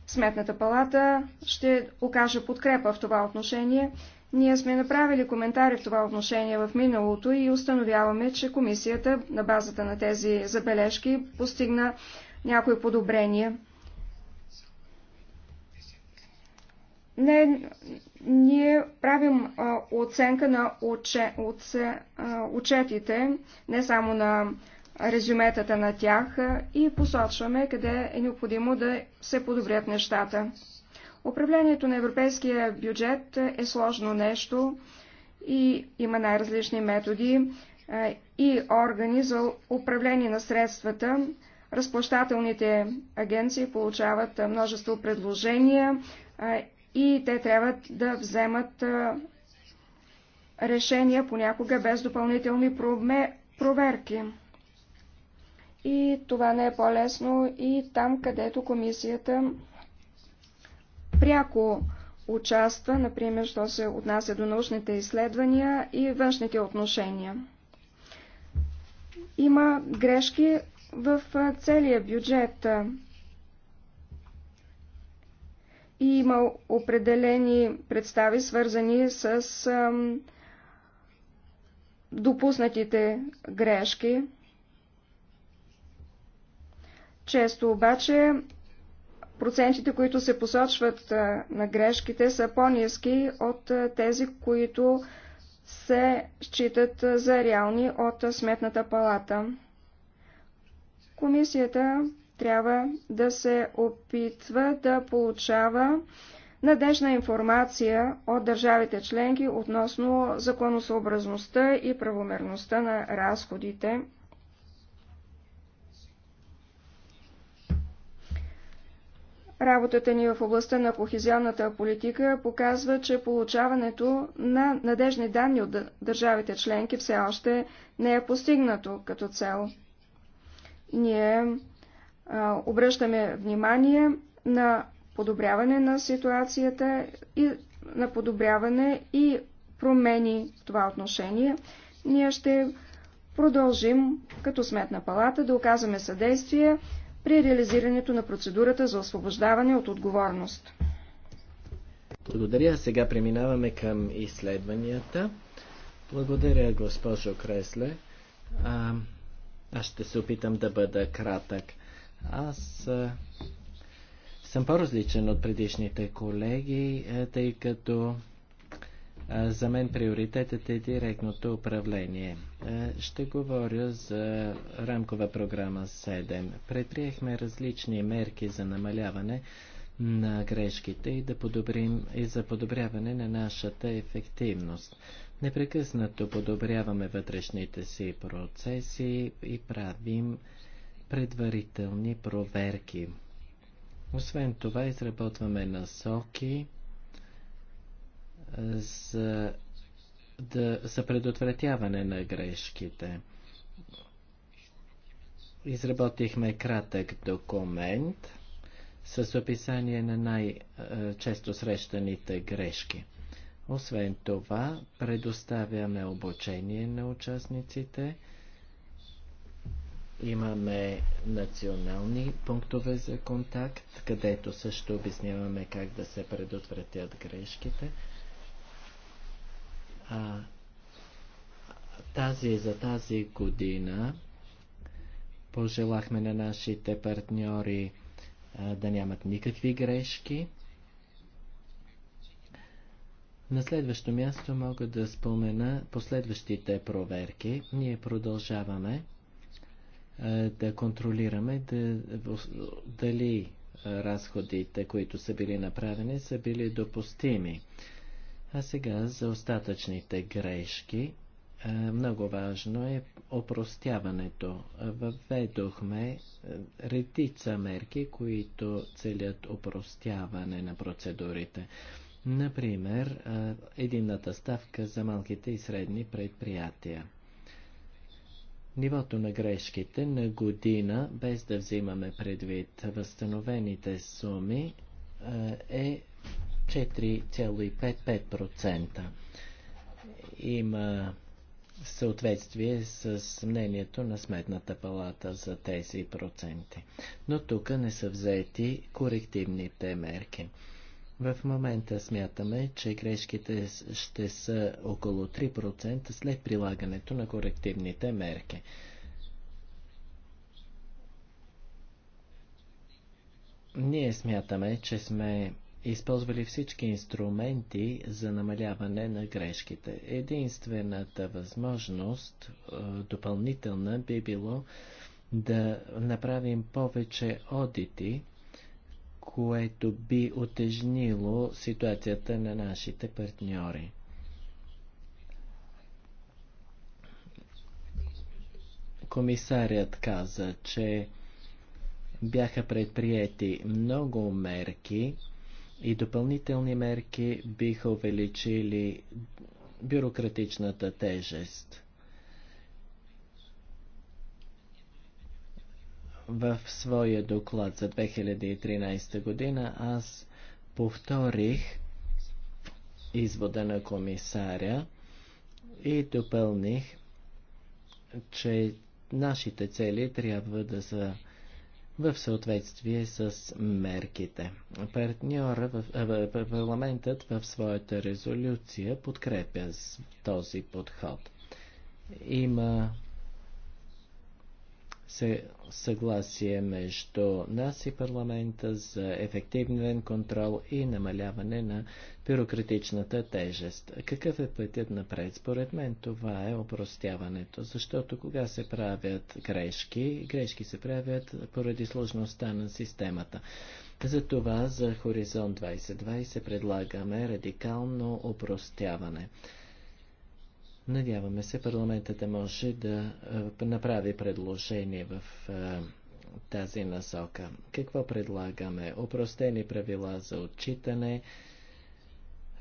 Сметната палата ще окаже подкрепа в това отношение. Ние сме направили коментари в това отношение в миналото и установяваме, че комисията на базата на тези забележки постигна някои подобрения. Не, ние правим а, оценка на уче, уце, а, учетите, не само на резюметата на тях а, и посочваме къде е необходимо да се подобрят нещата. Управлението на европейския бюджет е сложно нещо и има най-различни методи и органи за управление на средствата. Разплащателните агенции получават множество предложения и те трябва да вземат решения понякога без допълнителни проверки. И това не е по-лесно и там, където комисията пряко участва, например, що се отнася до научните изследвания и външните отношения. Има грешки в целия бюджет. И има определени представи, свързани с допуснатите грешки. Често обаче процентите, които се посочват на грешките, са по-низки от тези, които се считат за реални от Сметната палата. Комисията трябва да се опитва да получава надежна информация от държавите членки относно законосъобразността и правомерността на разходите Работата ни в областта на кохезионната политика показва, че получаването на надежни данни от държавите членки все още не е постигнато като цел. Ние а, обръщаме внимание на подобряване на ситуацията и на подобряване и промени в това отношение. Ние ще продължим като сметна палата да оказваме съдействие при реализирането на процедурата за освобождаване от отговорност. Благодаря. Сега преминаваме към изследванията. Благодаря, госпожо Кресле. А, аз ще се опитам да бъда кратък. Аз а, съм по-различен от предишните колеги, тъй като за мен приоритетът е директното управление. Ще говоря за рамкова програма 7. Предприехме различни мерки за намаляване на грешките и, да подобрим, и за подобряване на нашата ефективност. Непрекъснато подобряваме вътрешните си процеси и правим предварителни проверки. Освен това, изработваме насоки за, да, за предотвратяване на грешките. Изработихме кратък документ с описание на най-често срещаните грешки. Освен това, предоставяме обучение на участниците. Имаме национални пунктове за контакт, където също обясняваме как да се предотвратят грешките. А, тази за тази година пожелахме на нашите партньори а, да нямат никакви грешки. На следващо място мога да спомена последващите проверки. Ние продължаваме а, да контролираме да, дали разходите, които са били направени, са били допустими. А сега за остатъчните грешки. Е, много важно е опростяването. Въведохме е, редица мерки, които целят опростяване на процедурите. Например, е, единната ставка за малките и средни предприятия. Нивото на грешките на година, без да взимаме предвид възстановените суми, е 4,55%. Има съответствие с мнението на Сметната палата за тези проценти. Но тук не са взети корективните мерки. В момента смятаме, че грешките ще са около 3% след прилагането на корективните мерки. Ние смятаме, че сме използвали всички инструменти за намаляване на грешките. Единствената възможност, е, допълнителна, би било да направим повече одити, което би отежнило ситуацията на нашите партньори. Комисарят каза, че бяха предприяти много мерки, и допълнителни мерки биха увеличили бюрократичната тежест. В своя доклад за 2013 година аз повторих извода на комисаря и допълних, че нашите цели трябва да са в съответствие с мерките. Партньора в, в, в парламентът в своята резолюция подкрепя този подход. Има съгласие между нас и парламента за ефективен контрол и намаляване на бюрократичната тежест. Какъв е пътят напред? Според мен това е опростяването, защото кога се правят грешки, грешки се правят поради сложността на системата. За това за Хоризонт 2020 предлагаме радикално опростяване. Надяваме се парламентът да може да е, направи предложение в е, тази насока. Какво предлагаме? Опростени правила за отчитане,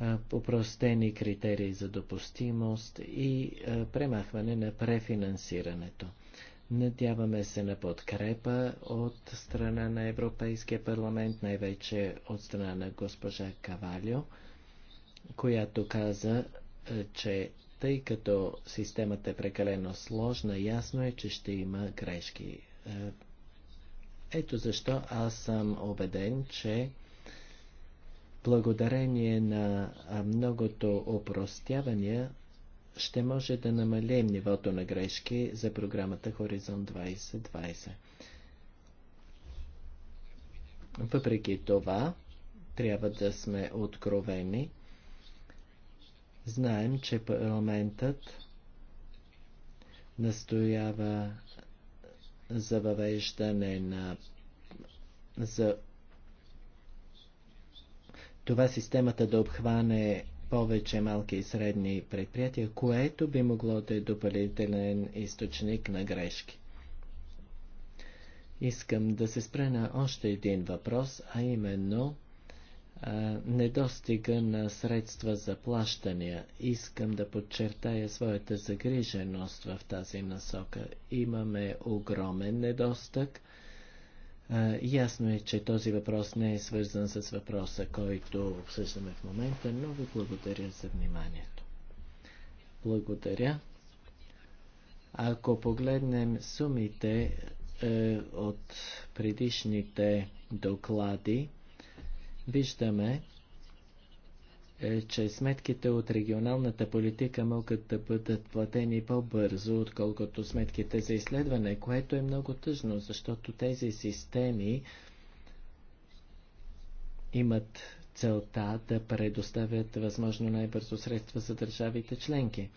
е, опростени критерии за допустимост и премахване на префинансирането. Надяваме се на подкрепа от страна на Европейския парламент, най-вече от страна на госпожа Кавалио, която каза, че тъй като системата е прекалено сложна, ясно е, че ще има грешки. Е, ето защо аз съм убеден, че благодарение на многото опростявания ще може да намалим нивото на грешки за програмата Хоризонт 2020. Въпреки това, трябва да сме откровени Знаем, че парламентът настоява за въвеждане на за това системата да обхване повече малки и средни предприятия, което би могло да е допълнителен източник на грешки. Искам да се спре на още един въпрос, а именно недостига на средства за плащания. Искам да подчертая своята загриженост в тази насока. Имаме огромен недостъг. Ясно е, че този въпрос не е свързан с въпроса, който обсъждаме в момента, но ви благодаря за вниманието. Благодаря. Ако погледнем сумите е, от предишните доклади, виждаме, е, че сметките от регионалната политика могат да бъдат платени по-бързо, отколкото сметките за изследване, което е много тъжно, защото тези системи имат целта да предоставят възможно най-бързо средства за държавите членки.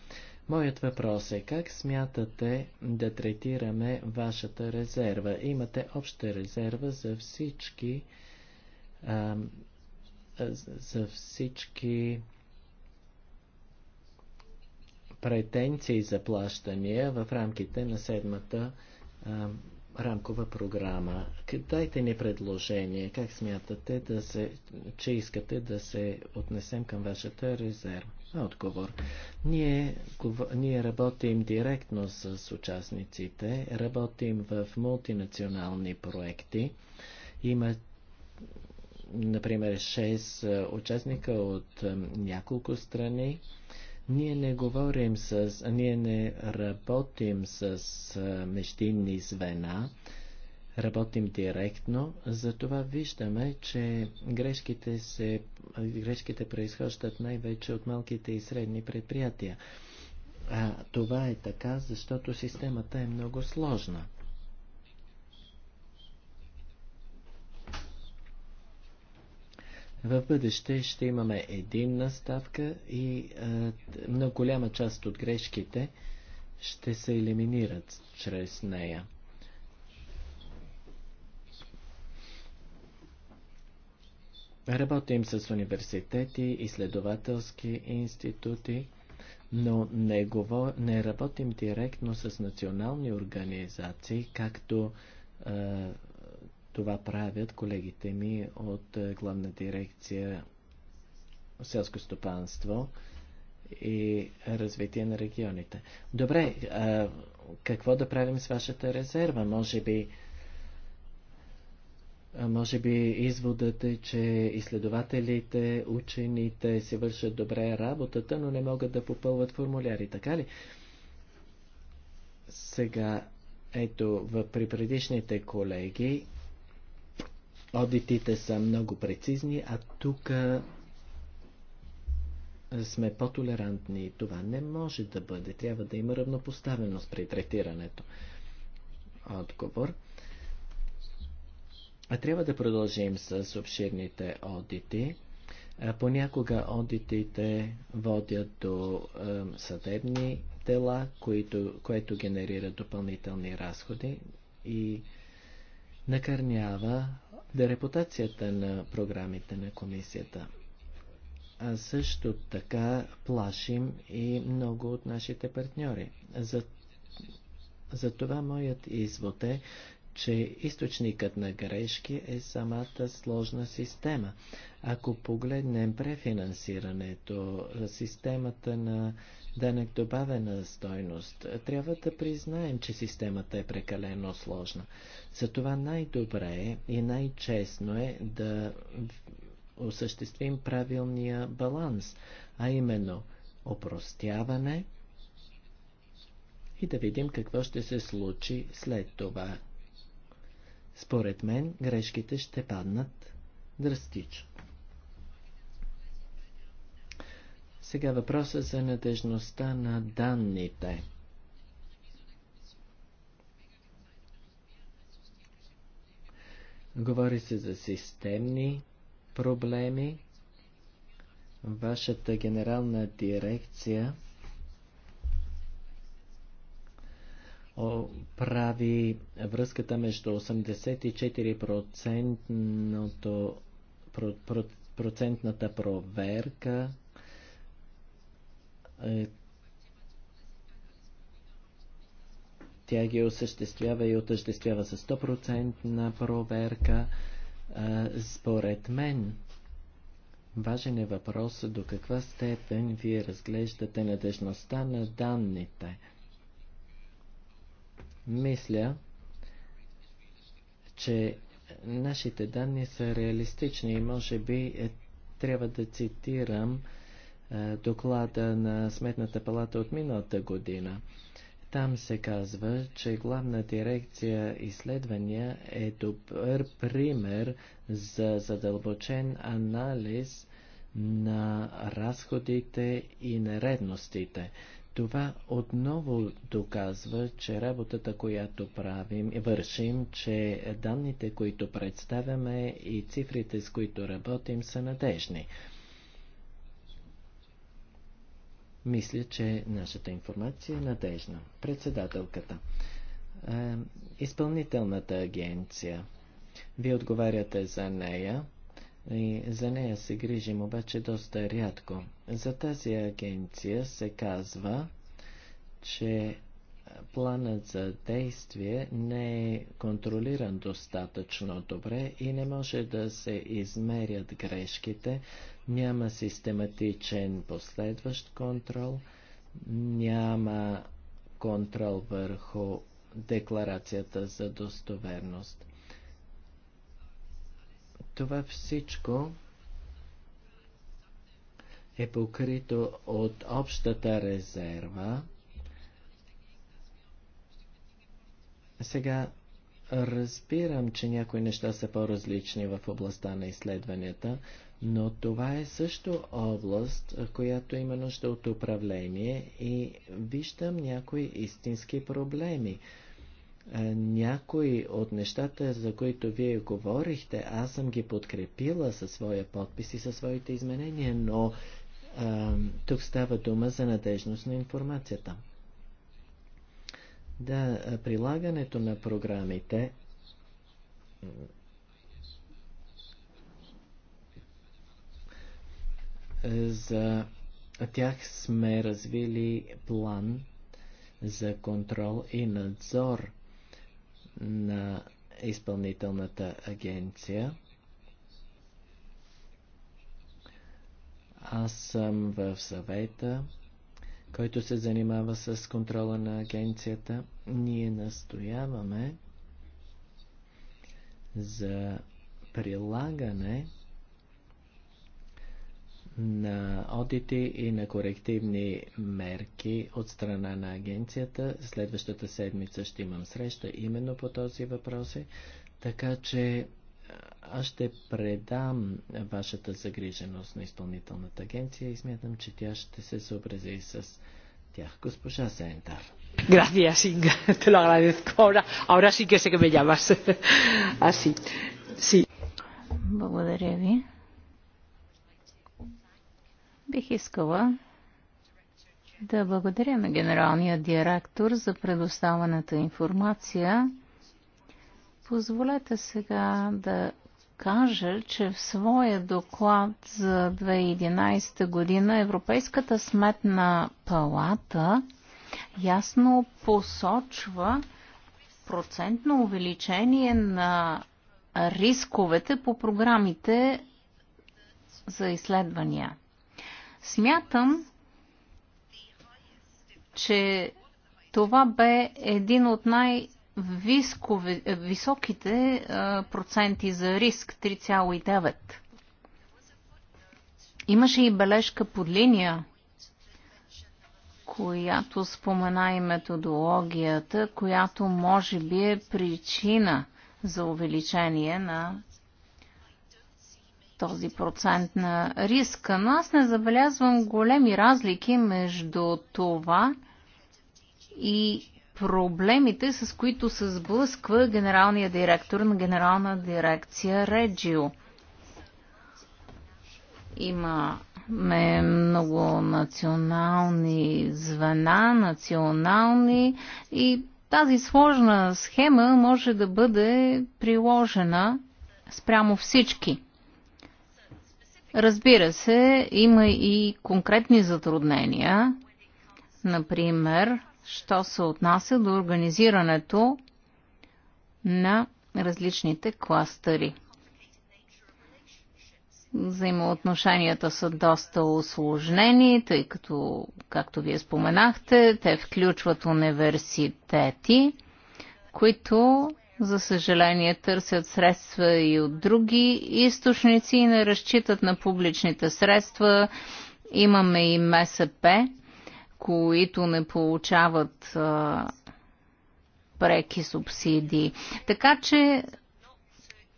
Моят въпрос е как смятате да третираме вашата резерва? Имате обща резерва за всички за всички претенции за плащания в рамките на седмата рамкова програма. Дайте ни предложение, как смятате да се, че искате да се отнесем към вашата резерва. Отговор. Ние, ние работим директно с участниците, работим в мултинационални проекти. Има например, 6 е, участника от е, няколко страни. Ние не говорим с, ние не работим с е, междинни звена, работим директно, затова виждаме, че грешките, се, грешките произхождат най-вече от малките и средни предприятия. А, това е така, защото системата е много сложна. В бъдеще ще имаме единна ставка и много голяма част от грешките ще се елиминират чрез нея. Работим с университети, изследователски институти, но не, говор... не работим директно с национални организации, както това правят колегите ми от е, главна дирекция селско стопанство и развитие на регионите. Добре, а, какво да правим с вашата резерва? Може би, може би изводът е, че изследователите, учените си вършат добре работата, но не могат да попълват формуляри, така ли? Сега, ето, при предишните колеги Одитите са много прецизни, а тук сме по-толерантни и това не може да бъде. Трябва да има равнопоставеност при третирането. Отговор. А трябва да продължим с обширните одити. Понякога одитите водят до е, съдебни дела, които, което генерира допълнителни разходи и накърнява да репутацията на програмите на комисията. А също така плашим и много от нашите партньори. За, за това моят извод е, че източникът на грешки е самата сложна система. Ако погледнем префинансирането, системата на данък добавена стойност. Трябва да признаем, че системата е прекалено сложна. Затова най-добре е и най-честно е да осъществим правилния баланс, а именно опростяване и да видим какво ще се случи след това. Според мен грешките ще паднат драстично. Сега въпросът за надежността на данните. Говори се за системни проблеми. Вашата генерална дирекция прави връзката между 84 процентната проверка е, тя ги осъществява и отъждествява с 100% на проверка. Е, според мен, важен е въпрос до каква степен вие разглеждате надежността на данните. Мисля, че нашите данни са реалистични и може би е, трябва да цитирам е, доклада на Сметната палата от миналата година. Там се казва, че главна дирекция изследвания е добър пример за задълбочен анализ на разходите и нередностите. Това отново доказва, че работата, която правим и вършим, че данните, които представяме и цифрите, с които работим, са надежни. Мисля, че нашата информация е надежна. Председателката. Е, изпълнителната агенция. Вие отговаряте за нея. И за нея се грижим обаче доста рядко. За тази агенция се казва, че планът за действие не е контролиран достатъчно добре и не може да се измерят грешките, няма систематичен последващ контрол, няма контрол върху декларацията за достоверност. Това всичко е покрито от общата резерва. Сега разбирам, че някои неща са по-различни в областта на изследванията, но това е също област, която има нужда от управление и виждам някои истински проблеми. Някои от нещата, за които вие говорихте, аз съм ги подкрепила със своя подпис и със своите изменения, но а, тук става дума за надежност на информацията. Да, прилагането на програмите За тях сме развили план за контрол и надзор на изпълнителната агенция. Аз съм в съвета, който се занимава с контрола на агенцията. Ние настояваме за прилагане на одити и на корективни мерки от страна на агенцията. Следващата седмица ще имам среща именно по този въпрос. Така че аз ще предам вашата загриженост на изпълнителната агенция и смятам, че тя ще се съобрази с тях. Госпожа Сентар. Gracias, Inga. Te lo agradezco. Ahora, ahora sí que sé que me llamas. Así. Sí. Благодаря ви. Бих искала да благодаря на генералния директор за предоставената информация. Позволете сега да кажа, че в своя доклад за 2011 година Европейската сметна палата ясно посочва процентно увеличение на рисковете по програмите за изследвания. Смятам, че това бе един от най- е, високите е, проценти за риск 3,9. Имаше и бележка под линия, която спомена и методологията, която може би е причина за увеличение на този процент на риска, но аз не забелязвам големи разлики между това и проблемите, с които се сблъсква генералния директор на генерална дирекция Реджио. Имаме много национални звена, национални и тази сложна схема може да бъде приложена спрямо всички Разбира се, има и конкретни затруднения, например, що се отнася до организирането на различните кластъри. Взаимоотношенията са доста осложнени, тъй като, както вие споменахте, те включват университети, които за съжаление, търсят средства и от други източници и не разчитат на публичните средства. Имаме и МСП, които не получават а, преки субсидии. Така че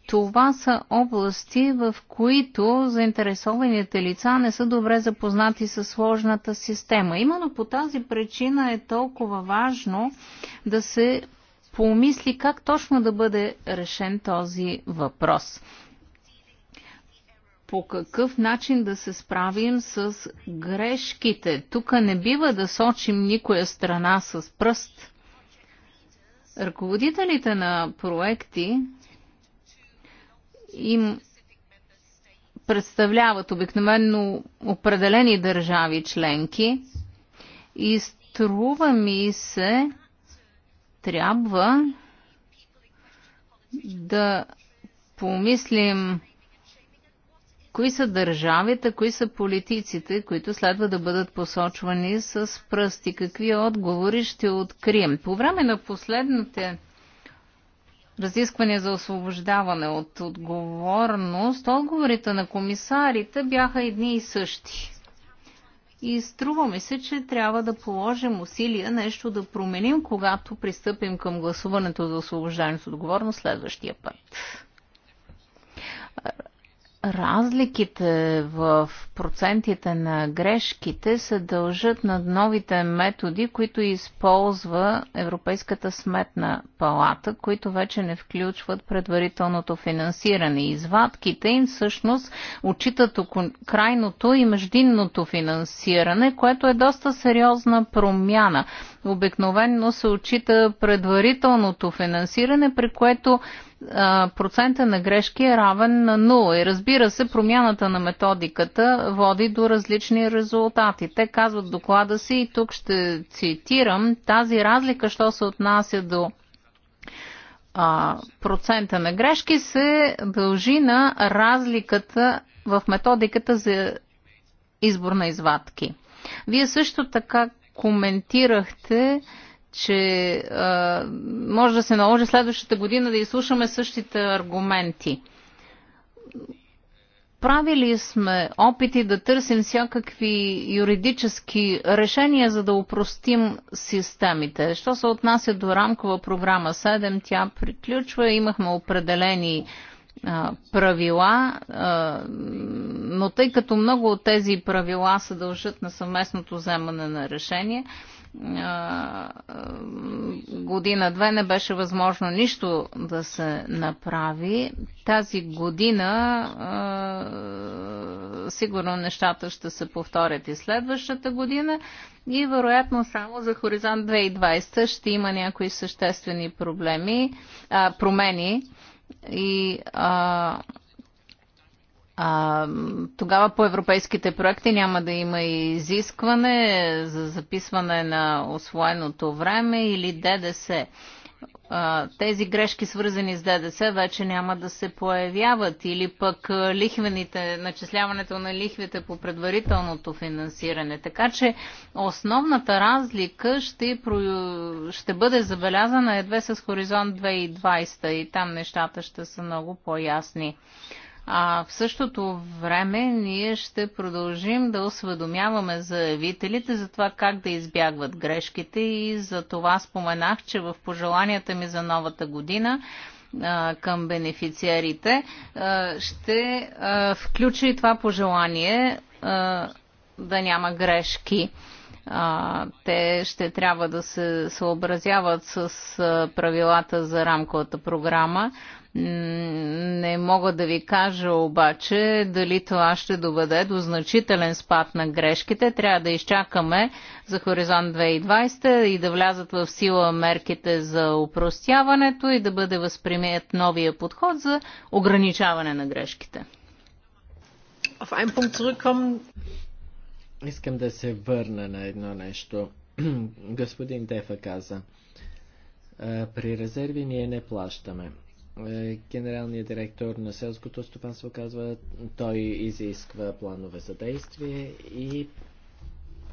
това са области, в които заинтересованите лица не са добре запознати с сложната система. Именно по тази причина е толкова важно да се помисли как точно да бъде решен този въпрос. По какъв начин да се справим с грешките? Тук не бива да сочим никоя страна с пръст. Ръководителите на проекти им представляват обикновено определени държави членки и струва ми се, трябва да помислим кои са държавите, кои са политиците, които следва да бъдат посочвани с пръсти, какви отговори ще открием. По време на последните разисквания за освобождаване от отговорност, отговорите на комисарите бяха едни и същи. И струва ми се, че трябва да положим усилия нещо да променим, когато пристъпим към гласуването за освобождането от отговорност следващия път. Разликите в процентите на грешките се дължат на новите методи, които използва Европейската сметна палата, които вече не включват предварителното финансиране. Извадките им всъщност отчитат крайното и междинното финансиране, което е доста сериозна промяна. Обикновенно се отчита предварителното финансиране, при което процента на грешки е равен на 0. И разбира се, промяната на методиката води до различни резултати. Те казват доклада си и тук ще цитирам тази разлика, що се отнася до а, процента на грешки се дължи на разликата в методиката за избор на извадки. Вие също така коментирахте че а, може да се наложи следващата година да изслушаме същите аргументи. Правили сме опити да търсим всякакви юридически решения, за да упростим системите. Що се отнася до рамкова програма 7, тя приключва. Имахме определени а, правила, а, но тъй като много от тези правила се дължат на съвместното вземане на решения, година-две не беше възможно нищо да се направи. Тази година сигурно нещата ще се повторят и следващата година и вероятно само за Хоризонт 2020 ще има някои съществени проблеми, а, промени и а, а, тогава по европейските проекти няма да има и изискване за записване на освоеното време или ДДС. А, тези грешки, свързани с ДДС, вече няма да се появяват или пък лихвените, начисляването на лихвите по предварителното финансиране. Така че основната разлика ще, про... ще бъде забелязана едва с хоризонт 2020 и там нещата ще са много по-ясни. А в същото време ние ще продължим да осведомяваме заявителите за това как да избягват грешките и за това споменах, че в пожеланията ми за новата година към бенефициарите, ще включи това пожелание да няма грешки. Те ще трябва да се съобразяват с правилата за рамковата програма. Не мога да ви кажа обаче дали това ще доведе до значителен спад на грешките. Трябва да изчакаме за Хоризонт 2020 и да влязат в сила мерките за упростяването и да бъде възприемет новия подход за ограничаване на грешките. Искам да се върна на едно нещо. Господин Дефа каза, при резерви ние не плащаме. Е, генералният директор на селското стопанство казва, той изисква планове за действие и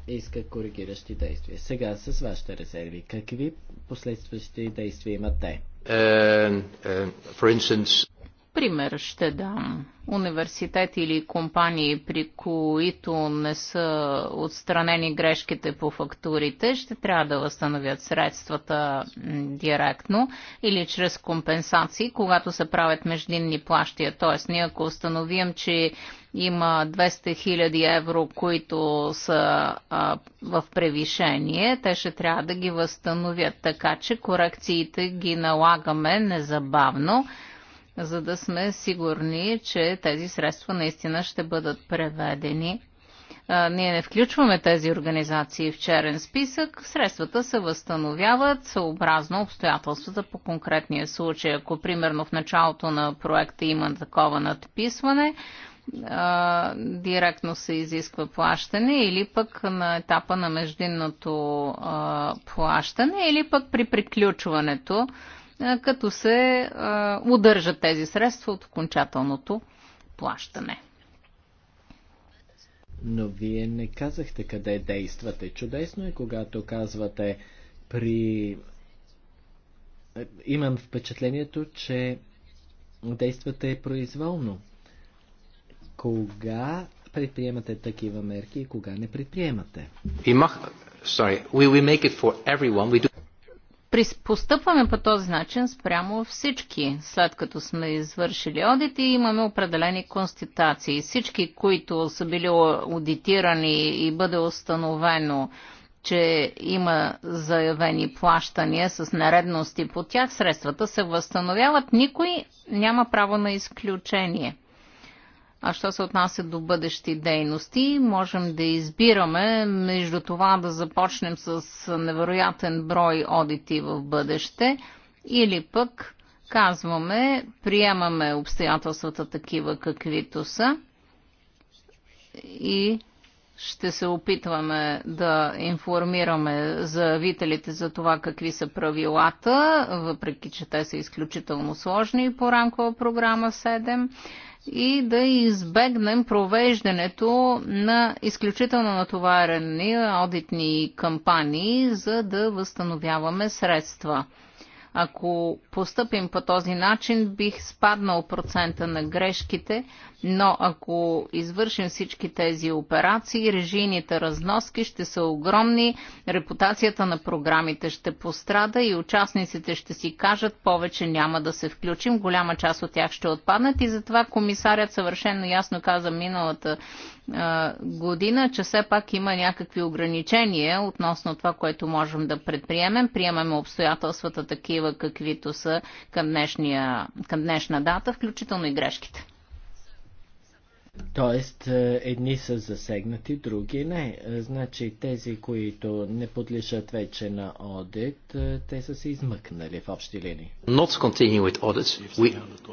иска коригиращи действия. Сега с вашите резерви, какви последстващи действия имат те? Uh, for instance... Пример ще дам. Университети или компании, при които не са отстранени грешките по фактурите, ще трябва да възстановят средствата директно или чрез компенсации, когато се правят междинни плащия. Тоест, ние ако установим, че има 200 000 евро, които са а, в превишение, те ще трябва да ги възстановят. Така че корекциите ги налагаме незабавно за да сме сигурни, че тези средства наистина ще бъдат преведени. А, ние не включваме тези организации в черен списък. Средствата се възстановяват съобразно обстоятелствата по конкретния случай. Ако примерно в началото на проекта има такова надписване, а, директно се изисква плащане или пък на етапа на междинното а, плащане или пък при приключването е, като се е, удържат тези средства от окончателното плащане. Но вие не казахте къде действате. Чудесно е, когато казвате при... Е, имам впечатлението, че действате произволно. Кога предприемате такива мерки и кога не предприемате? We Sorry. We, we make it for everyone. We do постъпваме по този начин спрямо всички, след като сме извършили одити, имаме определени констатации. Всички, които са били аудитирани и бъде установено, че има заявени плащания с наредности по тях, средствата се възстановяват. Никой няма право на изключение. А що се отнася до бъдещи дейности, можем да избираме между това да започнем с невероятен брой одити в бъдеще или пък казваме, приемаме обстоятелствата такива каквито са и ще се опитваме да информираме заявителите за това какви са правилата, въпреки че те са изключително сложни по рамкова програма 7 и да избегнем провеждането на изключително натоварени аудитни кампании, за да възстановяваме средства. Ако постъпим по този начин, бих спаднал процента на грешките, но ако извършим всички тези операции, режийните разноски ще са огромни, репутацията на програмите ще пострада и участниците ще си кажат повече няма да се включим, голяма част от тях ще отпаднат и затова комисарят съвършенно ясно каза миналата а, година, че все пак има някакви ограничения относно това, което можем да предприемем. Приемаме обстоятелствата такива, каквито са към, днешния, към днешна дата, включително и грешките. Тоест, е, едни са засегнати, други не. Е, значи, тези, които не подлежат вече на одит, е, те са се измъкнали в общи линии.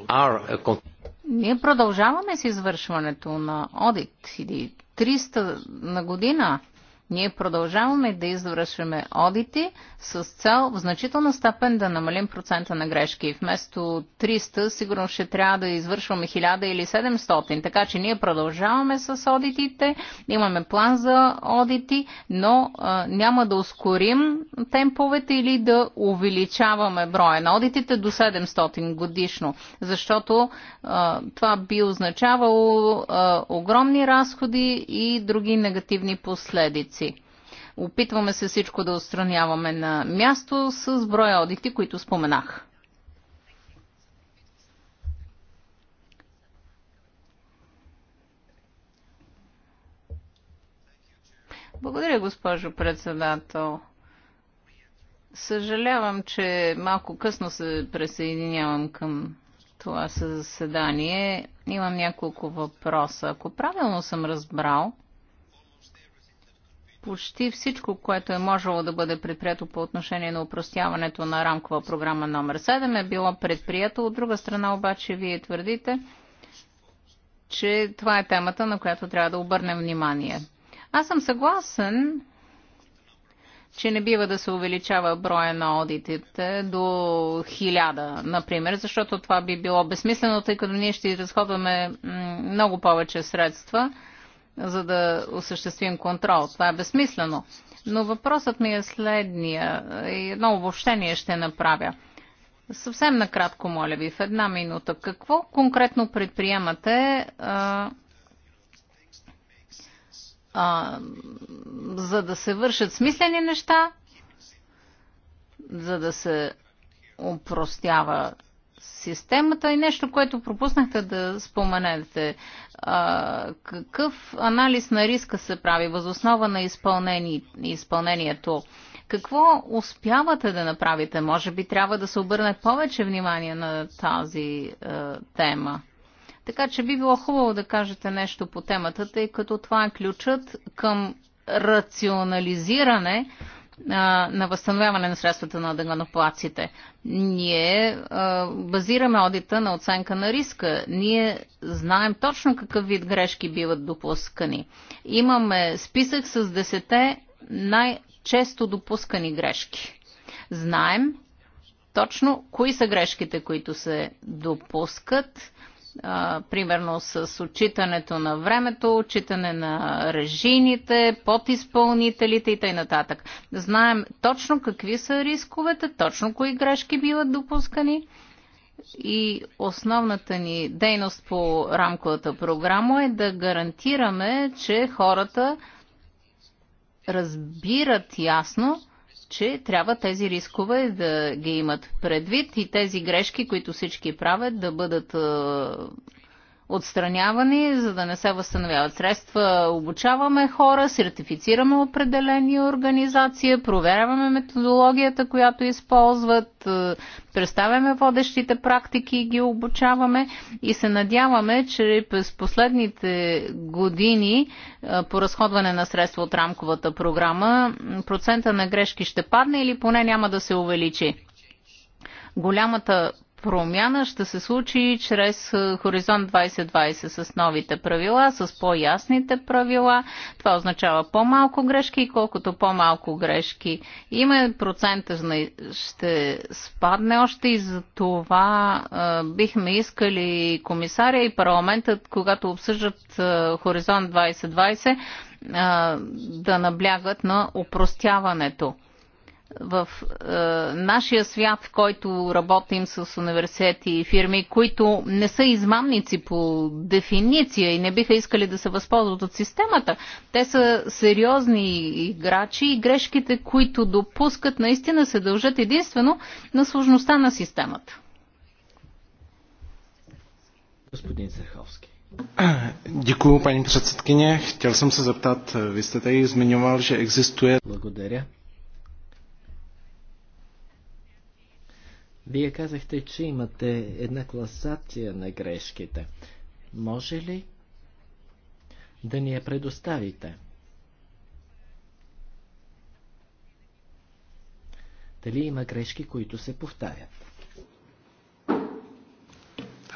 A... Ние продължаваме с извършването на одит или 300 на година ние продължаваме да извършваме одити с цел в значителна степен да намалим процента на грешки. Вместо 300, сигурно ще трябва да извършваме 1000 или 700. Така че ние продължаваме с одитите, имаме план за одити, но а, няма да ускорим темповете или да увеличаваме броя на одитите до 700 годишно, защото а, това би означавало а, огромни разходи и други негативни последици единици. Опитваме се всичко да отстраняваме на място с броя одити, които споменах. Благодаря, госпожо председател. Съжалявам, че малко късно се присъединявам към това съседание. заседание. Имам няколко въпроса. Ако правилно съм разбрал, почти всичко, което е можело да бъде предприето по отношение на упростяването на рамкова програма номер 7 е било предприето. От друга страна обаче вие твърдите, че това е темата, на която трябва да обърнем внимание. Аз съм съгласен, че не бива да се увеличава броя на одитите до хиляда, например, защото това би било безсмислено, тъй като ние ще изразходваме много повече средства – за да осъществим контрол. Това е безсмислено. Но въпросът ми е следния едно обобщение ще направя. Съвсем накратко, моля ви, в една минута. Какво конкретно предприемате а, а, за да се вършат смислени неща, за да се упростява системата и нещо, което пропуснахте да споменете. А, какъв анализ на риска се прави възоснова на изпълнение, изпълнението? Какво успявате да направите? Може би трябва да се обърне повече внимание на тази а, е, тема. Така че би било хубаво да кажете нещо по темата, тъй като това е ключът към рационализиране на възстановяване на средствата на дъганоплаците. Ние а, базираме одита на оценка на риска. Ние знаем точно какъв вид грешки биват допускани. Имаме списък с десете най-често допускани грешки. Знаем точно кои са грешките, които се допускат а, примерно с отчитането на времето, отчитане на режимите, подизпълнителите и т.н. Знаем точно какви са рисковете, точно кои грешки биват допускани. И основната ни дейност по рамковата програма е да гарантираме, че хората разбират ясно, че трябва тези рискове да ги имат предвид и тези грешки, които всички правят, да бъдат е, отстранявани, за да не се възстановяват средства. Обучаваме хора, сертифицираме определени организации, проверяваме методологията, която използват, е, представяме водещите практики и ги обучаваме и се надяваме, че през последните години е, по разходване на средства от рамковата програма процента на грешки ще падне или поне няма да се увеличи голямата промяна ще се случи чрез е, Хоризонт 2020 с новите правила, с по-ясните правила. Това означава по-малко грешки и колкото по-малко грешки има, процентът ще спадне още и за това е, бихме искали комисаря и парламентът, когато обсъждат е, Хоризонт 2020, да наблягат на упростяването в е, нашия свят, в който работим с университети и фирми, които не са измамници по дефиниция и не биха искали да се възползват от системата. Те са сериозни играчи и грешките, които допускат, наистина се дължат единствено на сложността на системата. Господин Саховски. Děkuji, paní předsedkyně. Chtěl jsem se zeptat, vy jste tady zmiňoval, že existuje... Благодаря. Вие казахте, че имате една класация на грешките. Може ли да ни я предоставите? Дали има грешки, които се повтарят?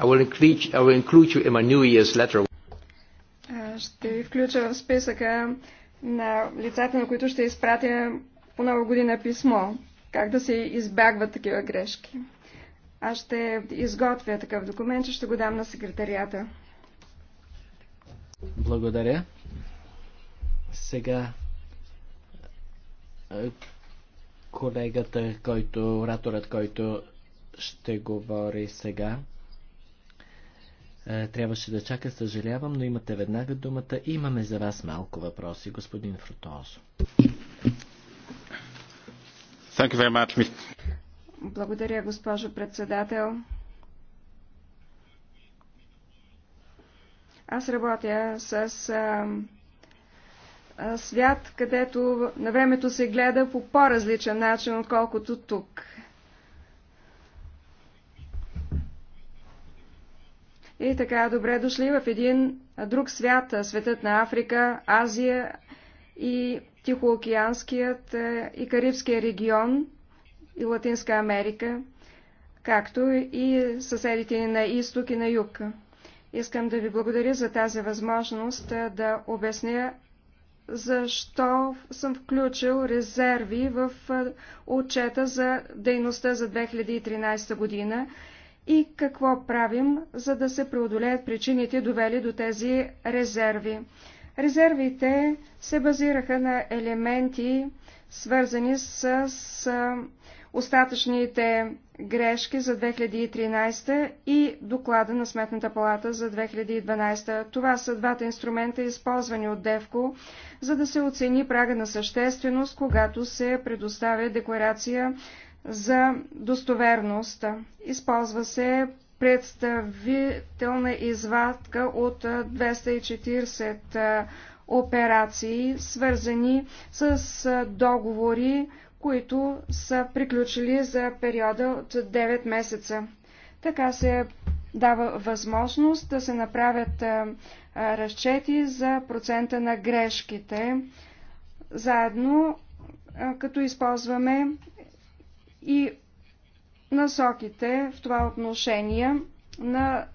I will include, I will include you in my New Year's letter. Ще ви включа в списъка на лицата, на които ще изпратя по нова година писмо как да се избягват такива грешки. Аз ще изготвя такъв документ и ще го дам на секретарията. Благодаря. Сега е, колегата, който, ораторът, който ще говори сега, е, трябваше да чака, съжалявам, но имате веднага думата. Имаме за вас малко въпроси, господин Фрутозо. Thank you very much. Благодаря, госпожо председател. Аз работя с а, а, свят, където на времето се гледа по по-различен начин, отколкото тук. И така, добре дошли в един друг свят, светът на Африка, Азия и Тихоокеанският е, и Карибския регион и Латинска Америка, както и съседите ни на изток и на юг. Искам да ви благодаря за тази възможност е, да обясня защо съм включил резерви в е, отчета за дейността за 2013 година и какво правим, за да се преодолеят причините, довели до тези резерви. Резервите се базираха на елементи, свързани с, с остатъчните грешки за 2013 и доклада на Сметната палата за 2012. Това са двата инструмента, използвани от ДЕВКО, за да се оцени прага на същественост, когато се предоставя декларация за достоверност. Използва се представителна извадка от 240 операции, свързани с договори, които са приключили за периода от 9 месеца. Така се дава възможност да се направят разчети за процента на грешките, заедно като използваме и насоките в това отношение на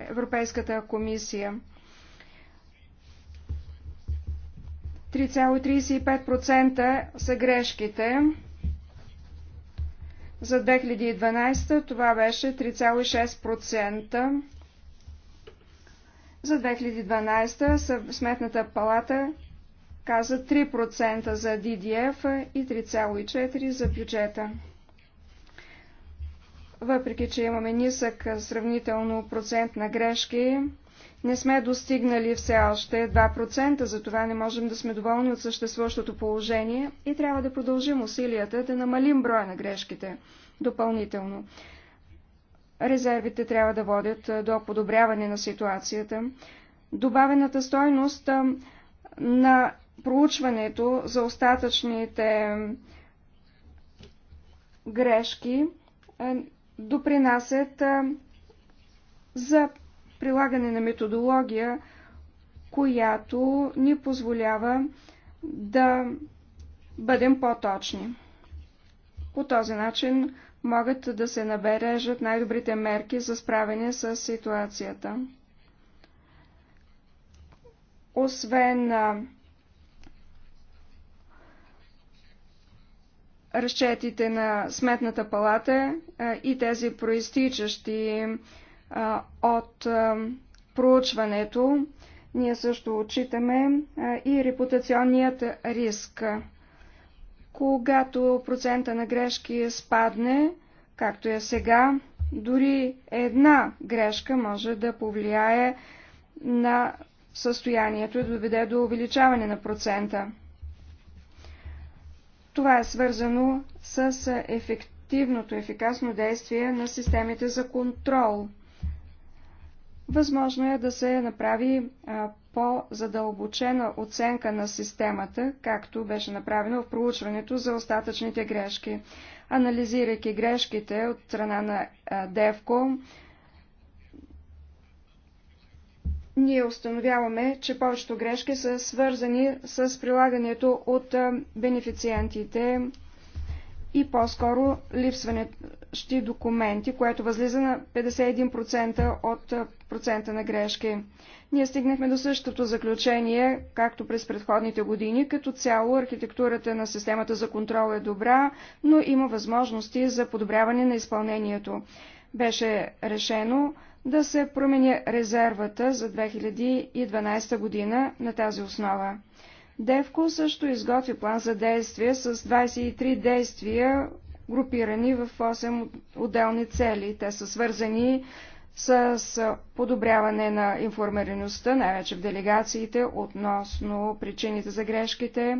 Европейската комисия. 3,35% са грешките. За 2012 това беше 3,6%. За 2012 Сметната палата каза 3% за DDF и 3,4% за бюджета. Въпреки, че имаме нисък сравнително процент на грешки, не сме достигнали все още 2%, затова не можем да сме доволни от съществуващото положение и трябва да продължим усилията да намалим броя на грешките допълнително. Резервите трябва да водят до подобряване на ситуацията. Добавената стойност на проучването за остатъчните грешки допринасят за прилагане на методология, която ни позволява да бъдем по-точни. По този начин могат да се набережат най-добрите мерки за справяне с ситуацията. Освен разчетите на Сметната палата е, и тези проистичащи е, от е, проучването. Ние също отчитаме и репутационният риск. Когато процента на грешки спадне, както е сега, дори една грешка може да повлияе на състоянието и доведе до увеличаване на процента. Това е свързано с ефективното, ефикасно действие на системите за контрол. Възможно е да се направи по-задълбочена оценка на системата, както беше направено в проучването за остатъчните грешки. Анализирайки грешките от страна на ДЕВКО, ние установяваме, че повечето грешки са свързани с прилагането от бенефициентите и по-скоро липсващи документи, което възлиза на 51% от процента на грешки. Ние стигнахме до същото заключение, както през предходните години. Като цяло архитектурата на системата за контрол е добра, но има възможности за подобряване на изпълнението. Беше решено да се промени резервата за 2012 година на тази основа. Девко също изготви план за действие с 23 действия, групирани в 8 отделни цели. Те са свързани с подобряване на информираността, най-вече в делегациите, относно причините за грешките,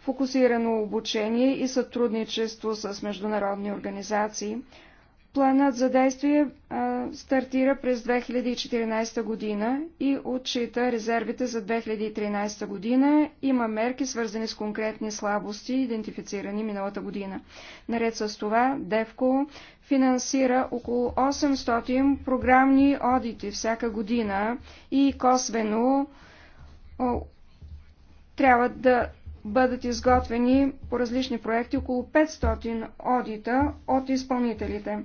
фокусирано обучение и сътрудничество с международни организации – Планът за действие а, стартира през 2014 година и отчита резервите за 2013 година. Има мерки, свързани с конкретни слабости, идентифицирани миналата година. Наред с това, ДЕВКО финансира около 800 програмни одити всяка година и косвено о, трябва да бъдат изготвени по различни проекти около 500 одита от изпълнителите.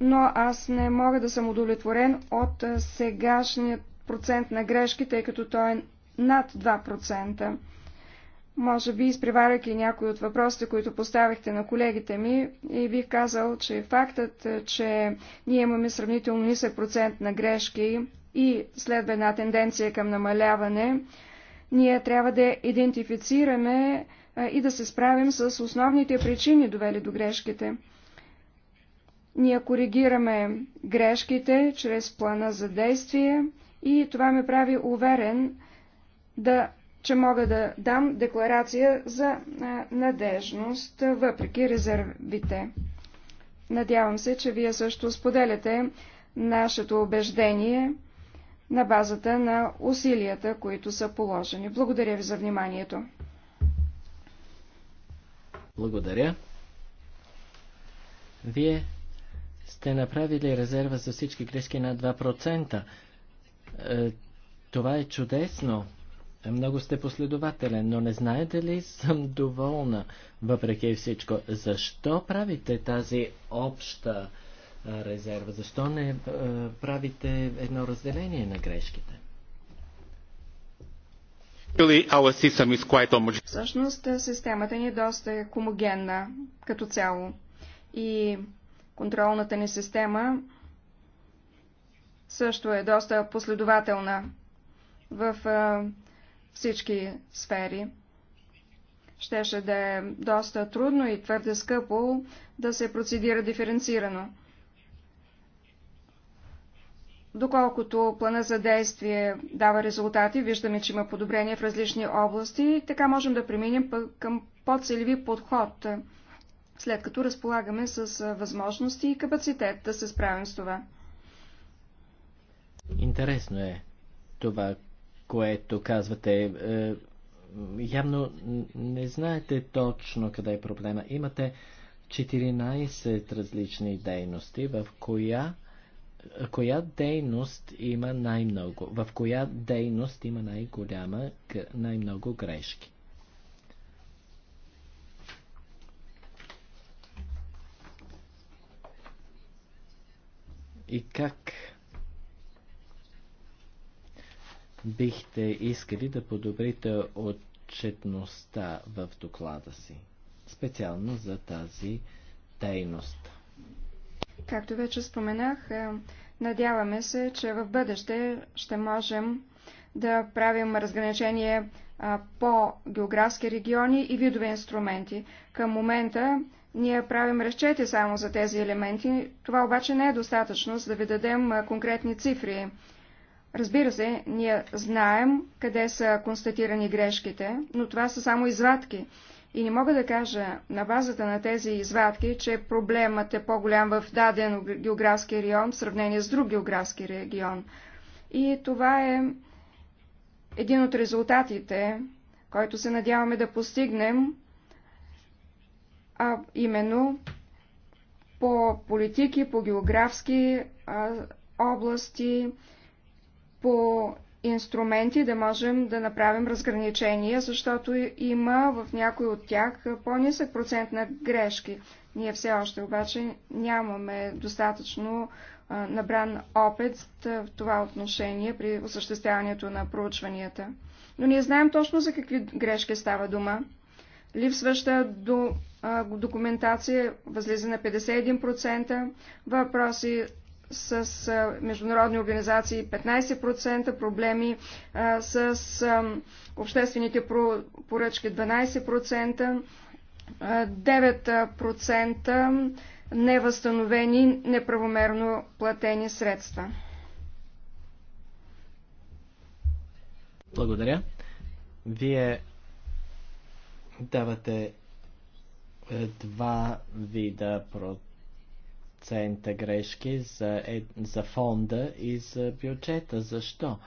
Но аз не мога да съм удовлетворен от сегашният процент на грешки, тъй като той е над 2%. Може би, изпреваряйки някои от въпросите, които поставихте на колегите ми, и бих казал, че фактът, че ние имаме сравнително нисък процент на грешки и следва една тенденция към намаляване, ние трябва да идентифицираме и да се справим с основните причини, довели до грешките. Ние коригираме грешките чрез плана за действие и това ме прави уверен, да, че мога да дам декларация за надежност, въпреки резервите. Надявам се, че вие също споделяте нашето убеждение, на базата на усилията, които са положени. Благодаря ви за вниманието. Благодаря. Вие сте направили резерва за всички грешки на 2%. Е, това е чудесно. Много сте последователен, но не знаете ли съм доволна, въпреки всичко. Защо правите тази обща резерва? Защо не правите едно разделение на грешките? Всъщност системата ни е доста хомогенна като цяло и контролната ни система също е доста последователна в всички сфери. Щеше да е доста трудно и твърде скъпо да се процедира диференцирано. Доколкото плана за действие дава резултати, виждаме, че има подобрение в различни области така можем да преминем към по-целеви подход, след като разполагаме с възможности и капацитет да се справим с това. Интересно е това, което казвате. Е, явно не знаете точно къде е проблема. Имате 14 различни дейности, в коя коя дейност има най-много, в коя дейност има най-голяма, най-много грешки. И как бихте искали да подобрите отчетността в доклада си, специално за тази дейност? Както вече споменах, е, надяваме се, че в бъдеще ще можем да правим разграничение по географски региони и видове инструменти. Към момента ние правим разчети само за тези елементи, това обаче не е достатъчно, за да ви дадем конкретни цифри. Разбира се, ние знаем къде са констатирани грешките, но това са само извадки. И не мога да кажа на базата на тези извадки, че проблемът е по-голям в даден географски регион в сравнение с друг географски регион. И това е един от резултатите, който се надяваме да постигнем, а именно по политики, по географски а, области, по инструменти да можем да направим разграничения, защото има в някой от тях по-нисък процент на грешки. Ние все още обаче нямаме достатъчно набран опит в това отношение при осъществяването на проучванията. Но ние знаем точно за какви грешки става дума. Липсваща до, документация възлиза на 51%, въпроси с международни организации, 15% проблеми с обществените поръчки, 12%, 9% невъзстановени неправомерно платени средства. Благодаря. Вие давате е, два вида протест процента грешки за, е, за фонда и за бюджета. Защо?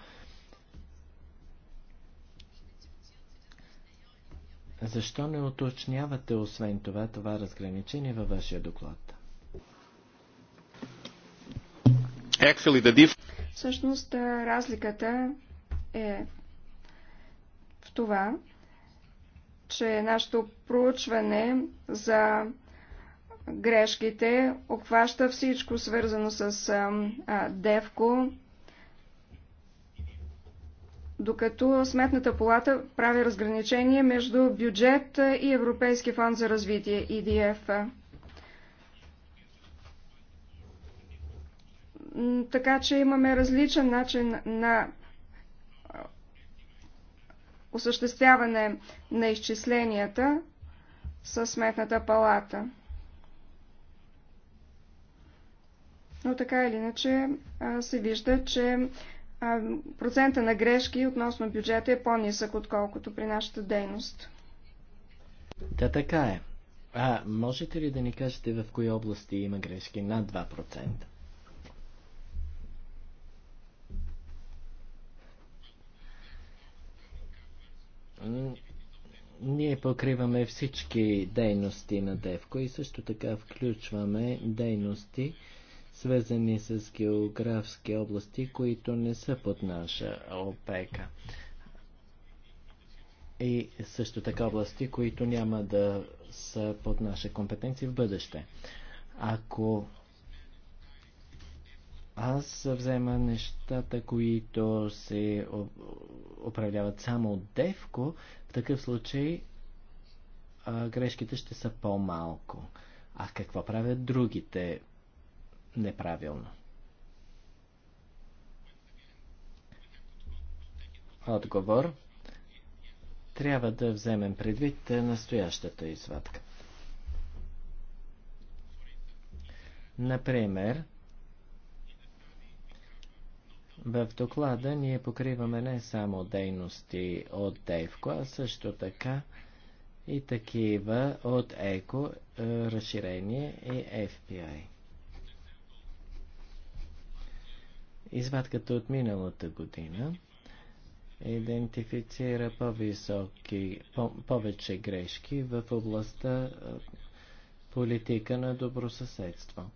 Защо не уточнявате освен това това разграничение във вашия доклад? Всъщност разликата е в това, че нашето проучване за грешките обхваща всичко свързано с а, Девко, докато Сметната палата прави разграничение между бюджет и Европейски фонд за развитие, ИДФ. Така че имаме различен начин на осъществяване на изчисленията със Сметната палата. но така или иначе се вижда, че процента на грешки относно бюджета е по-нисък, отколкото при нашата дейност. Да, така е. А можете ли да ни кажете в кои области има грешки над 2%? Ние покриваме всички дейности на Девко и също така включваме дейности, свързани с географски области, които не са под наша опека. И също така области, които няма да са под наши компетенции в бъдеще. Ако аз взема нещата, които се управляват само от Девко, в такъв случай грешките ще са по-малко. А какво правят другите неправилно. Отговор трябва да вземем предвид настоящата извадка. Например, в доклада ние покриваме не само дейности от Дейвко, а също така и такива от ЕКО, е, разширение и FPI. Извадката от миналата година идентифицира по-високи, по- повече грешки в областта е, политика на добросъседство.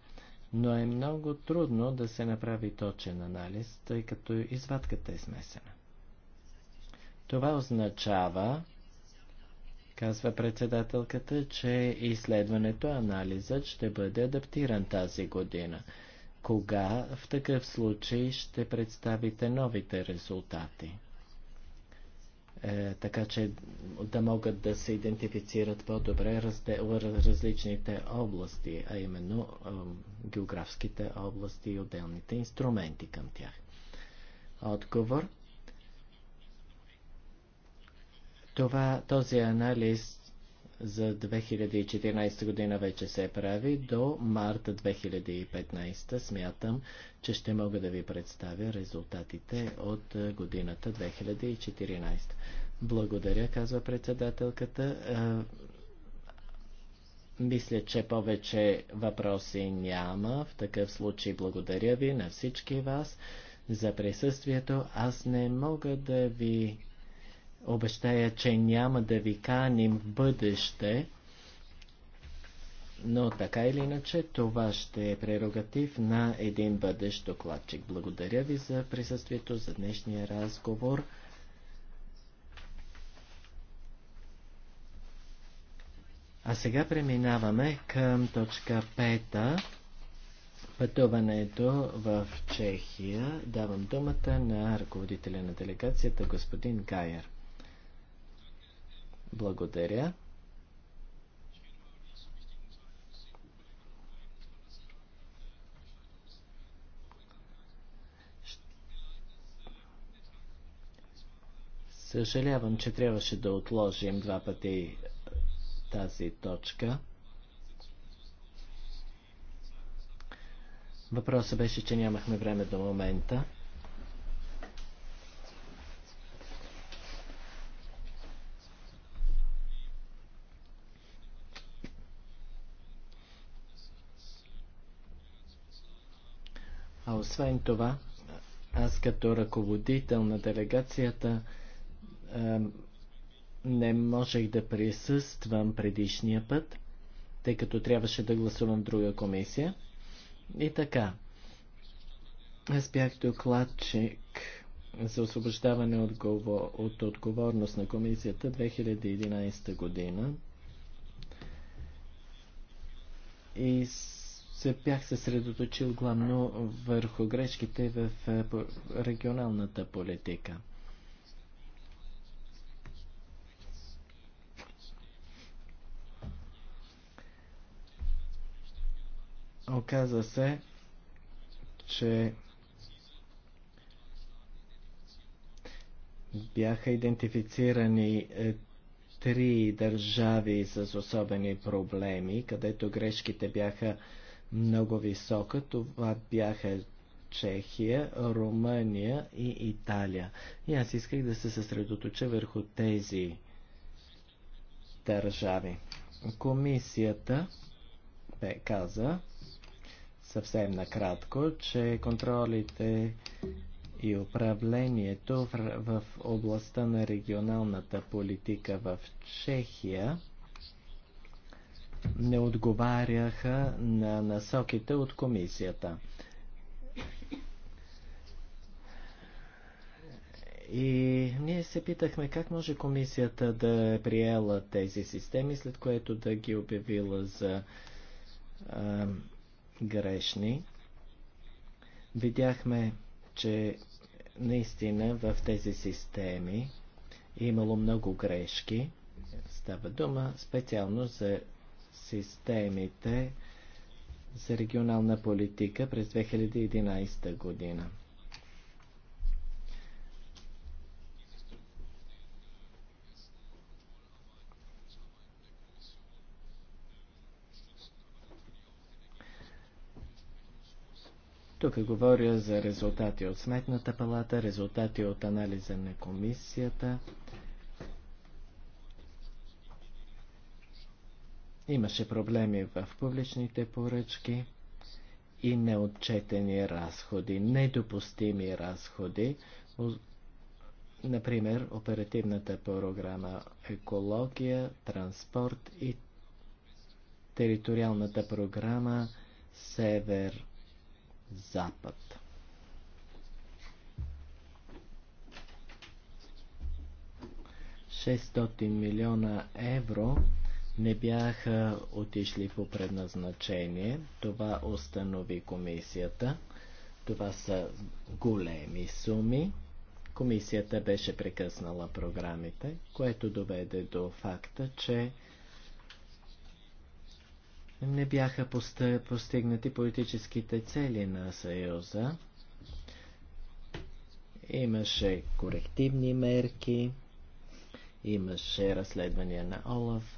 Но е много трудно да се направи точен анализ, тъй като извадката е смесена. Това означава, казва председателката, че изследването, анализът ще бъде адаптиран тази година – кога в такъв случай ще представите новите резултати? Е, така че да могат да се идентифицират по-добре различните области, а именно е, географските области и отделните инструменти към тях. Отговор. Това, този анализ за 2014 година вече се прави. До март 2015 смятам, че ще мога да ви представя резултатите от годината 2014. Благодаря, казва председателката. Мисля, че повече въпроси няма. В такъв случай благодаря ви на всички вас за присъствието. Аз не мога да ви Обещая, че няма да ви каним в бъдеще, но така или иначе това ще е прерогатив на един бъдещ докладчик. Благодаря ви за присъствието, за днешния разговор. А сега преминаваме към точка 5. Пътуването в Чехия. Давам думата на ръководителя на делегацията, господин Гайер. Благодаря. Съжалявам, че трябваше да отложим два пъти тази точка. Въпросът беше, че нямахме време до момента. Освен това, аз като ръководител на делегацията не можех да присъствам предишния път, тъй като трябваше да гласувам друга комисия. И така, аз бях докладчик за освобождаване от отговорност на комисията 2011 година. И се бях съсредоточил главно върху грешките в регионалната политика. Оказа се, че бяха идентифицирани е, три държави с особени проблеми, където грешките бяха много висока. Това бяха Чехия, Румъния и Италия. И аз исках да се съсредоточа върху тези държави. Комисията бе каза съвсем накратко, че контролите и управлението в, в областта на регионалната политика в Чехия не отговаряха на насоките от комисията. И ние се питахме как може комисията да е приела тези системи, след което да ги обявила за а, грешни. Видяхме, че наистина в тези системи е имало много грешки. Става дума специално за системите за регионална политика през 2011 година. Тук говоря за резултати от Сметната палата, резултати от анализа на комисията, Имаше проблеми в публичните поръчки и неотчетени разходи, недопустими разходи. Например, оперативната програма екология, транспорт и териториалната програма Север-Запад. Шестотин милиона евро не бяха отишли по предназначение. Това установи комисията. Това са големи суми. Комисията беше прекъснала програмите, което доведе до факта, че не бяха постигнати политическите цели на Съюза. Имаше корективни мерки, имаше разследвания на Олаф.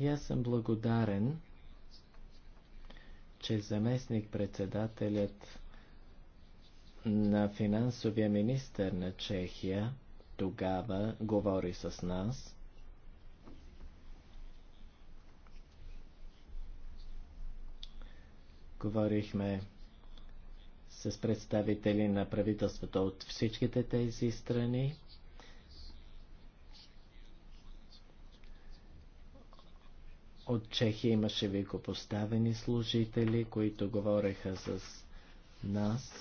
И аз съм благодарен, че заместник-председателят на финансовия министр на Чехия тогава говори с нас. Говорихме с представители на правителството от всичките тези страни. От Чехия имаше викопоставени служители, които говореха с нас,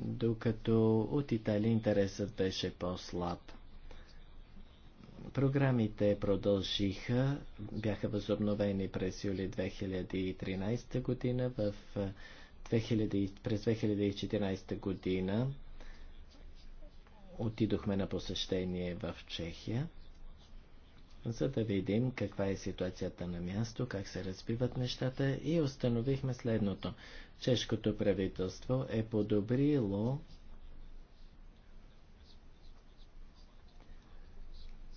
докато от Италия интересът беше по-слаб. Програмите продължиха, бяха възобновени през юли 2013 година. В 2000, през 2014 година отидохме на посещение в Чехия за да видим каква е ситуацията на място, как се разбиват нещата и установихме следното. Чешкото правителство е подобрило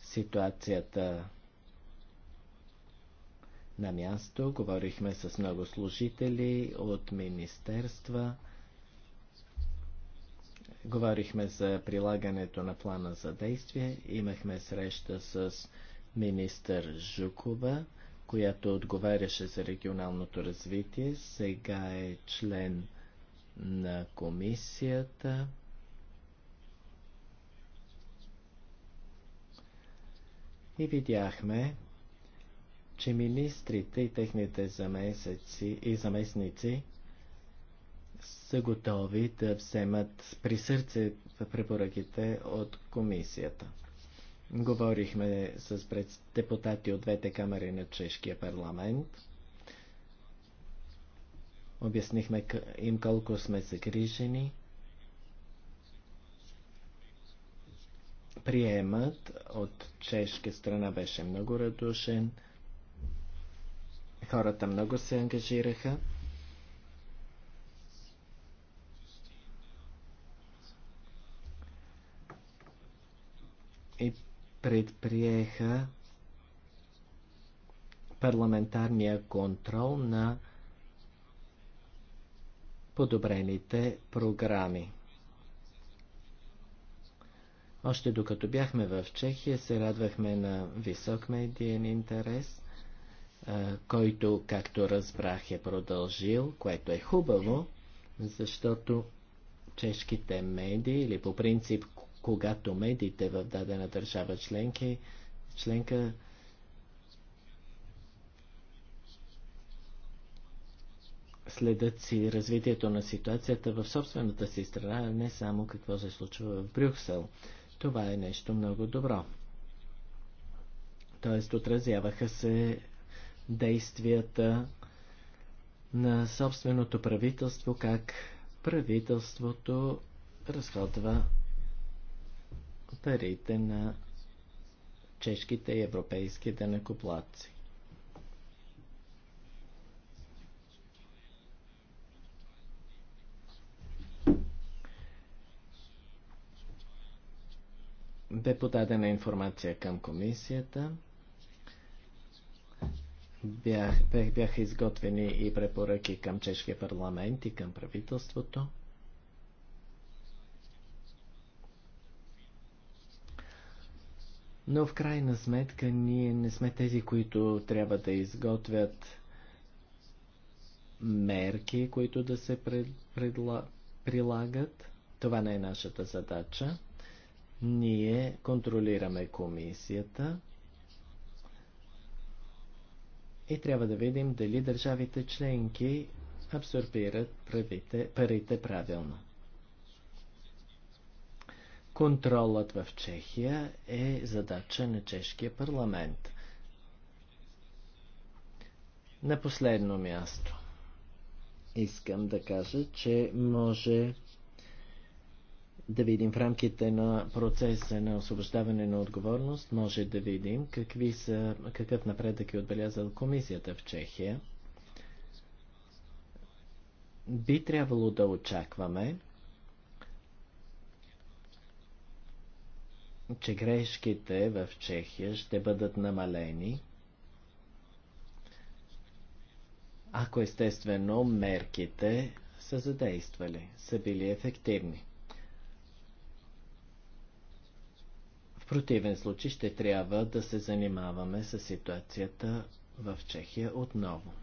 ситуацията на място. Говорихме с много служители от министерства. Говорихме за прилагането на плана за действие. Имахме среща с министър Жукова, която отговаряше за регионалното развитие, сега е член на комисията. И видяхме, че министрите и техните заместници, и заместници са готови да вземат при сърце препоръките от комисията. Говорихме с депутати от двете камери на Чешкия парламент. Обяснихме им колко сме загрижени. Приемът от чешка страна беше много радушен. Хората много се ангажираха. предприеха парламентарния контрол на подобрените програми. Още докато бяхме в Чехия, се радвахме на висок медиен интерес, който, както разбрах, е продължил, което е хубаво, защото чешките медии или по принцип когато медиите в дадена държава членки, членка следят си развитието на ситуацията в собствената си страна, а не само какво се случва в Брюксел. Това е нещо много добро. Тоест отразяваха се действията на собственото правителство, как правителството разходва парите на чешките и европейски данъкоплатци. Бе подадена информация към комисията. Бях, бях, бяха изготвени и препоръки към чешкия парламент и към правителството. Но в крайна сметка ние не сме тези, които трябва да изготвят мерки, които да се пред, предла, прилагат. Това не е нашата задача. Ние контролираме комисията и трябва да видим дали държавите членки абсорбират правите, парите правилно. Контролът в Чехия е задача на чешкия парламент. На последно място искам да кажа, че може да видим в рамките на процеса на освобождаване на отговорност, може да видим какви са, какъв напредък е отбелязал комисията в Чехия. Би трябвало да очакваме че грешките в Чехия ще бъдат намалени, ако естествено мерките са задействали, са били ефективни. В противен случай ще трябва да се занимаваме с ситуацията в Чехия отново.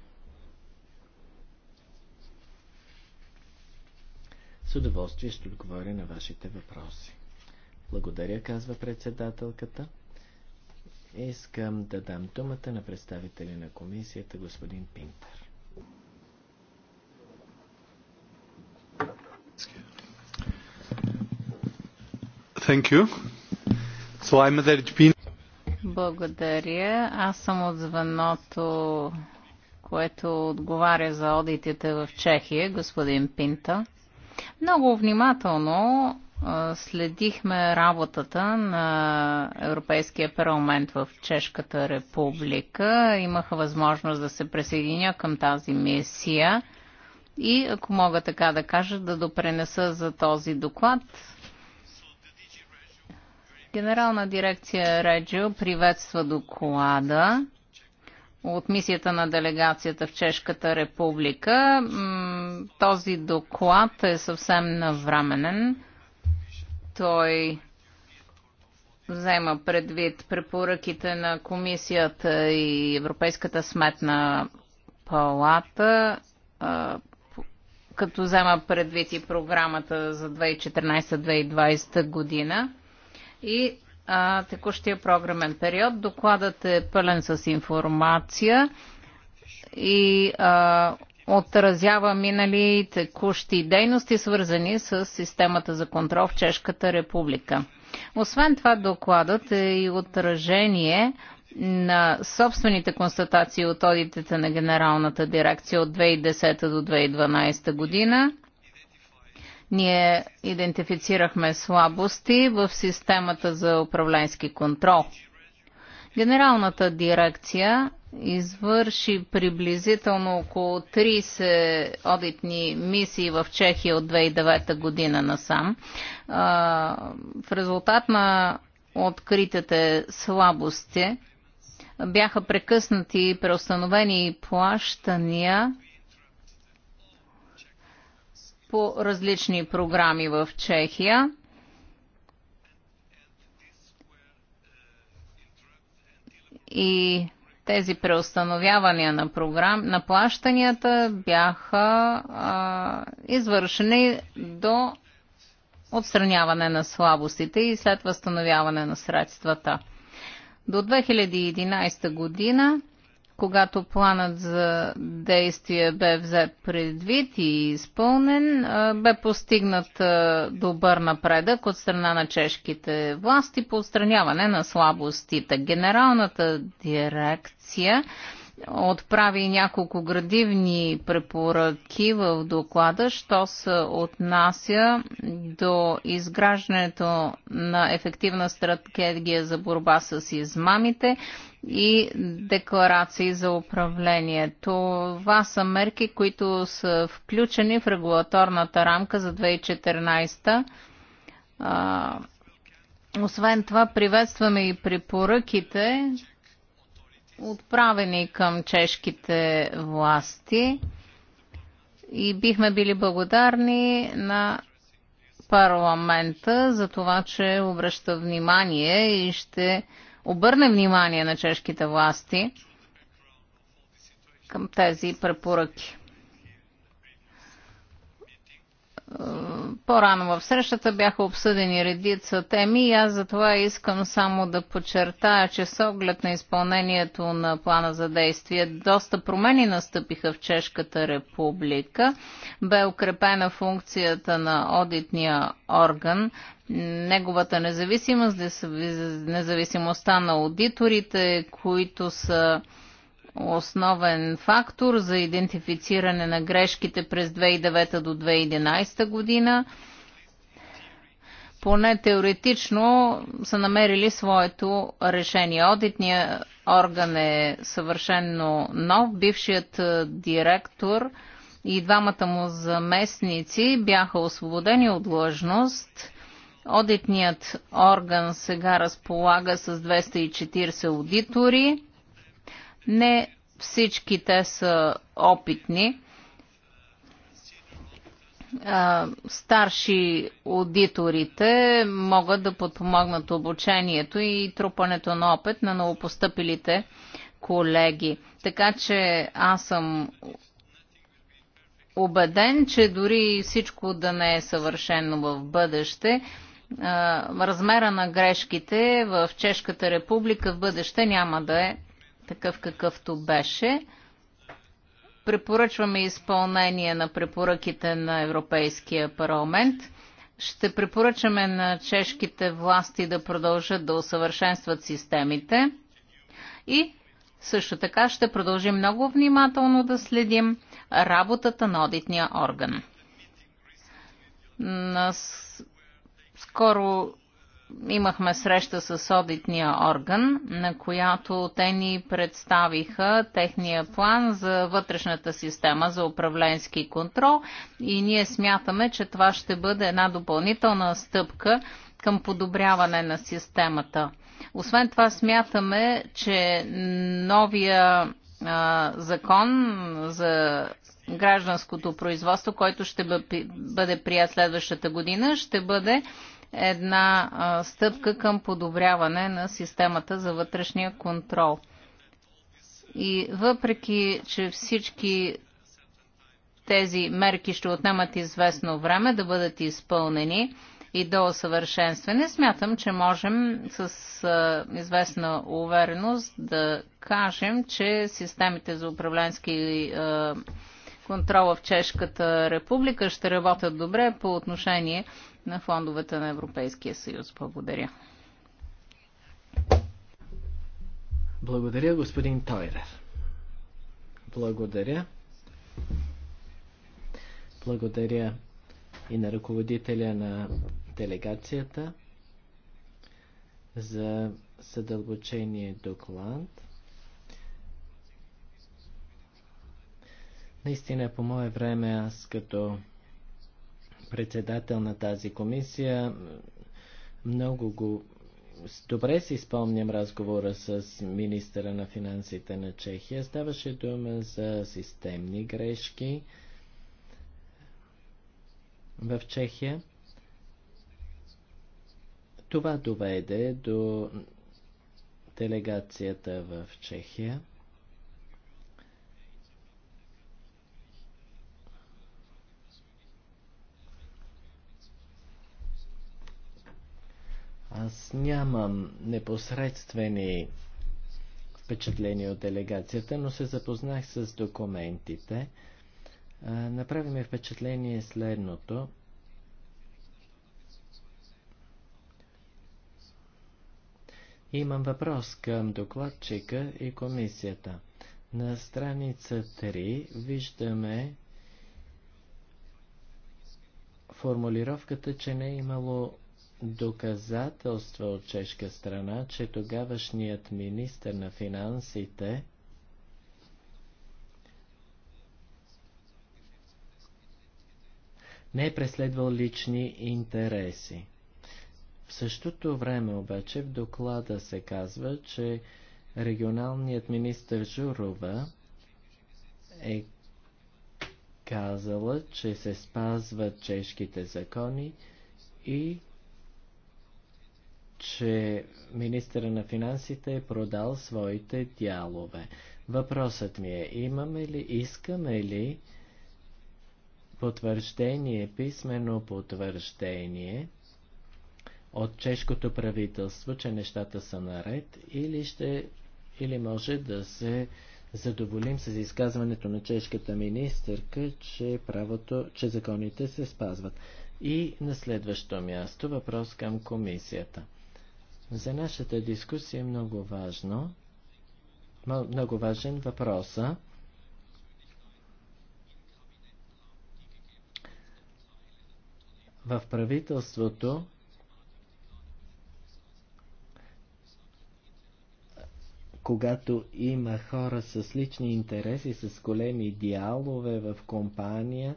С удоволствие ще отговоря на вашите въпроси. Благодаря, казва председателката. Искам да дам думата на представители на комисията, господин Пинтер. Thank you. So I'm Благодаря. Аз съм от звеното, което отговаря за одитите в Чехия, господин Пинта. Много внимателно следихме работата на Европейския парламент в Чешката република. Имаха възможност да се присъединя към тази мисия и, ако мога така да кажа, да допренеса за този доклад. Генерална дирекция Реджио приветства доклада от мисията на делегацията в Чешката република. Този доклад е съвсем навременен той взема предвид препоръките на комисията и Европейската сметна палата, като взема предвид и програмата за 2014-2020 година и а, текущия програмен период. Докладът е пълен с информация и а, отразява минали и текущи дейности, свързани с системата за контрол в Чешката република. Освен това, докладът е и отражение на собствените констатации от одитите на Генералната дирекция от 2010 до 2012 година. Ние идентифицирахме слабости в системата за управленски контрол – Генералната дирекция извърши приблизително около 30 одитни мисии в Чехия от 2009 година насам. В резултат на откритите слабости бяха прекъснати и преустановени плащания по различни програми в Чехия и тези преустановявания на, програм, на плащанията бяха а, извършени до отстраняване на слабостите и след възстановяване на средствата. До 2011 година когато планът за действие бе взет предвид и изпълнен, бе постигнат добър напредък от страна на чешките власти по отстраняване на слабостите. Генералната дирекция отправи няколко градивни препоръки в доклада, що се отнася до изграждането на ефективна стратегия за борба с измамите и декларации за управление. Това са мерки, които са включени в регулаторната рамка за 2014 освен това, приветстваме и препоръките отправени към чешките власти и бихме били благодарни на парламента за това, че обръща внимание и ще обърне внимание на чешките власти към тези препоръки. по-рано в срещата бяха обсъдени редица теми и аз затова искам само да подчертая, че с оглед на изпълнението на плана за действие доста промени настъпиха в Чешката република. Бе укрепена функцията на одитния орган, неговата независимост, независимостта на аудиторите, които са основен фактор за идентифициране на грешките през 2009 до 2011 година. Поне теоретично са намерили своето решение. Одитният орган е съвършенно нов. Бившият е, директор и двамата му заместници бяха освободени от длъжност. Одитният орган сега разполага с 240 аудитори не всички те са опитни. Старши аудиторите могат да подпомогнат обучението и трупането на опит на новопостъпилите колеги. Така че аз съм убеден, че дори всичко да не е съвършено в бъдеще, размера на грешките в Чешката република в бъдеще няма да е такъв какъвто беше. Препоръчваме изпълнение на препоръките на Европейския парламент. Ще препоръчаме на чешките власти да продължат да усъвършенстват системите и също така ще продължим много внимателно да следим работата на одитния орган. На скоро имахме среща с одитния орган, на която те ни представиха техния план за вътрешната система за управленски контрол и ние смятаме, че това ще бъде една допълнителна стъпка към подобряване на системата. Освен това смятаме, че новия а, закон за гражданското производство, който ще бъде прият следващата година, ще бъде една а, стъпка към подобряване на системата за вътрешния контрол. И въпреки, че всички тези мерки ще отнемат известно време да бъдат изпълнени и до усъвършенстване, смятам, че можем с а, известна увереност да кажем, че системите за управленски а, контрол в Чешката република ще работят добре по отношение на фондовете на Европейския съюз. Благодаря. Благодаря, господин Тойрер. Благодаря. Благодаря и на ръководителя на делегацията за съдълбочение доклад. Наистина, по мое време, аз като председател на тази комисия, много го добре си спомням разговора с министъра на финансите на Чехия. Ставаше дума за системни грешки в Чехия. Това доведе до делегацията в Чехия. Аз нямам непосредствени впечатления от делегацията, но се запознах с документите. Направи ми впечатление следното. Имам въпрос към докладчика и комисията. На страница 3 виждаме формулировката, че не е имало доказателства от чешка страна, че тогавашният министр на финансите не е преследвал лични интереси. В същото време обаче в доклада се казва, че регионалният министр Журова е казала, че се спазват чешките закони и че министъра на финансите е продал своите дялове. Въпросът ми е, имаме ли, искаме ли потвърждение, писмено потвърждение от чешкото правителство, че нещата са наред или ще или може да се задоволим с изказването на чешката министърка, че правото, че законите се спазват. И на следващо място въпрос към комисията. За нашата дискусия е много важно, много важен въпроса. В правителството когато има хора с лични интереси, с големи идеалове в компания,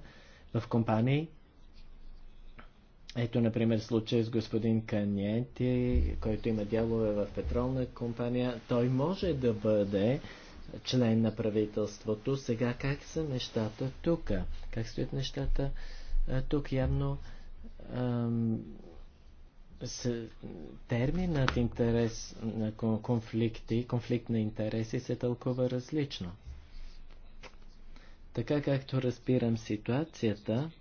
в компании, ето, например, случай с господин Каньенти, който има дялове в петролна компания. Той може да бъде член на правителството. Сега как са нещата тук? Как стоят нещата тук? Явно ам, с, терминът интерес на конфликти, конфликт на интереси се тълкува различно. Така както разбирам ситуацията,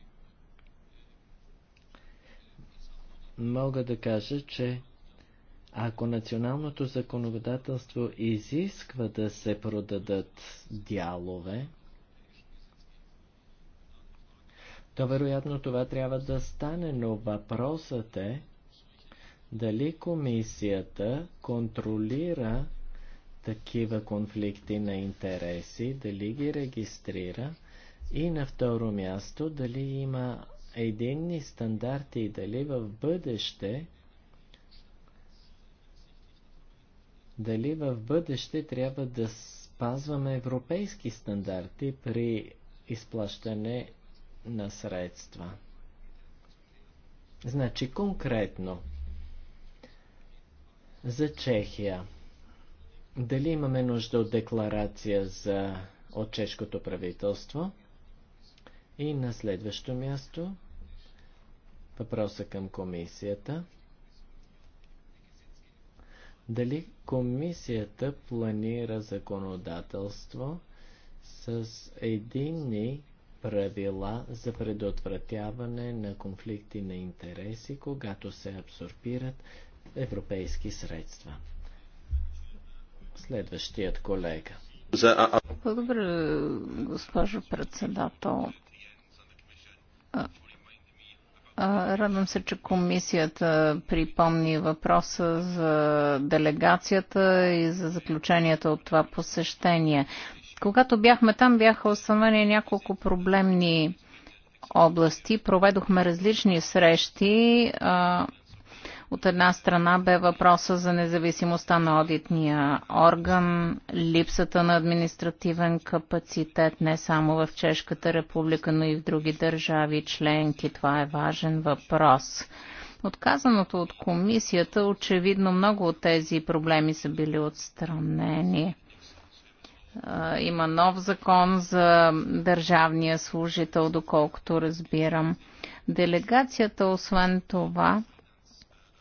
мога да кажа, че ако националното законодателство изисква да се продадат дялове, то вероятно това трябва да стане, но въпросът е дали комисията контролира такива конфликти на интереси, дали ги регистрира и на второ място дали има единни стандарти и дали в бъдеще дали в бъдеще трябва да спазваме европейски стандарти при изплащане на средства. Значи конкретно за Чехия. Дали имаме нужда от декларация за от чешкото правителство? И на следващо място въпроса към комисията. Дали комисията планира законодателство с единни правила за предотвратяване на конфликти на интереси, когато се абсорбират европейски средства? Следващият колега. Благодаря, госпожо председател. Радвам се, че комисията припомни въпроса за делегацията и за заключенията от това посещение. Когато бяхме там, бяха установени няколко проблемни области. Проведохме различни срещи. От една страна бе въпроса за независимостта на одитния орган, липсата на административен капацитет не само в Чешката република, но и в други държави членки. Това е важен въпрос. Отказаното от комисията, очевидно много от тези проблеми са били отстранени. Има нов закон за държавния служител, доколкото разбирам. Делегацията, освен това,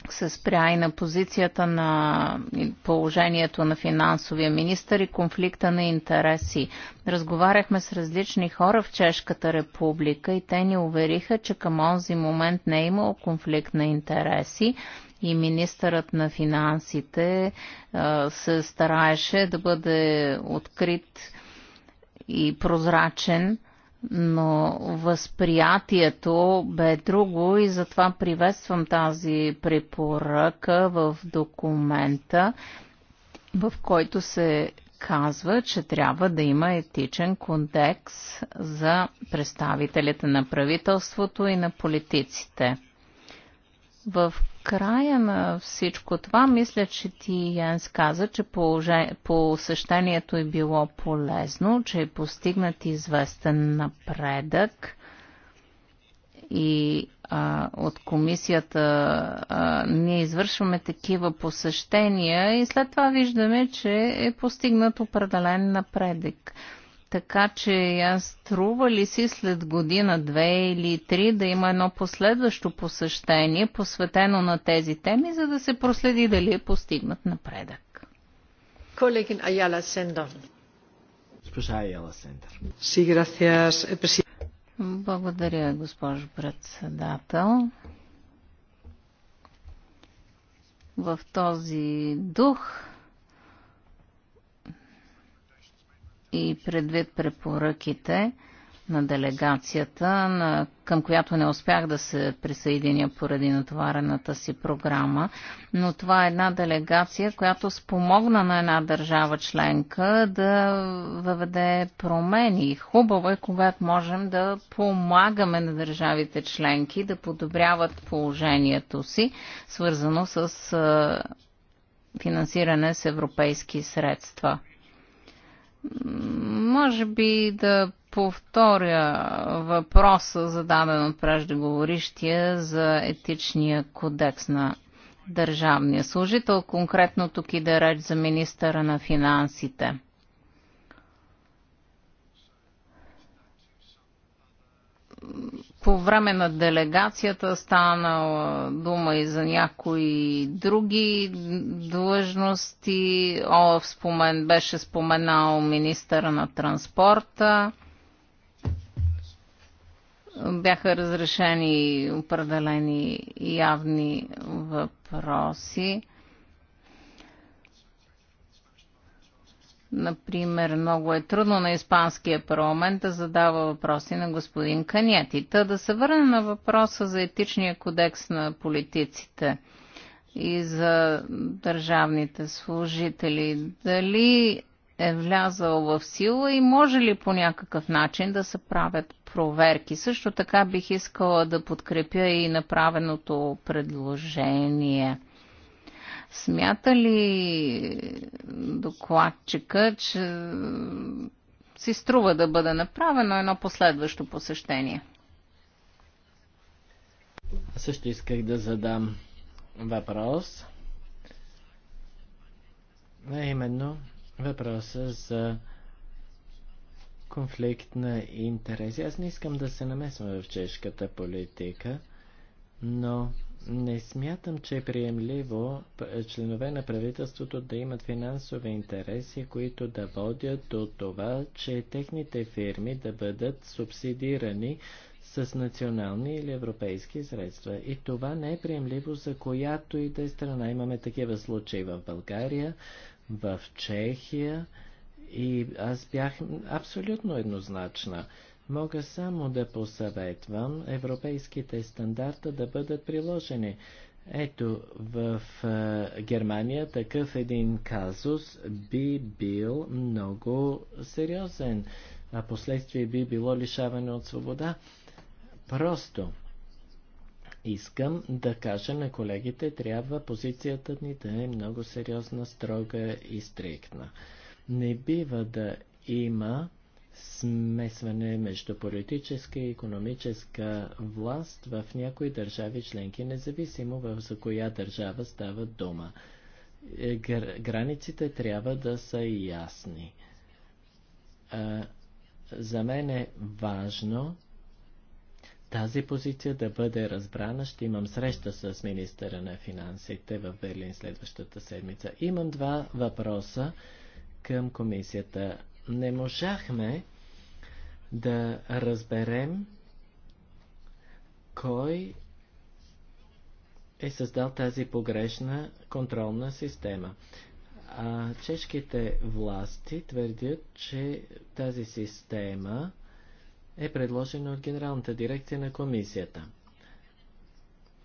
се спря и на позицията на положението на финансовия министр и конфликта на интереси. Разговаряхме с различни хора в Чешката република и те ни увериха, че към онзи момент не е имал конфликт на интереси и министърът на финансите е, се стараеше да бъде открит и прозрачен но възприятието бе друго и затова приветствам тази препоръка в документа, в който се казва, че трябва да има етичен контекст за представителите на правителството и на политиците. В края на всичко това, мисля, че ти, Янс, каза, че посещението е било полезно, че е постигнат известен напредък и а, от комисията а, ние извършваме такива посещения и след това виждаме, че е постигнат определен напредък. Така че аз струва ли си след година, две или три да има едно последващо посещение, посветено на тези теми, за да се проследи дали е постигнат напредък? Колегин Аяла Сендър. Госпожа Аяла Сендър. Си, грациас, е, Благодаря, госпожо председател. В този дух и предвид препоръките на делегацията, на, към която не успях да се присъединя поради натоварената си програма, но това е една делегация, която спомогна на една държава членка да въведе промени. Хубаво е, когато можем да помагаме на държавите членки да подобряват положението си, свързано с финансиране с европейски средства. Може би да повторя въпроса, зададен от преждеговорищия за етичния кодекс на държавния служител. Конкретно тук и да реч за министъра на финансите по време на делегацията стана дума и за някои други длъжности. Олаф спомен, беше споменал министъра на транспорта. Бяха разрешени определени явни въпроси. Например, много е трудно на Испанския парламент да задава въпроси на господин Каняти. Та да се върне на въпроса за етичния кодекс на политиците и за държавните служители. Дали е влязал в сила и може ли по някакъв начин да се правят проверки? Също така бих искала да подкрепя и направеното предложение – Смята ли докладчика, че си струва да бъде направено едно последващо посещение? Аз също исках да задам въпрос. А именно въпроса за конфликт на интереси. Аз не искам да се намесвам в чешката политика, но не смятам, че е приемливо членове на правителството да имат финансови интереси, които да водят до това, че техните фирми да бъдат субсидирани с национални или европейски средства. И това не е приемливо за която и да е страна. Имаме такива случаи в България, в Чехия и аз бях абсолютно еднозначна. Мога само да посъветвам европейските стандарта да бъдат приложени. Ето, в е, Германия такъв един казус би бил много сериозен, а последствие би било лишаване от свобода. Просто искам да кажа на колегите, трябва позицията ни да е много сериозна, строга и стриктна. Не бива да има смесване между политическа и економическа власт в някои държави членки, независимо в за коя държава става дума. Е, границите трябва да са ясни. За мен е важно тази позиция да бъде разбрана. Ще имам среща с министъра на финансите в Берлин следващата седмица. Имам два въпроса към комисията не можахме да разберем кой е създал тази погрешна контролна система. А чешките власти твърдят, че тази система е предложена от Генералната дирекция на комисията.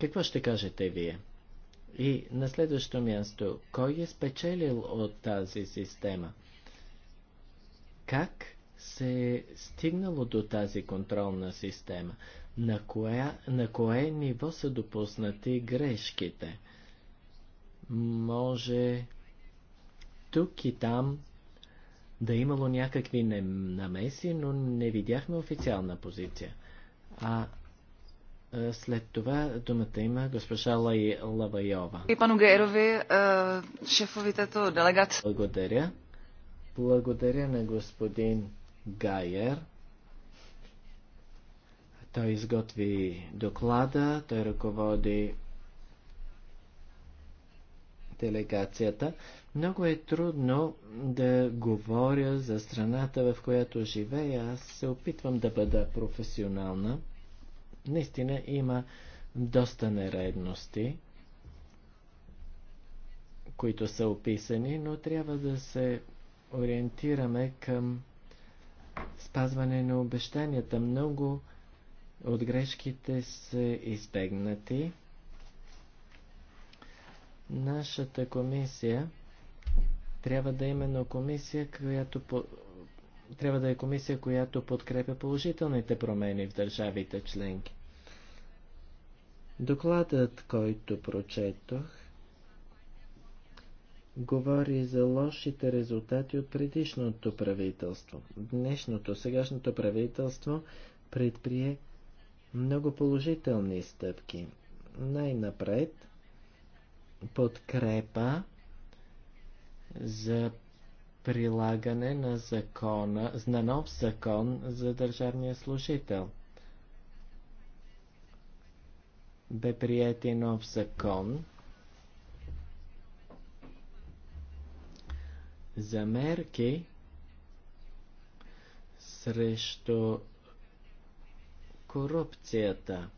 Какво ще кажете вие? И на следващо място, кой е спечелил от тази система? как се е стигнало до тази контролна система? На, коя, на кое ниво са допуснати грешките? Може тук и там да е имало някакви намеси, но не видяхме официална позиция. А след това думата има госпожа Лай Лавайова. И пану Гейрови, шефовите делегация. Благодаря. Благодаря на господин Гайер. Той изготви доклада, той ръководи делегацията. Много е трудно да говоря за страната, в която живея. Аз се опитвам да бъда професионална. Наистина има доста нередности, които са описани, но трябва да се ориентираме към спазване на обещанията. Много от грешките са избегнати. Нашата комисия трябва да е именно комисия, която по... трябва да е комисия, която подкрепя положителните промени в държавите членки. Докладът, който прочетох, говори за лошите резултати от предишното правителство. Днешното, сегашното правителство предприе много положителни стъпки. Най-напред подкрепа за прилагане на закона, на нов закон за държавния служител. Бе прият и нов закон, за мерки срещу корупцията,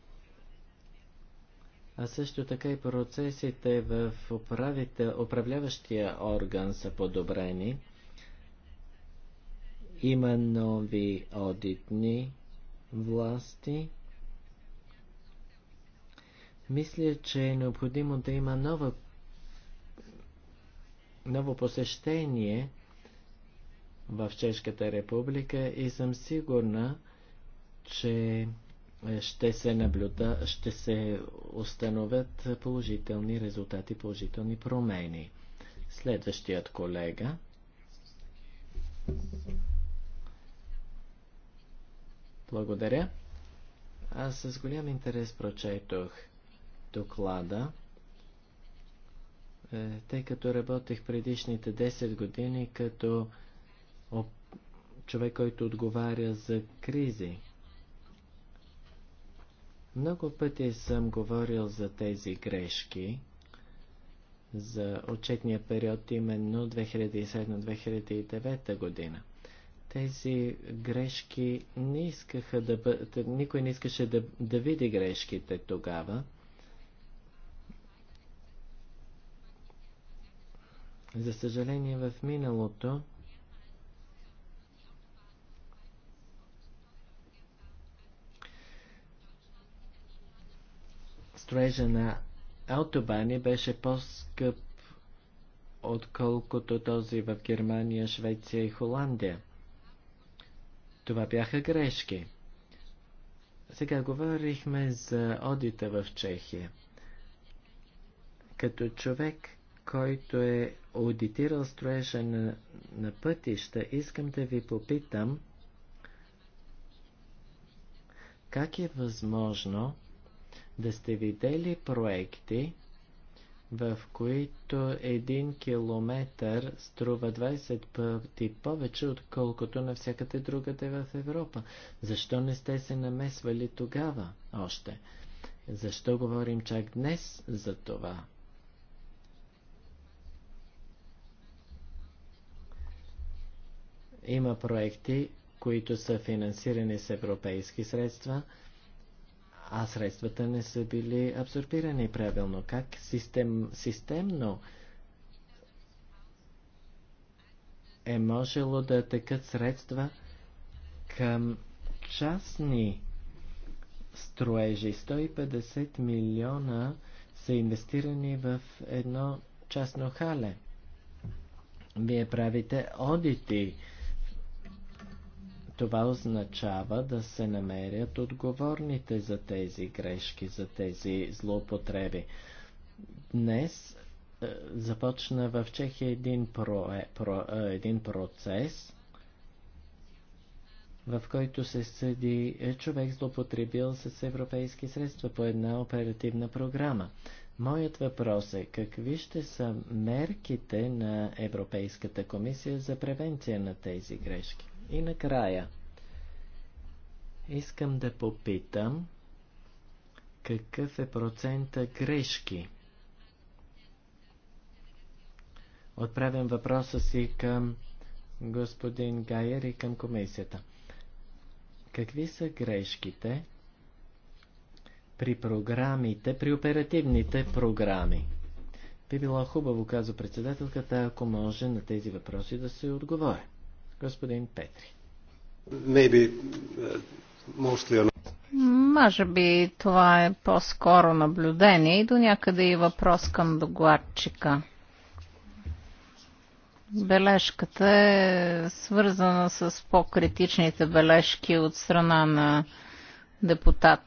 а също така и процесите в управите, управляващия орган са подобрени. Има нови одитни власти. Мисля, че е необходимо да има нова ново посещение в Чешката република и съм сигурна, че е, ще се наблюда, ще се установят положителни резултати, положителни промени. Следващият колега. Благодаря. Аз с голям интерес прочетох доклада е, тъй като работех предишните 10 години като човек, който отговаря за кризи. Много пъти съм говорил за тези грешки, за отчетния период именно 2007-2009 година. Тези грешки не искаха да бъдат, никой не искаше да, да види грешките тогава. За съжаление, в миналото строежа на автобани беше по-скъп, отколкото този в Германия, Швеция и Холандия. Това бяха грешки. Сега говорихме за одита в Чехия. Като човек, който е аудитирал строежа на, на пътища, искам да ви попитам, как е възможно да сте видели проекти, в които един километър струва 20 пъти повече, отколкото на навсякъде другаде в Европа. Защо не сте се намесвали тогава още? Защо говорим чак днес за това? Има проекти, които са финансирани с европейски средства, а средствата не са били абсорбирани правилно. Как систем, системно е можело да текат средства към частни строежи. 150 милиона са инвестирани в едно частно хале. Вие правите одити това означава да се намерят отговорните за тези грешки, за тези злоупотреби. Днес е, започна в Чехия един, про, е, про, е, един процес, в който се съди е, човек злоупотребил с европейски средства по една оперативна програма. Моят въпрос е, какви ще са мерките на Европейската комисия за превенция на тези грешки? И накрая, искам да попитам, какъв е процента грешки? Отправям въпроса си към господин Гайер и към комисията. Какви са грешките при програмите, при оперативните програми? Би било хубаво, казва председателката, ако може на тези въпроси да се отговори. Господин Петри. Maybe, uh, Може би това е по-скоро наблюдение и до някъде и въпрос към докладчика. Бележката е свързана с по-критичните бележки от страна на депутат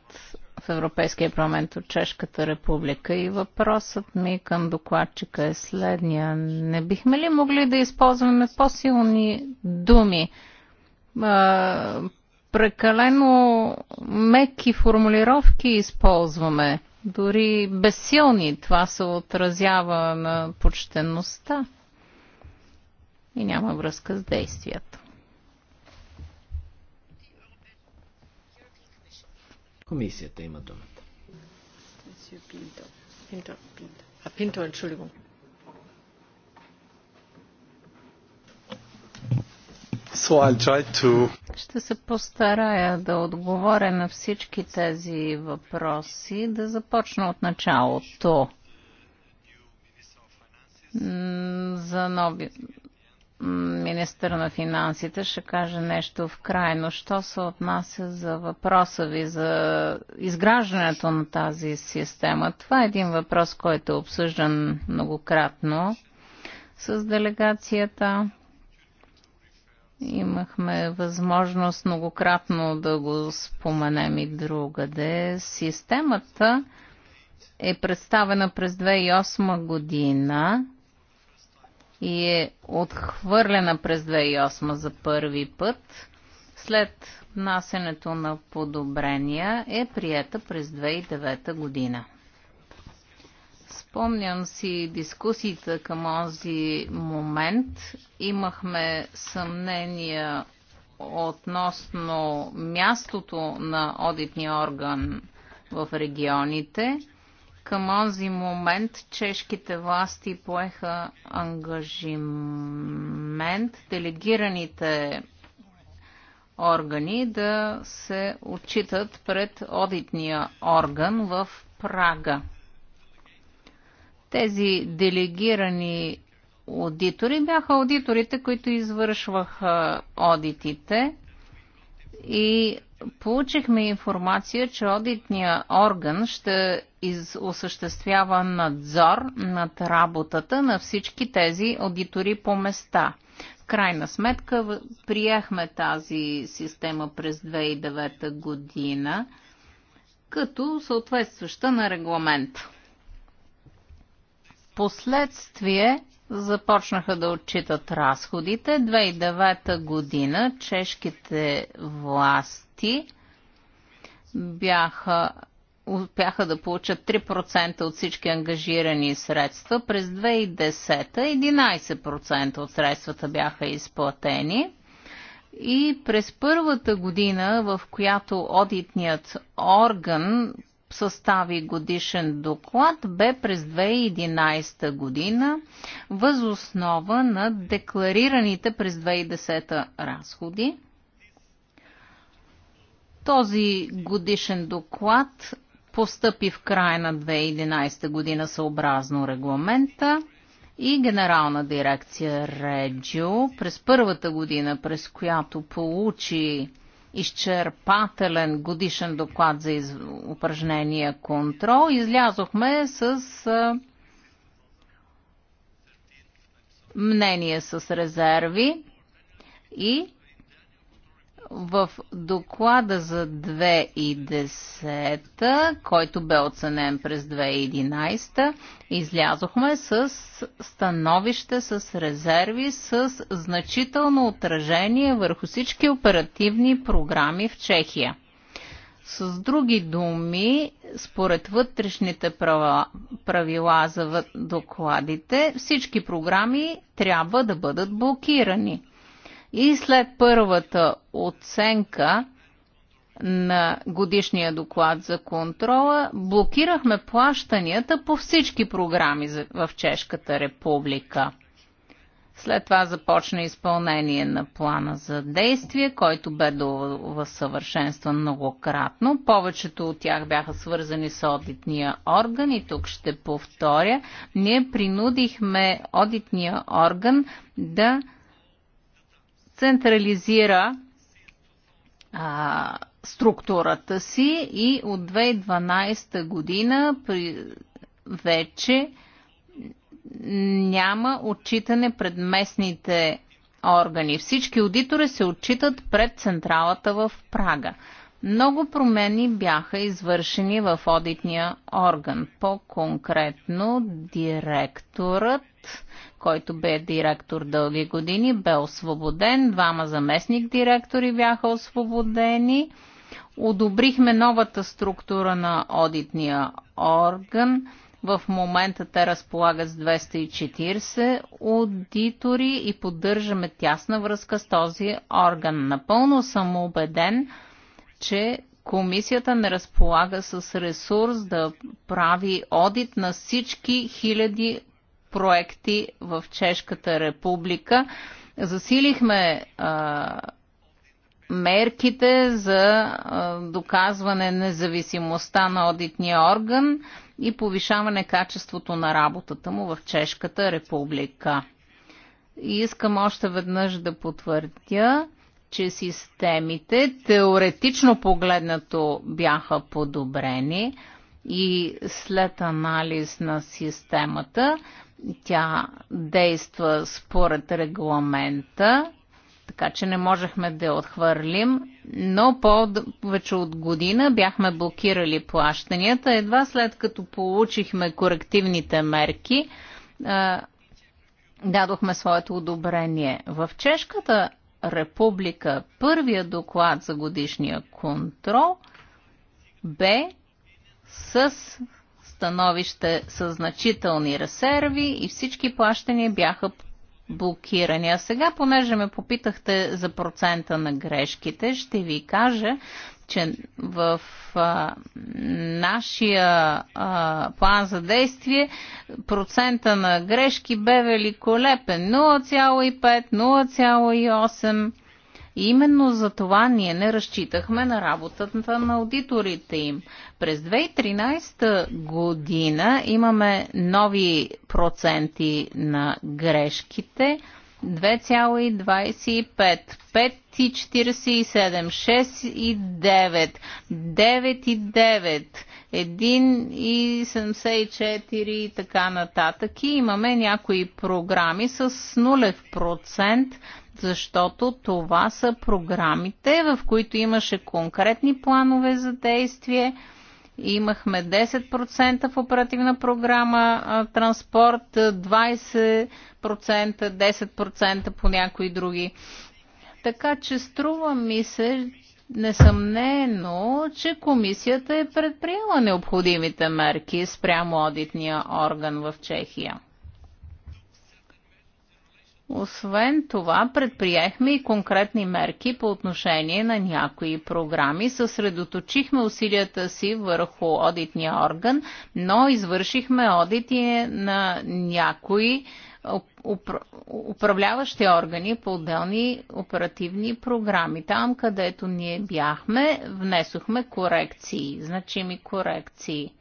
в Европейския парламент от Чешката република и въпросът ми към докладчика е следния. Не бихме ли могли да използваме по-силни думи? А, прекалено меки формулировки използваме, дори безсилни. Това се отразява на почтенността и няма връзка с действията. Комисията има думата. А, Пинто, entschuldigung. So I'll try to... Ще се постарая да отговоря на всички тези въпроси, да започна от началото за нови, министър на финансите ще каже нещо в край, но що се отнася за въпроса ви за изграждането на тази система? Това е един въпрос, който е обсъждан многократно с делегацията. Имахме възможност многократно да го споменем и другаде. Системата е представена през 2008 година и е отхвърлена през 2008 за първи път. След насенето на подобрения е приета през 2009 година. Спомням си дискусията към този момент. Имахме съмнения относно мястото на одитния орган в регионите към онзи момент чешките власти поеха ангажимент делегираните органи да се отчитат пред одитния орган в Прага. Тези делегирани аудитори бяха аудиторите, които извършваха одитите и Получихме информация, че одитния орган ще осъществява надзор над работата на всички тези аудитори по места. В крайна сметка приехме тази система през 2009 година като съответстваща на регламент. Последствие започнаха да отчитат разходите. 2009 година чешките власти ти бяха успяха да получат 3% от всички ангажирани средства. През 2010 11% от средствата бяха изплатени. И през първата година, в която одитният орган състави годишен доклад, бе през 2011 година възоснова на декларираните през 2010 разходи – този годишен доклад постъпи в края на 2011 година съобразно регламента и Генерална дирекция Реджио през първата година, през която получи изчерпателен годишен доклад за из... упражнения контрол, излязохме с мнение с резерви и в доклада за 2010, който бе оценен през 2011, излязохме с становище, с резерви, с значително отражение върху всички оперативни програми в Чехия. С други думи, според вътрешните права, правила за докладите, всички програми трябва да бъдат блокирани – и след първата оценка на годишния доклад за контрола, блокирахме плащанията по всички програми в Чешката република. След това започна изпълнение на плана за действие, който бе усъвършенстван многократно. Повечето от тях бяха свързани с одитния орган и тук ще повторя. Ние принудихме одитния орган да централизира а, структурата си и от 2012 година при, вече няма отчитане пред местните органи. Всички аудитори се отчитат пред централата в Прага. Много промени бяха извършени в одитния орган. По-конкретно, директорът който бе директор дълги години, бе освободен. Двама заместник директори бяха освободени. Одобрихме новата структура на одитния орган. В момента те разполагат с 240 аудитори и поддържаме тясна връзка с този орган. Напълно съм убеден, че комисията не разполага с ресурс да прави одит на всички хиляди проекти в Чешката република. Засилихме а, мерките за а, доказване независимостта на одитния орган и повишаване качеството на работата му в Чешката република. И искам още веднъж да потвърдя, че системите теоретично погледнато бяха подобрени и след анализ на системата тя действа според регламента, така че не можехме да я отхвърлим, но повече от година бяхме блокирали плащанията. Едва след като получихме корективните мерки, дадохме своето одобрение. В Чешката република първия доклад за годишния контрол бе с становище с значителни резерви и всички плащания бяха блокирани. А сега, понеже ме попитахте за процента на грешките, ще ви кажа, че в а, нашия а, план за действие процента на грешки бе великолепен 0,5, 0,8 и именно за това ние не разчитахме на работата на аудиторите им. През 2013 година имаме нови проценти на грешките. 2,25, 5,47, и 9, и и 74 и така нататък. И имаме някои програми с 0 процент защото това са програмите, в които имаше конкретни планове за действие. Имахме 10% в оперативна програма а, транспорт, 20%, 10% по някои други. Така че струва ми се, несъмнено, че комисията е предприела необходимите мерки спрямо одитния орган в Чехия. Освен това, предприехме и конкретни мерки по отношение на някои програми. Съсредоточихме усилията си върху одитния орган, но извършихме одити на някои управляващи органи по отделни оперативни програми. Там, където ние бяхме, внесохме корекции, значими корекции.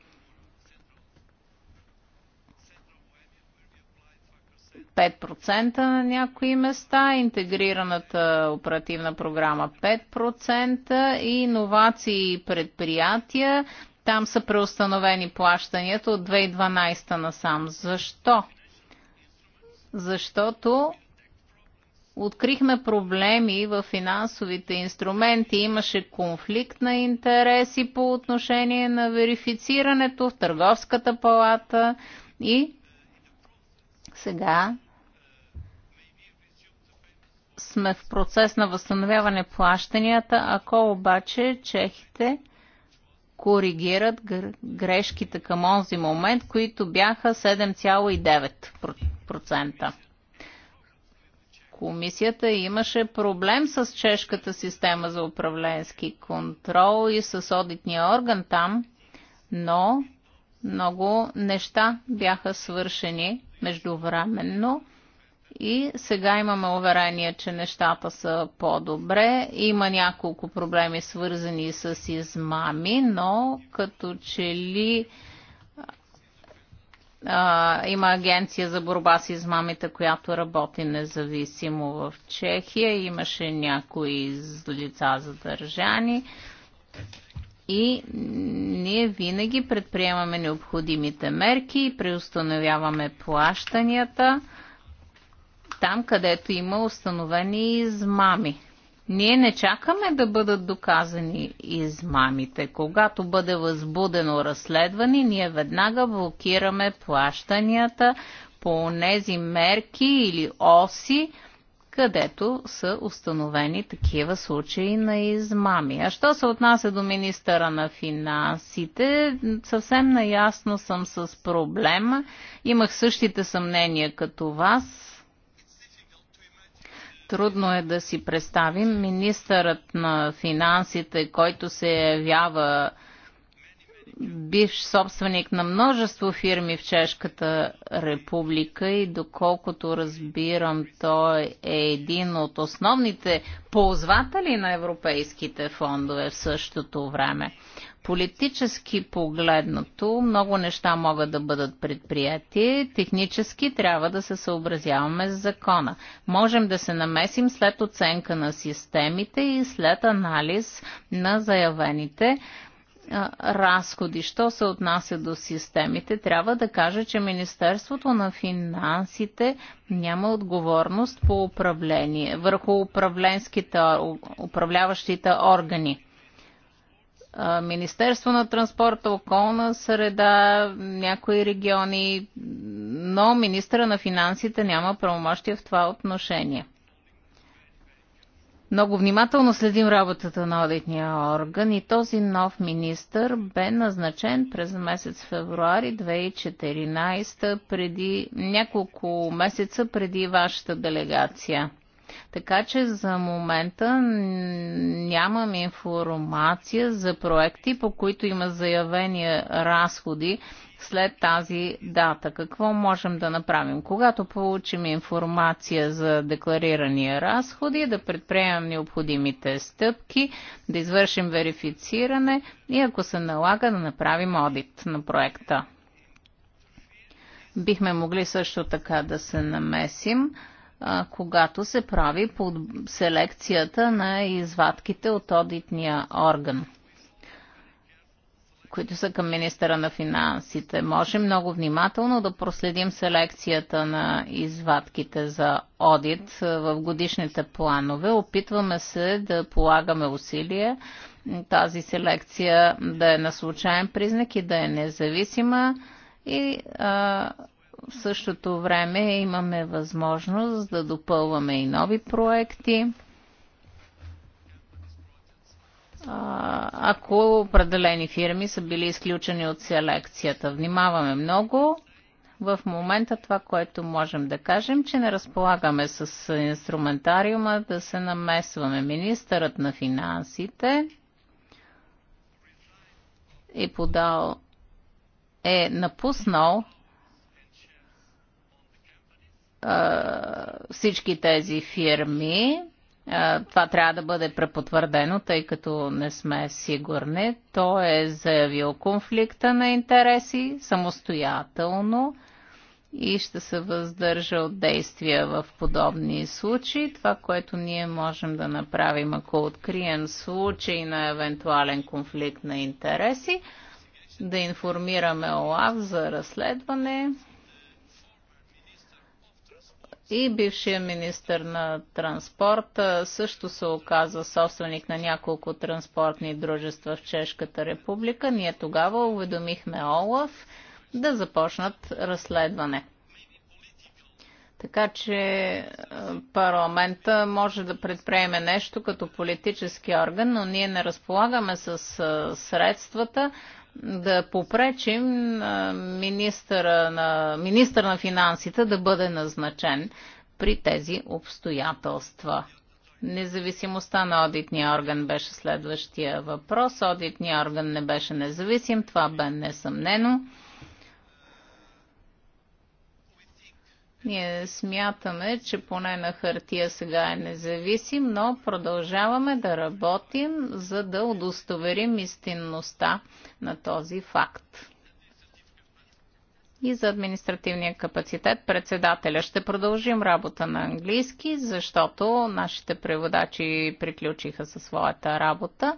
5% на някои места, интегрираната оперативна програма 5% и иновации и предприятия. Там са преустановени плащанията от 2012 насам. Защо? Защото открихме проблеми в финансовите инструменти. Имаше конфликт на интереси по отношение на верифицирането в Търговската палата и сега сме в процес на възстановяване плащанията, ако обаче чехите коригират грешките към онзи момент, които бяха 7,9%. Комисията имаше проблем с чешката система за управленски контрол и с одитния орган там, но много неща бяха свършени междувременно и сега имаме уверение, че нещата са по-добре. Има няколко проблеми свързани с измами, но като че ли а, има агенция за борба с измамите, която работи независимо в Чехия. Имаше някои лица задържани. И ние винаги предприемаме необходимите мерки и преустановяваме плащанията там, където има установени измами. Ние не чакаме да бъдат доказани измамите. Когато бъде възбудено разследване, ние веднага блокираме плащанията по тези мерки или оси, където са установени такива случаи на измами. А що се отнася до министъра на финансите, съвсем наясно съм с проблема. Имах същите съмнения като вас Трудно е да си представим министърът на финансите, който се явява бивш собственик на множество фирми в Чешката република и доколкото разбирам, той е един от основните ползватели на европейските фондове в същото време. Политически погледнато много неща могат да бъдат предприяти, технически трябва да се съобразяваме с закона. Можем да се намесим след оценка на системите и след анализ на заявените разходи. Що се отнася до системите, трябва да кажа, че Министерството на финансите няма отговорност по управление върху управленските, управляващите органи. Министерство на транспорта, околна среда, някои региони, но министра на финансите няма правомощия в това отношение. Много внимателно следим работата на одитния орган и този нов министр бе назначен през месец февруари 2014, преди няколко месеца преди вашата делегация. Така че за момента нямам информация за проекти, по които има заявени разходи след тази дата. Какво можем да направим? Когато получим информация за декларирания разходи, да предприемем необходимите стъпки, да извършим верифициране и ако се налага да направим одит на проекта. Бихме могли също така да се намесим когато се прави под селекцията на извадките от одитния орган които са към министъра на финансите. Може много внимателно да проследим селекцията на извадките за одит в годишните планове. Опитваме се да полагаме усилия тази селекция да е на случайен признак и да е независима и а, в същото време имаме възможност да допълваме и нови проекти. Ако определени фирми са били изключени от селекцията, внимаваме много. В момента това, което можем да кажем, че не разполагаме с инструментариума да се намесваме. Министърът на финансите е подал, е напуснал всички тези фирми. Това трябва да бъде препотвърдено, тъй като не сме сигурни. Той е заявил конфликта на интереси самостоятелно и ще се въздържа от действия в подобни случаи. Това, което ние можем да направим, ако открием случай на евентуален конфликт на интереси, да информираме ОЛАВ за разследване и бившия министр на транспорта също се оказа собственик на няколко транспортни дружества в Чешката република. Ние тогава уведомихме Олаф да започнат разследване. Така че е, парламента може да предприеме нещо като политически орган, но ние не разполагаме с е, средствата да попречим на министъра на, министър на финансите да бъде назначен при тези обстоятелства. Независимостта на одитния орган беше следващия въпрос. Одитния орган не беше независим, това бе несъмнено. Ние смятаме, че поне на хартия сега е независим, но продължаваме да работим, за да удостоверим истинността на този факт. И за административния капацитет председателя ще продължим работа на английски, защото нашите преводачи приключиха със своята работа.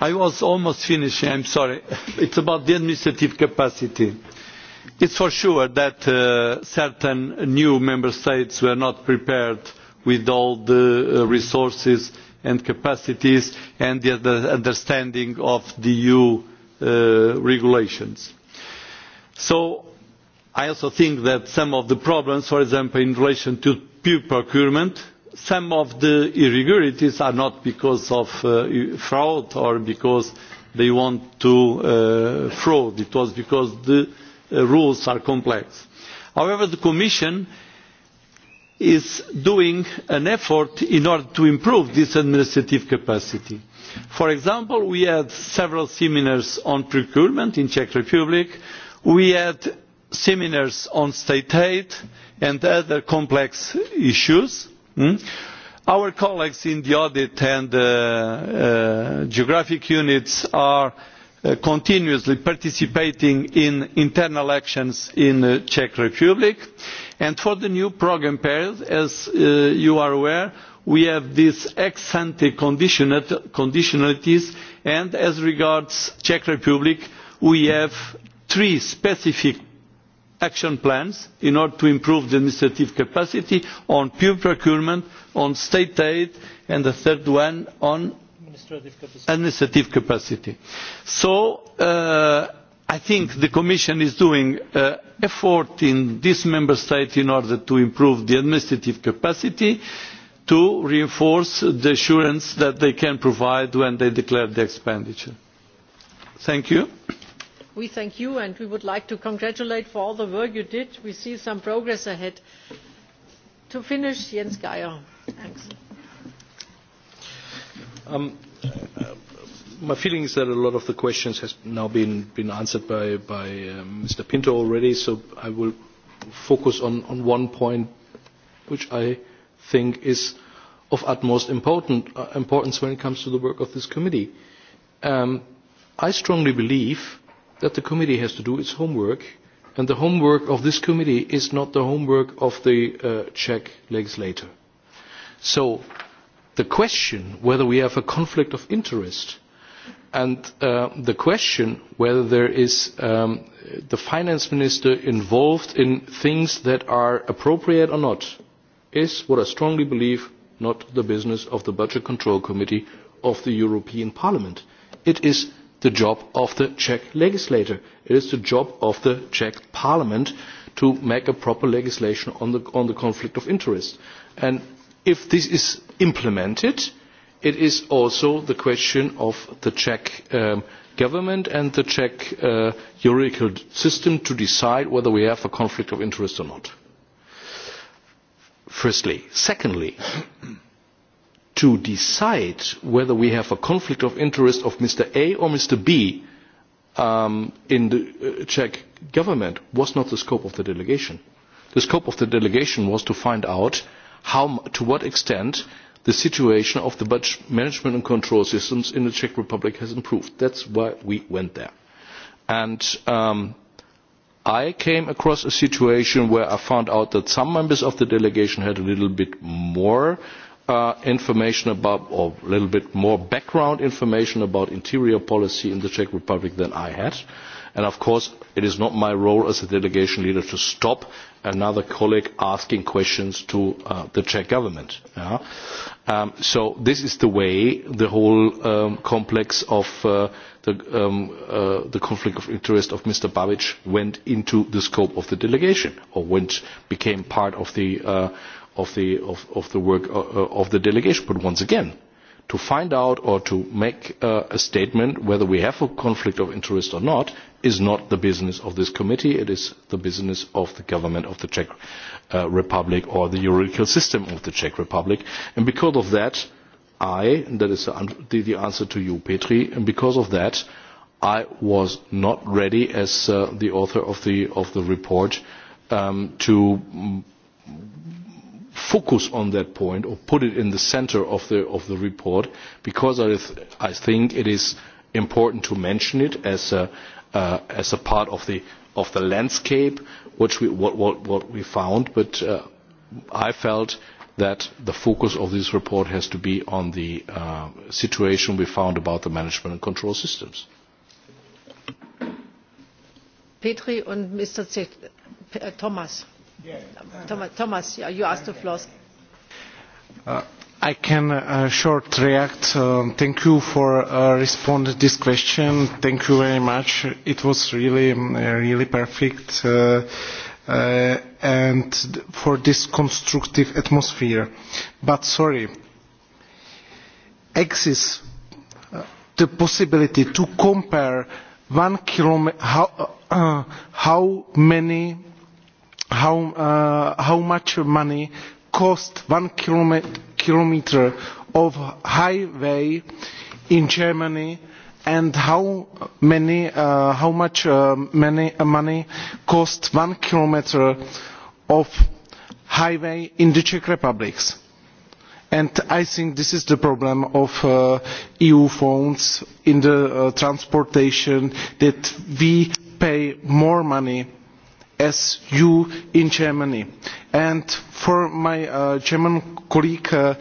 I was almost finishing, I'm sorry. It's about the administrative capacity. It's for sure that certain new member states were not prepared with all the resources and capacities and the understanding of the EU regulations. So I also think that some of the problems, for example, in relation to peer procurement, some of the irregularities are not because of fraud or because they want to fraud. It was because the rules are complex. However, the Commission is doing an effort in order to improve this administrative capacity. For example, we had several seminars on procurement in the Czech Republic. We had seminars on state aid and other complex issues Our colleagues in the audit and geographic units are continuously participating in internal actions in the Czech Republic. And for the new programme period, as you are aware, we have these ex ante conditionalities and as regards the Czech Republic, we have three specific action plans in order to improve the administrative capacity on pure procurement on state aid and the third one on administrative capacity. so i think the commission is making an effort in this member state in order to improve the administrative capacity to reinforce the assurance that they can provide when they declare the expenditure. thank you we thank you and we would like to congratulate you for all the work you did. We see some progress ahead. To finish, Jens Geier. my feeling is that a lot of the questions have now been, been answered by, by um, Mr. Pinto already, so I will focus on, on one point which I think is of utmost important, uh, importance when it comes to the work of this committee. Um, I strongly believe that the committee has to do its homework, and the homework of this committee is not the homework of the uh, Czech legislator. So the question whether we have a conflict of interest and the question whether there is the finance minister involved in things that are appropriate or not is what I strongly believe not the business of the budget control committee of the European Parliament. It is the job of the Czech legislator. It is the job of the Czech parliament to make a proper legislation on the, on the conflict of interest. And if this is implemented, it is also the question of the Czech government and the Czech juridical system to decide whether we have a conflict of interest or not. Firstly. Secondly, to decide whether we have a conflict of interest of Mr. A or Mr. B um in the Czech government was not the scope of the delegation. The scope of the delegation was to find out how, to what extent the situation of the budget management and control systems in the Czech Republic has improved. That's why we went there. And I came across a situation where I found out that some members of the delegation had a little bit more uh, information about, or a little bit more background information about interior policy in the Czech Republic than I had. And of course, it is not my role as a delegation leader to stop another colleague asking questions to the Czech government. so this is the way the whole complex of the, conflict of interest of Mr. babi went into the scope of the delegation, or went, became part of the of the, of, of the work uh, of the delegation. But once again, to find out or to make uh, a statement whether we have a conflict of interest or not is not the business of this committee. It is the business of the government of the Czech uh, Republic or the juridical system of the Czech Republic. And because of that, I, and that is the, the answer to you, Petri, and because of that, I was not ready as uh, the author of the, of the report um, to focus on that point or put it in the centre of the, of the report because I, th I think it is important to mention it as a, uh, as a part of the, of the landscape which we, what, what, what we found. But uh, I felt that the focus of this report has to be on the uh, situation we found about the management and control systems. Petri Mr. Thomas. Thomas, you asked the floor. I can uh, short react. Uh, thank you for uh, responding to this question. Thank you very much. It was really, really perfect. Uh, uh, and for this constructive atmosphere. But sorry, exists the possibility to compare one kilometer, how, uh, how many how, uh, how much money cost one kilometer of highway in Germany and how many uh, how much uh, many, uh, money cost one kilometer of highway in the Czech Republic. And I think this is the problem of uh, EU funds in the uh, transportation that we pay more money as you in Germany. And for my uh, German colleague, uh,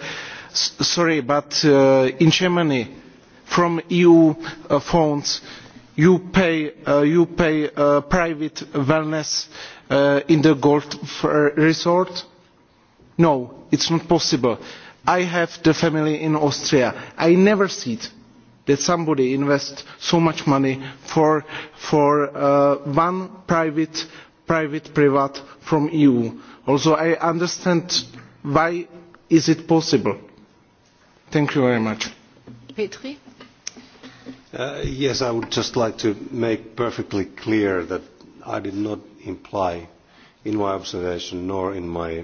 sorry, but uh, in Germany, from EU uh, funds, you pay, uh, you pay uh, private wellness uh, in the golf resort? No, it's not possible. I have the family in Austria. I never see it that somebody invests so much money for, for uh, one private private privat from the eu. also i understand why is it possible. thank you very much. yes, i would just like to make perfectly clear that i did not imply in my observation nor in my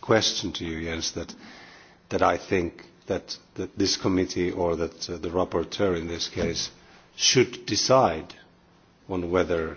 question to you, Jens, that, that I think that, that this committee or that uh, the rapporteur in this case should decide on whether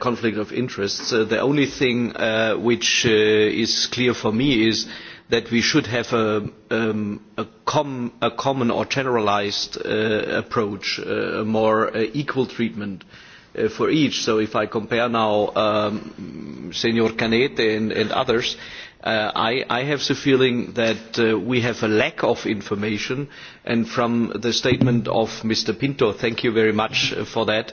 conflict of interests. the only thing which is clear for me is that we should have a, common or generalised approach, a more equal treatment for each. So if I compare now Senor Canete and, others, I, have the feeling that we have a lack of information. And from the statement of Mr. Pinto, thank you very much for that,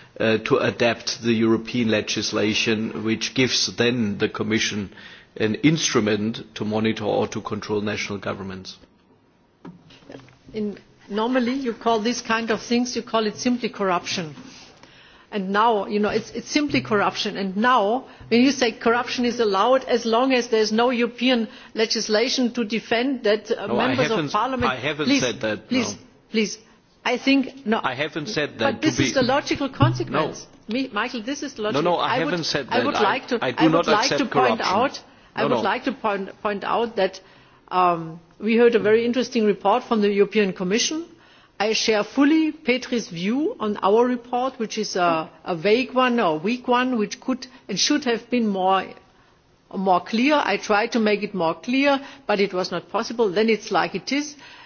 to adapt the European legislation, which gives then the Commission an instrument to monitor or to control national governments. normally, you call these kind of things, you call it simply corruption. And now, you know, it's, it's simply corruption. And now, when you say corruption is allowed as long as there is no European legislation to defend that members of parliament... I haven't said that. Please, please I think no. I haven't said that. But this is the logical consequence. Michael, this is logical. No, no, I, haven't said that. I would like to. point out. I would like to point out that we heard a very interesting report from the European Commission. I share fully Petri's view on our report, which is a, vague one or a weak one, which could and should have been more clear. I tried to make it more clear, but it was not possible. Then it is like it is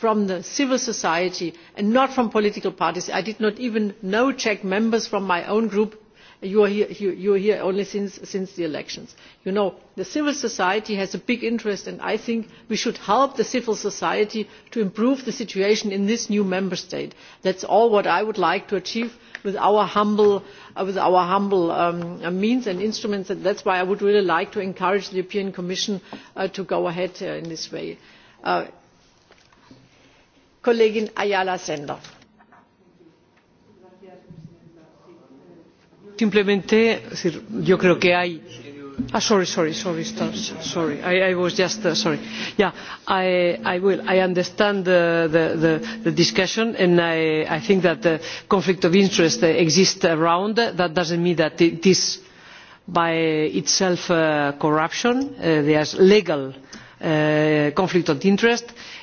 from civil society and not from political parties. i did not even know czech members from my own group you are here only since the elections. civil society has a big interest and i think we should help civil society to improve the situation in this new member state. that is all i would like to achieve with our humble means and instruments and that is why i would really like to encourage the commission to go ahead in this way kollegin ayala sender. simplemente yo creo que hay sorry sorry sorry sorry i was just sorry yeah i will i understand the discussion and i think that the conflict of interest exists around that does not mean that it is by itself corruption there is legal conflict of interest and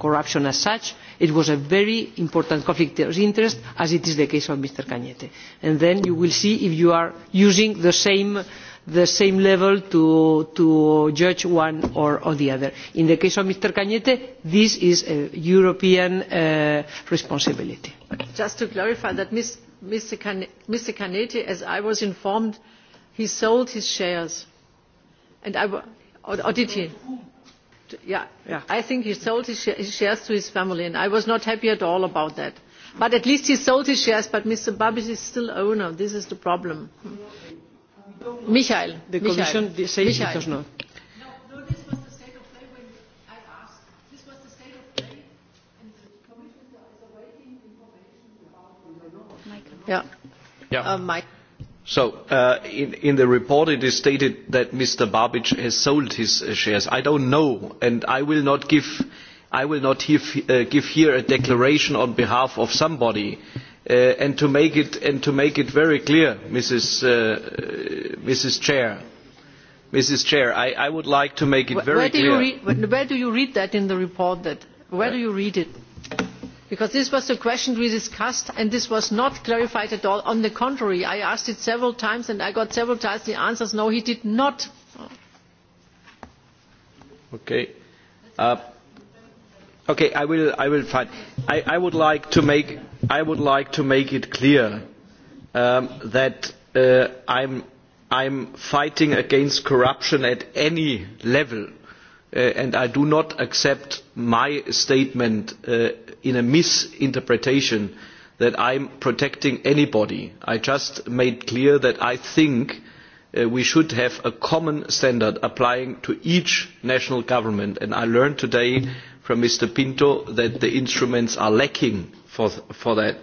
corruption as such. It was a very important conflict of interest, as it is the case of Mr. caete And then you will see if you are using the same level to judge one or the other. In the case of Mr. caete this is a European responsibility. Just to clarify that Mr. caete as I was informed, he sold his shares. And I, or did he? I think he sold his, shares to his family, and I was not happy at all about that. But at least he sold his shares, but Mr. Babish is still owner. This is the problem. Michael. The Commission says it does not. Yeah. Yeah. Uh, Mike. So in, the report it is stated that Mr. babi has sold his shares. I don't know, and I will not give, I will not give here a declaration on behalf of somebody. and to make it and to make it very clear, Mrs. Mrs. Chair, Mrs. Chair, I, I would like to make it very clear. where do you read that in the report? That where do you read it? because this was the question we discussed and this was not clarified at all. on the contrary i asked it several times and i got several times the answer no he did not. okay. okay i will i will find I, I would like to make i would like to make it clear that uh, i'm i'm fighting against corruption at any level and i do not accept my statement in a misinterpretation that I am protecting anybody. I just made clear that I think we should have a common standard applying to each national government. And I learned today from Mr. Pinto that the instruments are lacking for, that.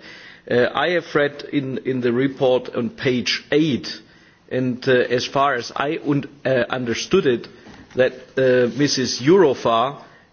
I have read in, the report on page eight, and as far as I understood it, that Mrs. Eurofar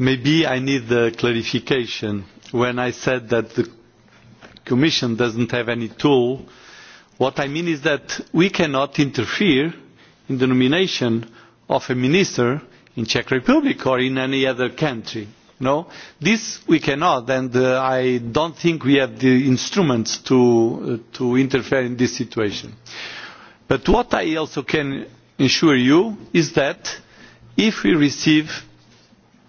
Maybe I need the clarification. When I said that the Commission doesn't have any tool, what I mean is that we cannot interfere in the nomination of a minister in the Czech Republic or in any other country. No, this we cannot, and uh, I don't think we have the instruments to, uh, to interfere in this situation. But what I also can assure you is that if we receive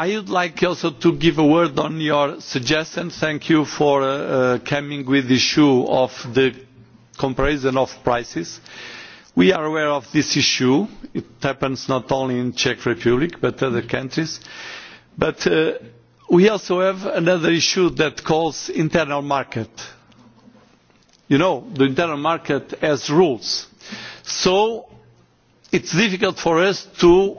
I would like also to give a word on your suggestion. Thank you for coming with the issue of the comparison of prices. We are aware of this issue. It happens not only in the Czech Republic but other countries. But we also have another issue that calls internal market. You know, the internal market has rules. So it's difficult for us to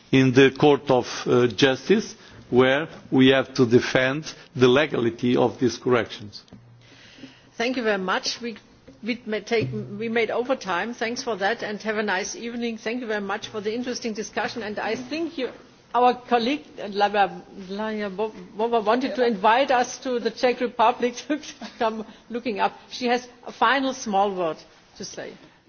in the Court of Justice, where we have to defend the legality of these corrections. Thank you very much. We, we made overtime. Thanks for that, and have a nice evening. Thank you very much for the interesting discussion. And I think our colleague Bova wanted to invite us to the Czech Republic to come looking up. She has a final small word to say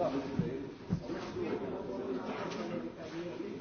Да,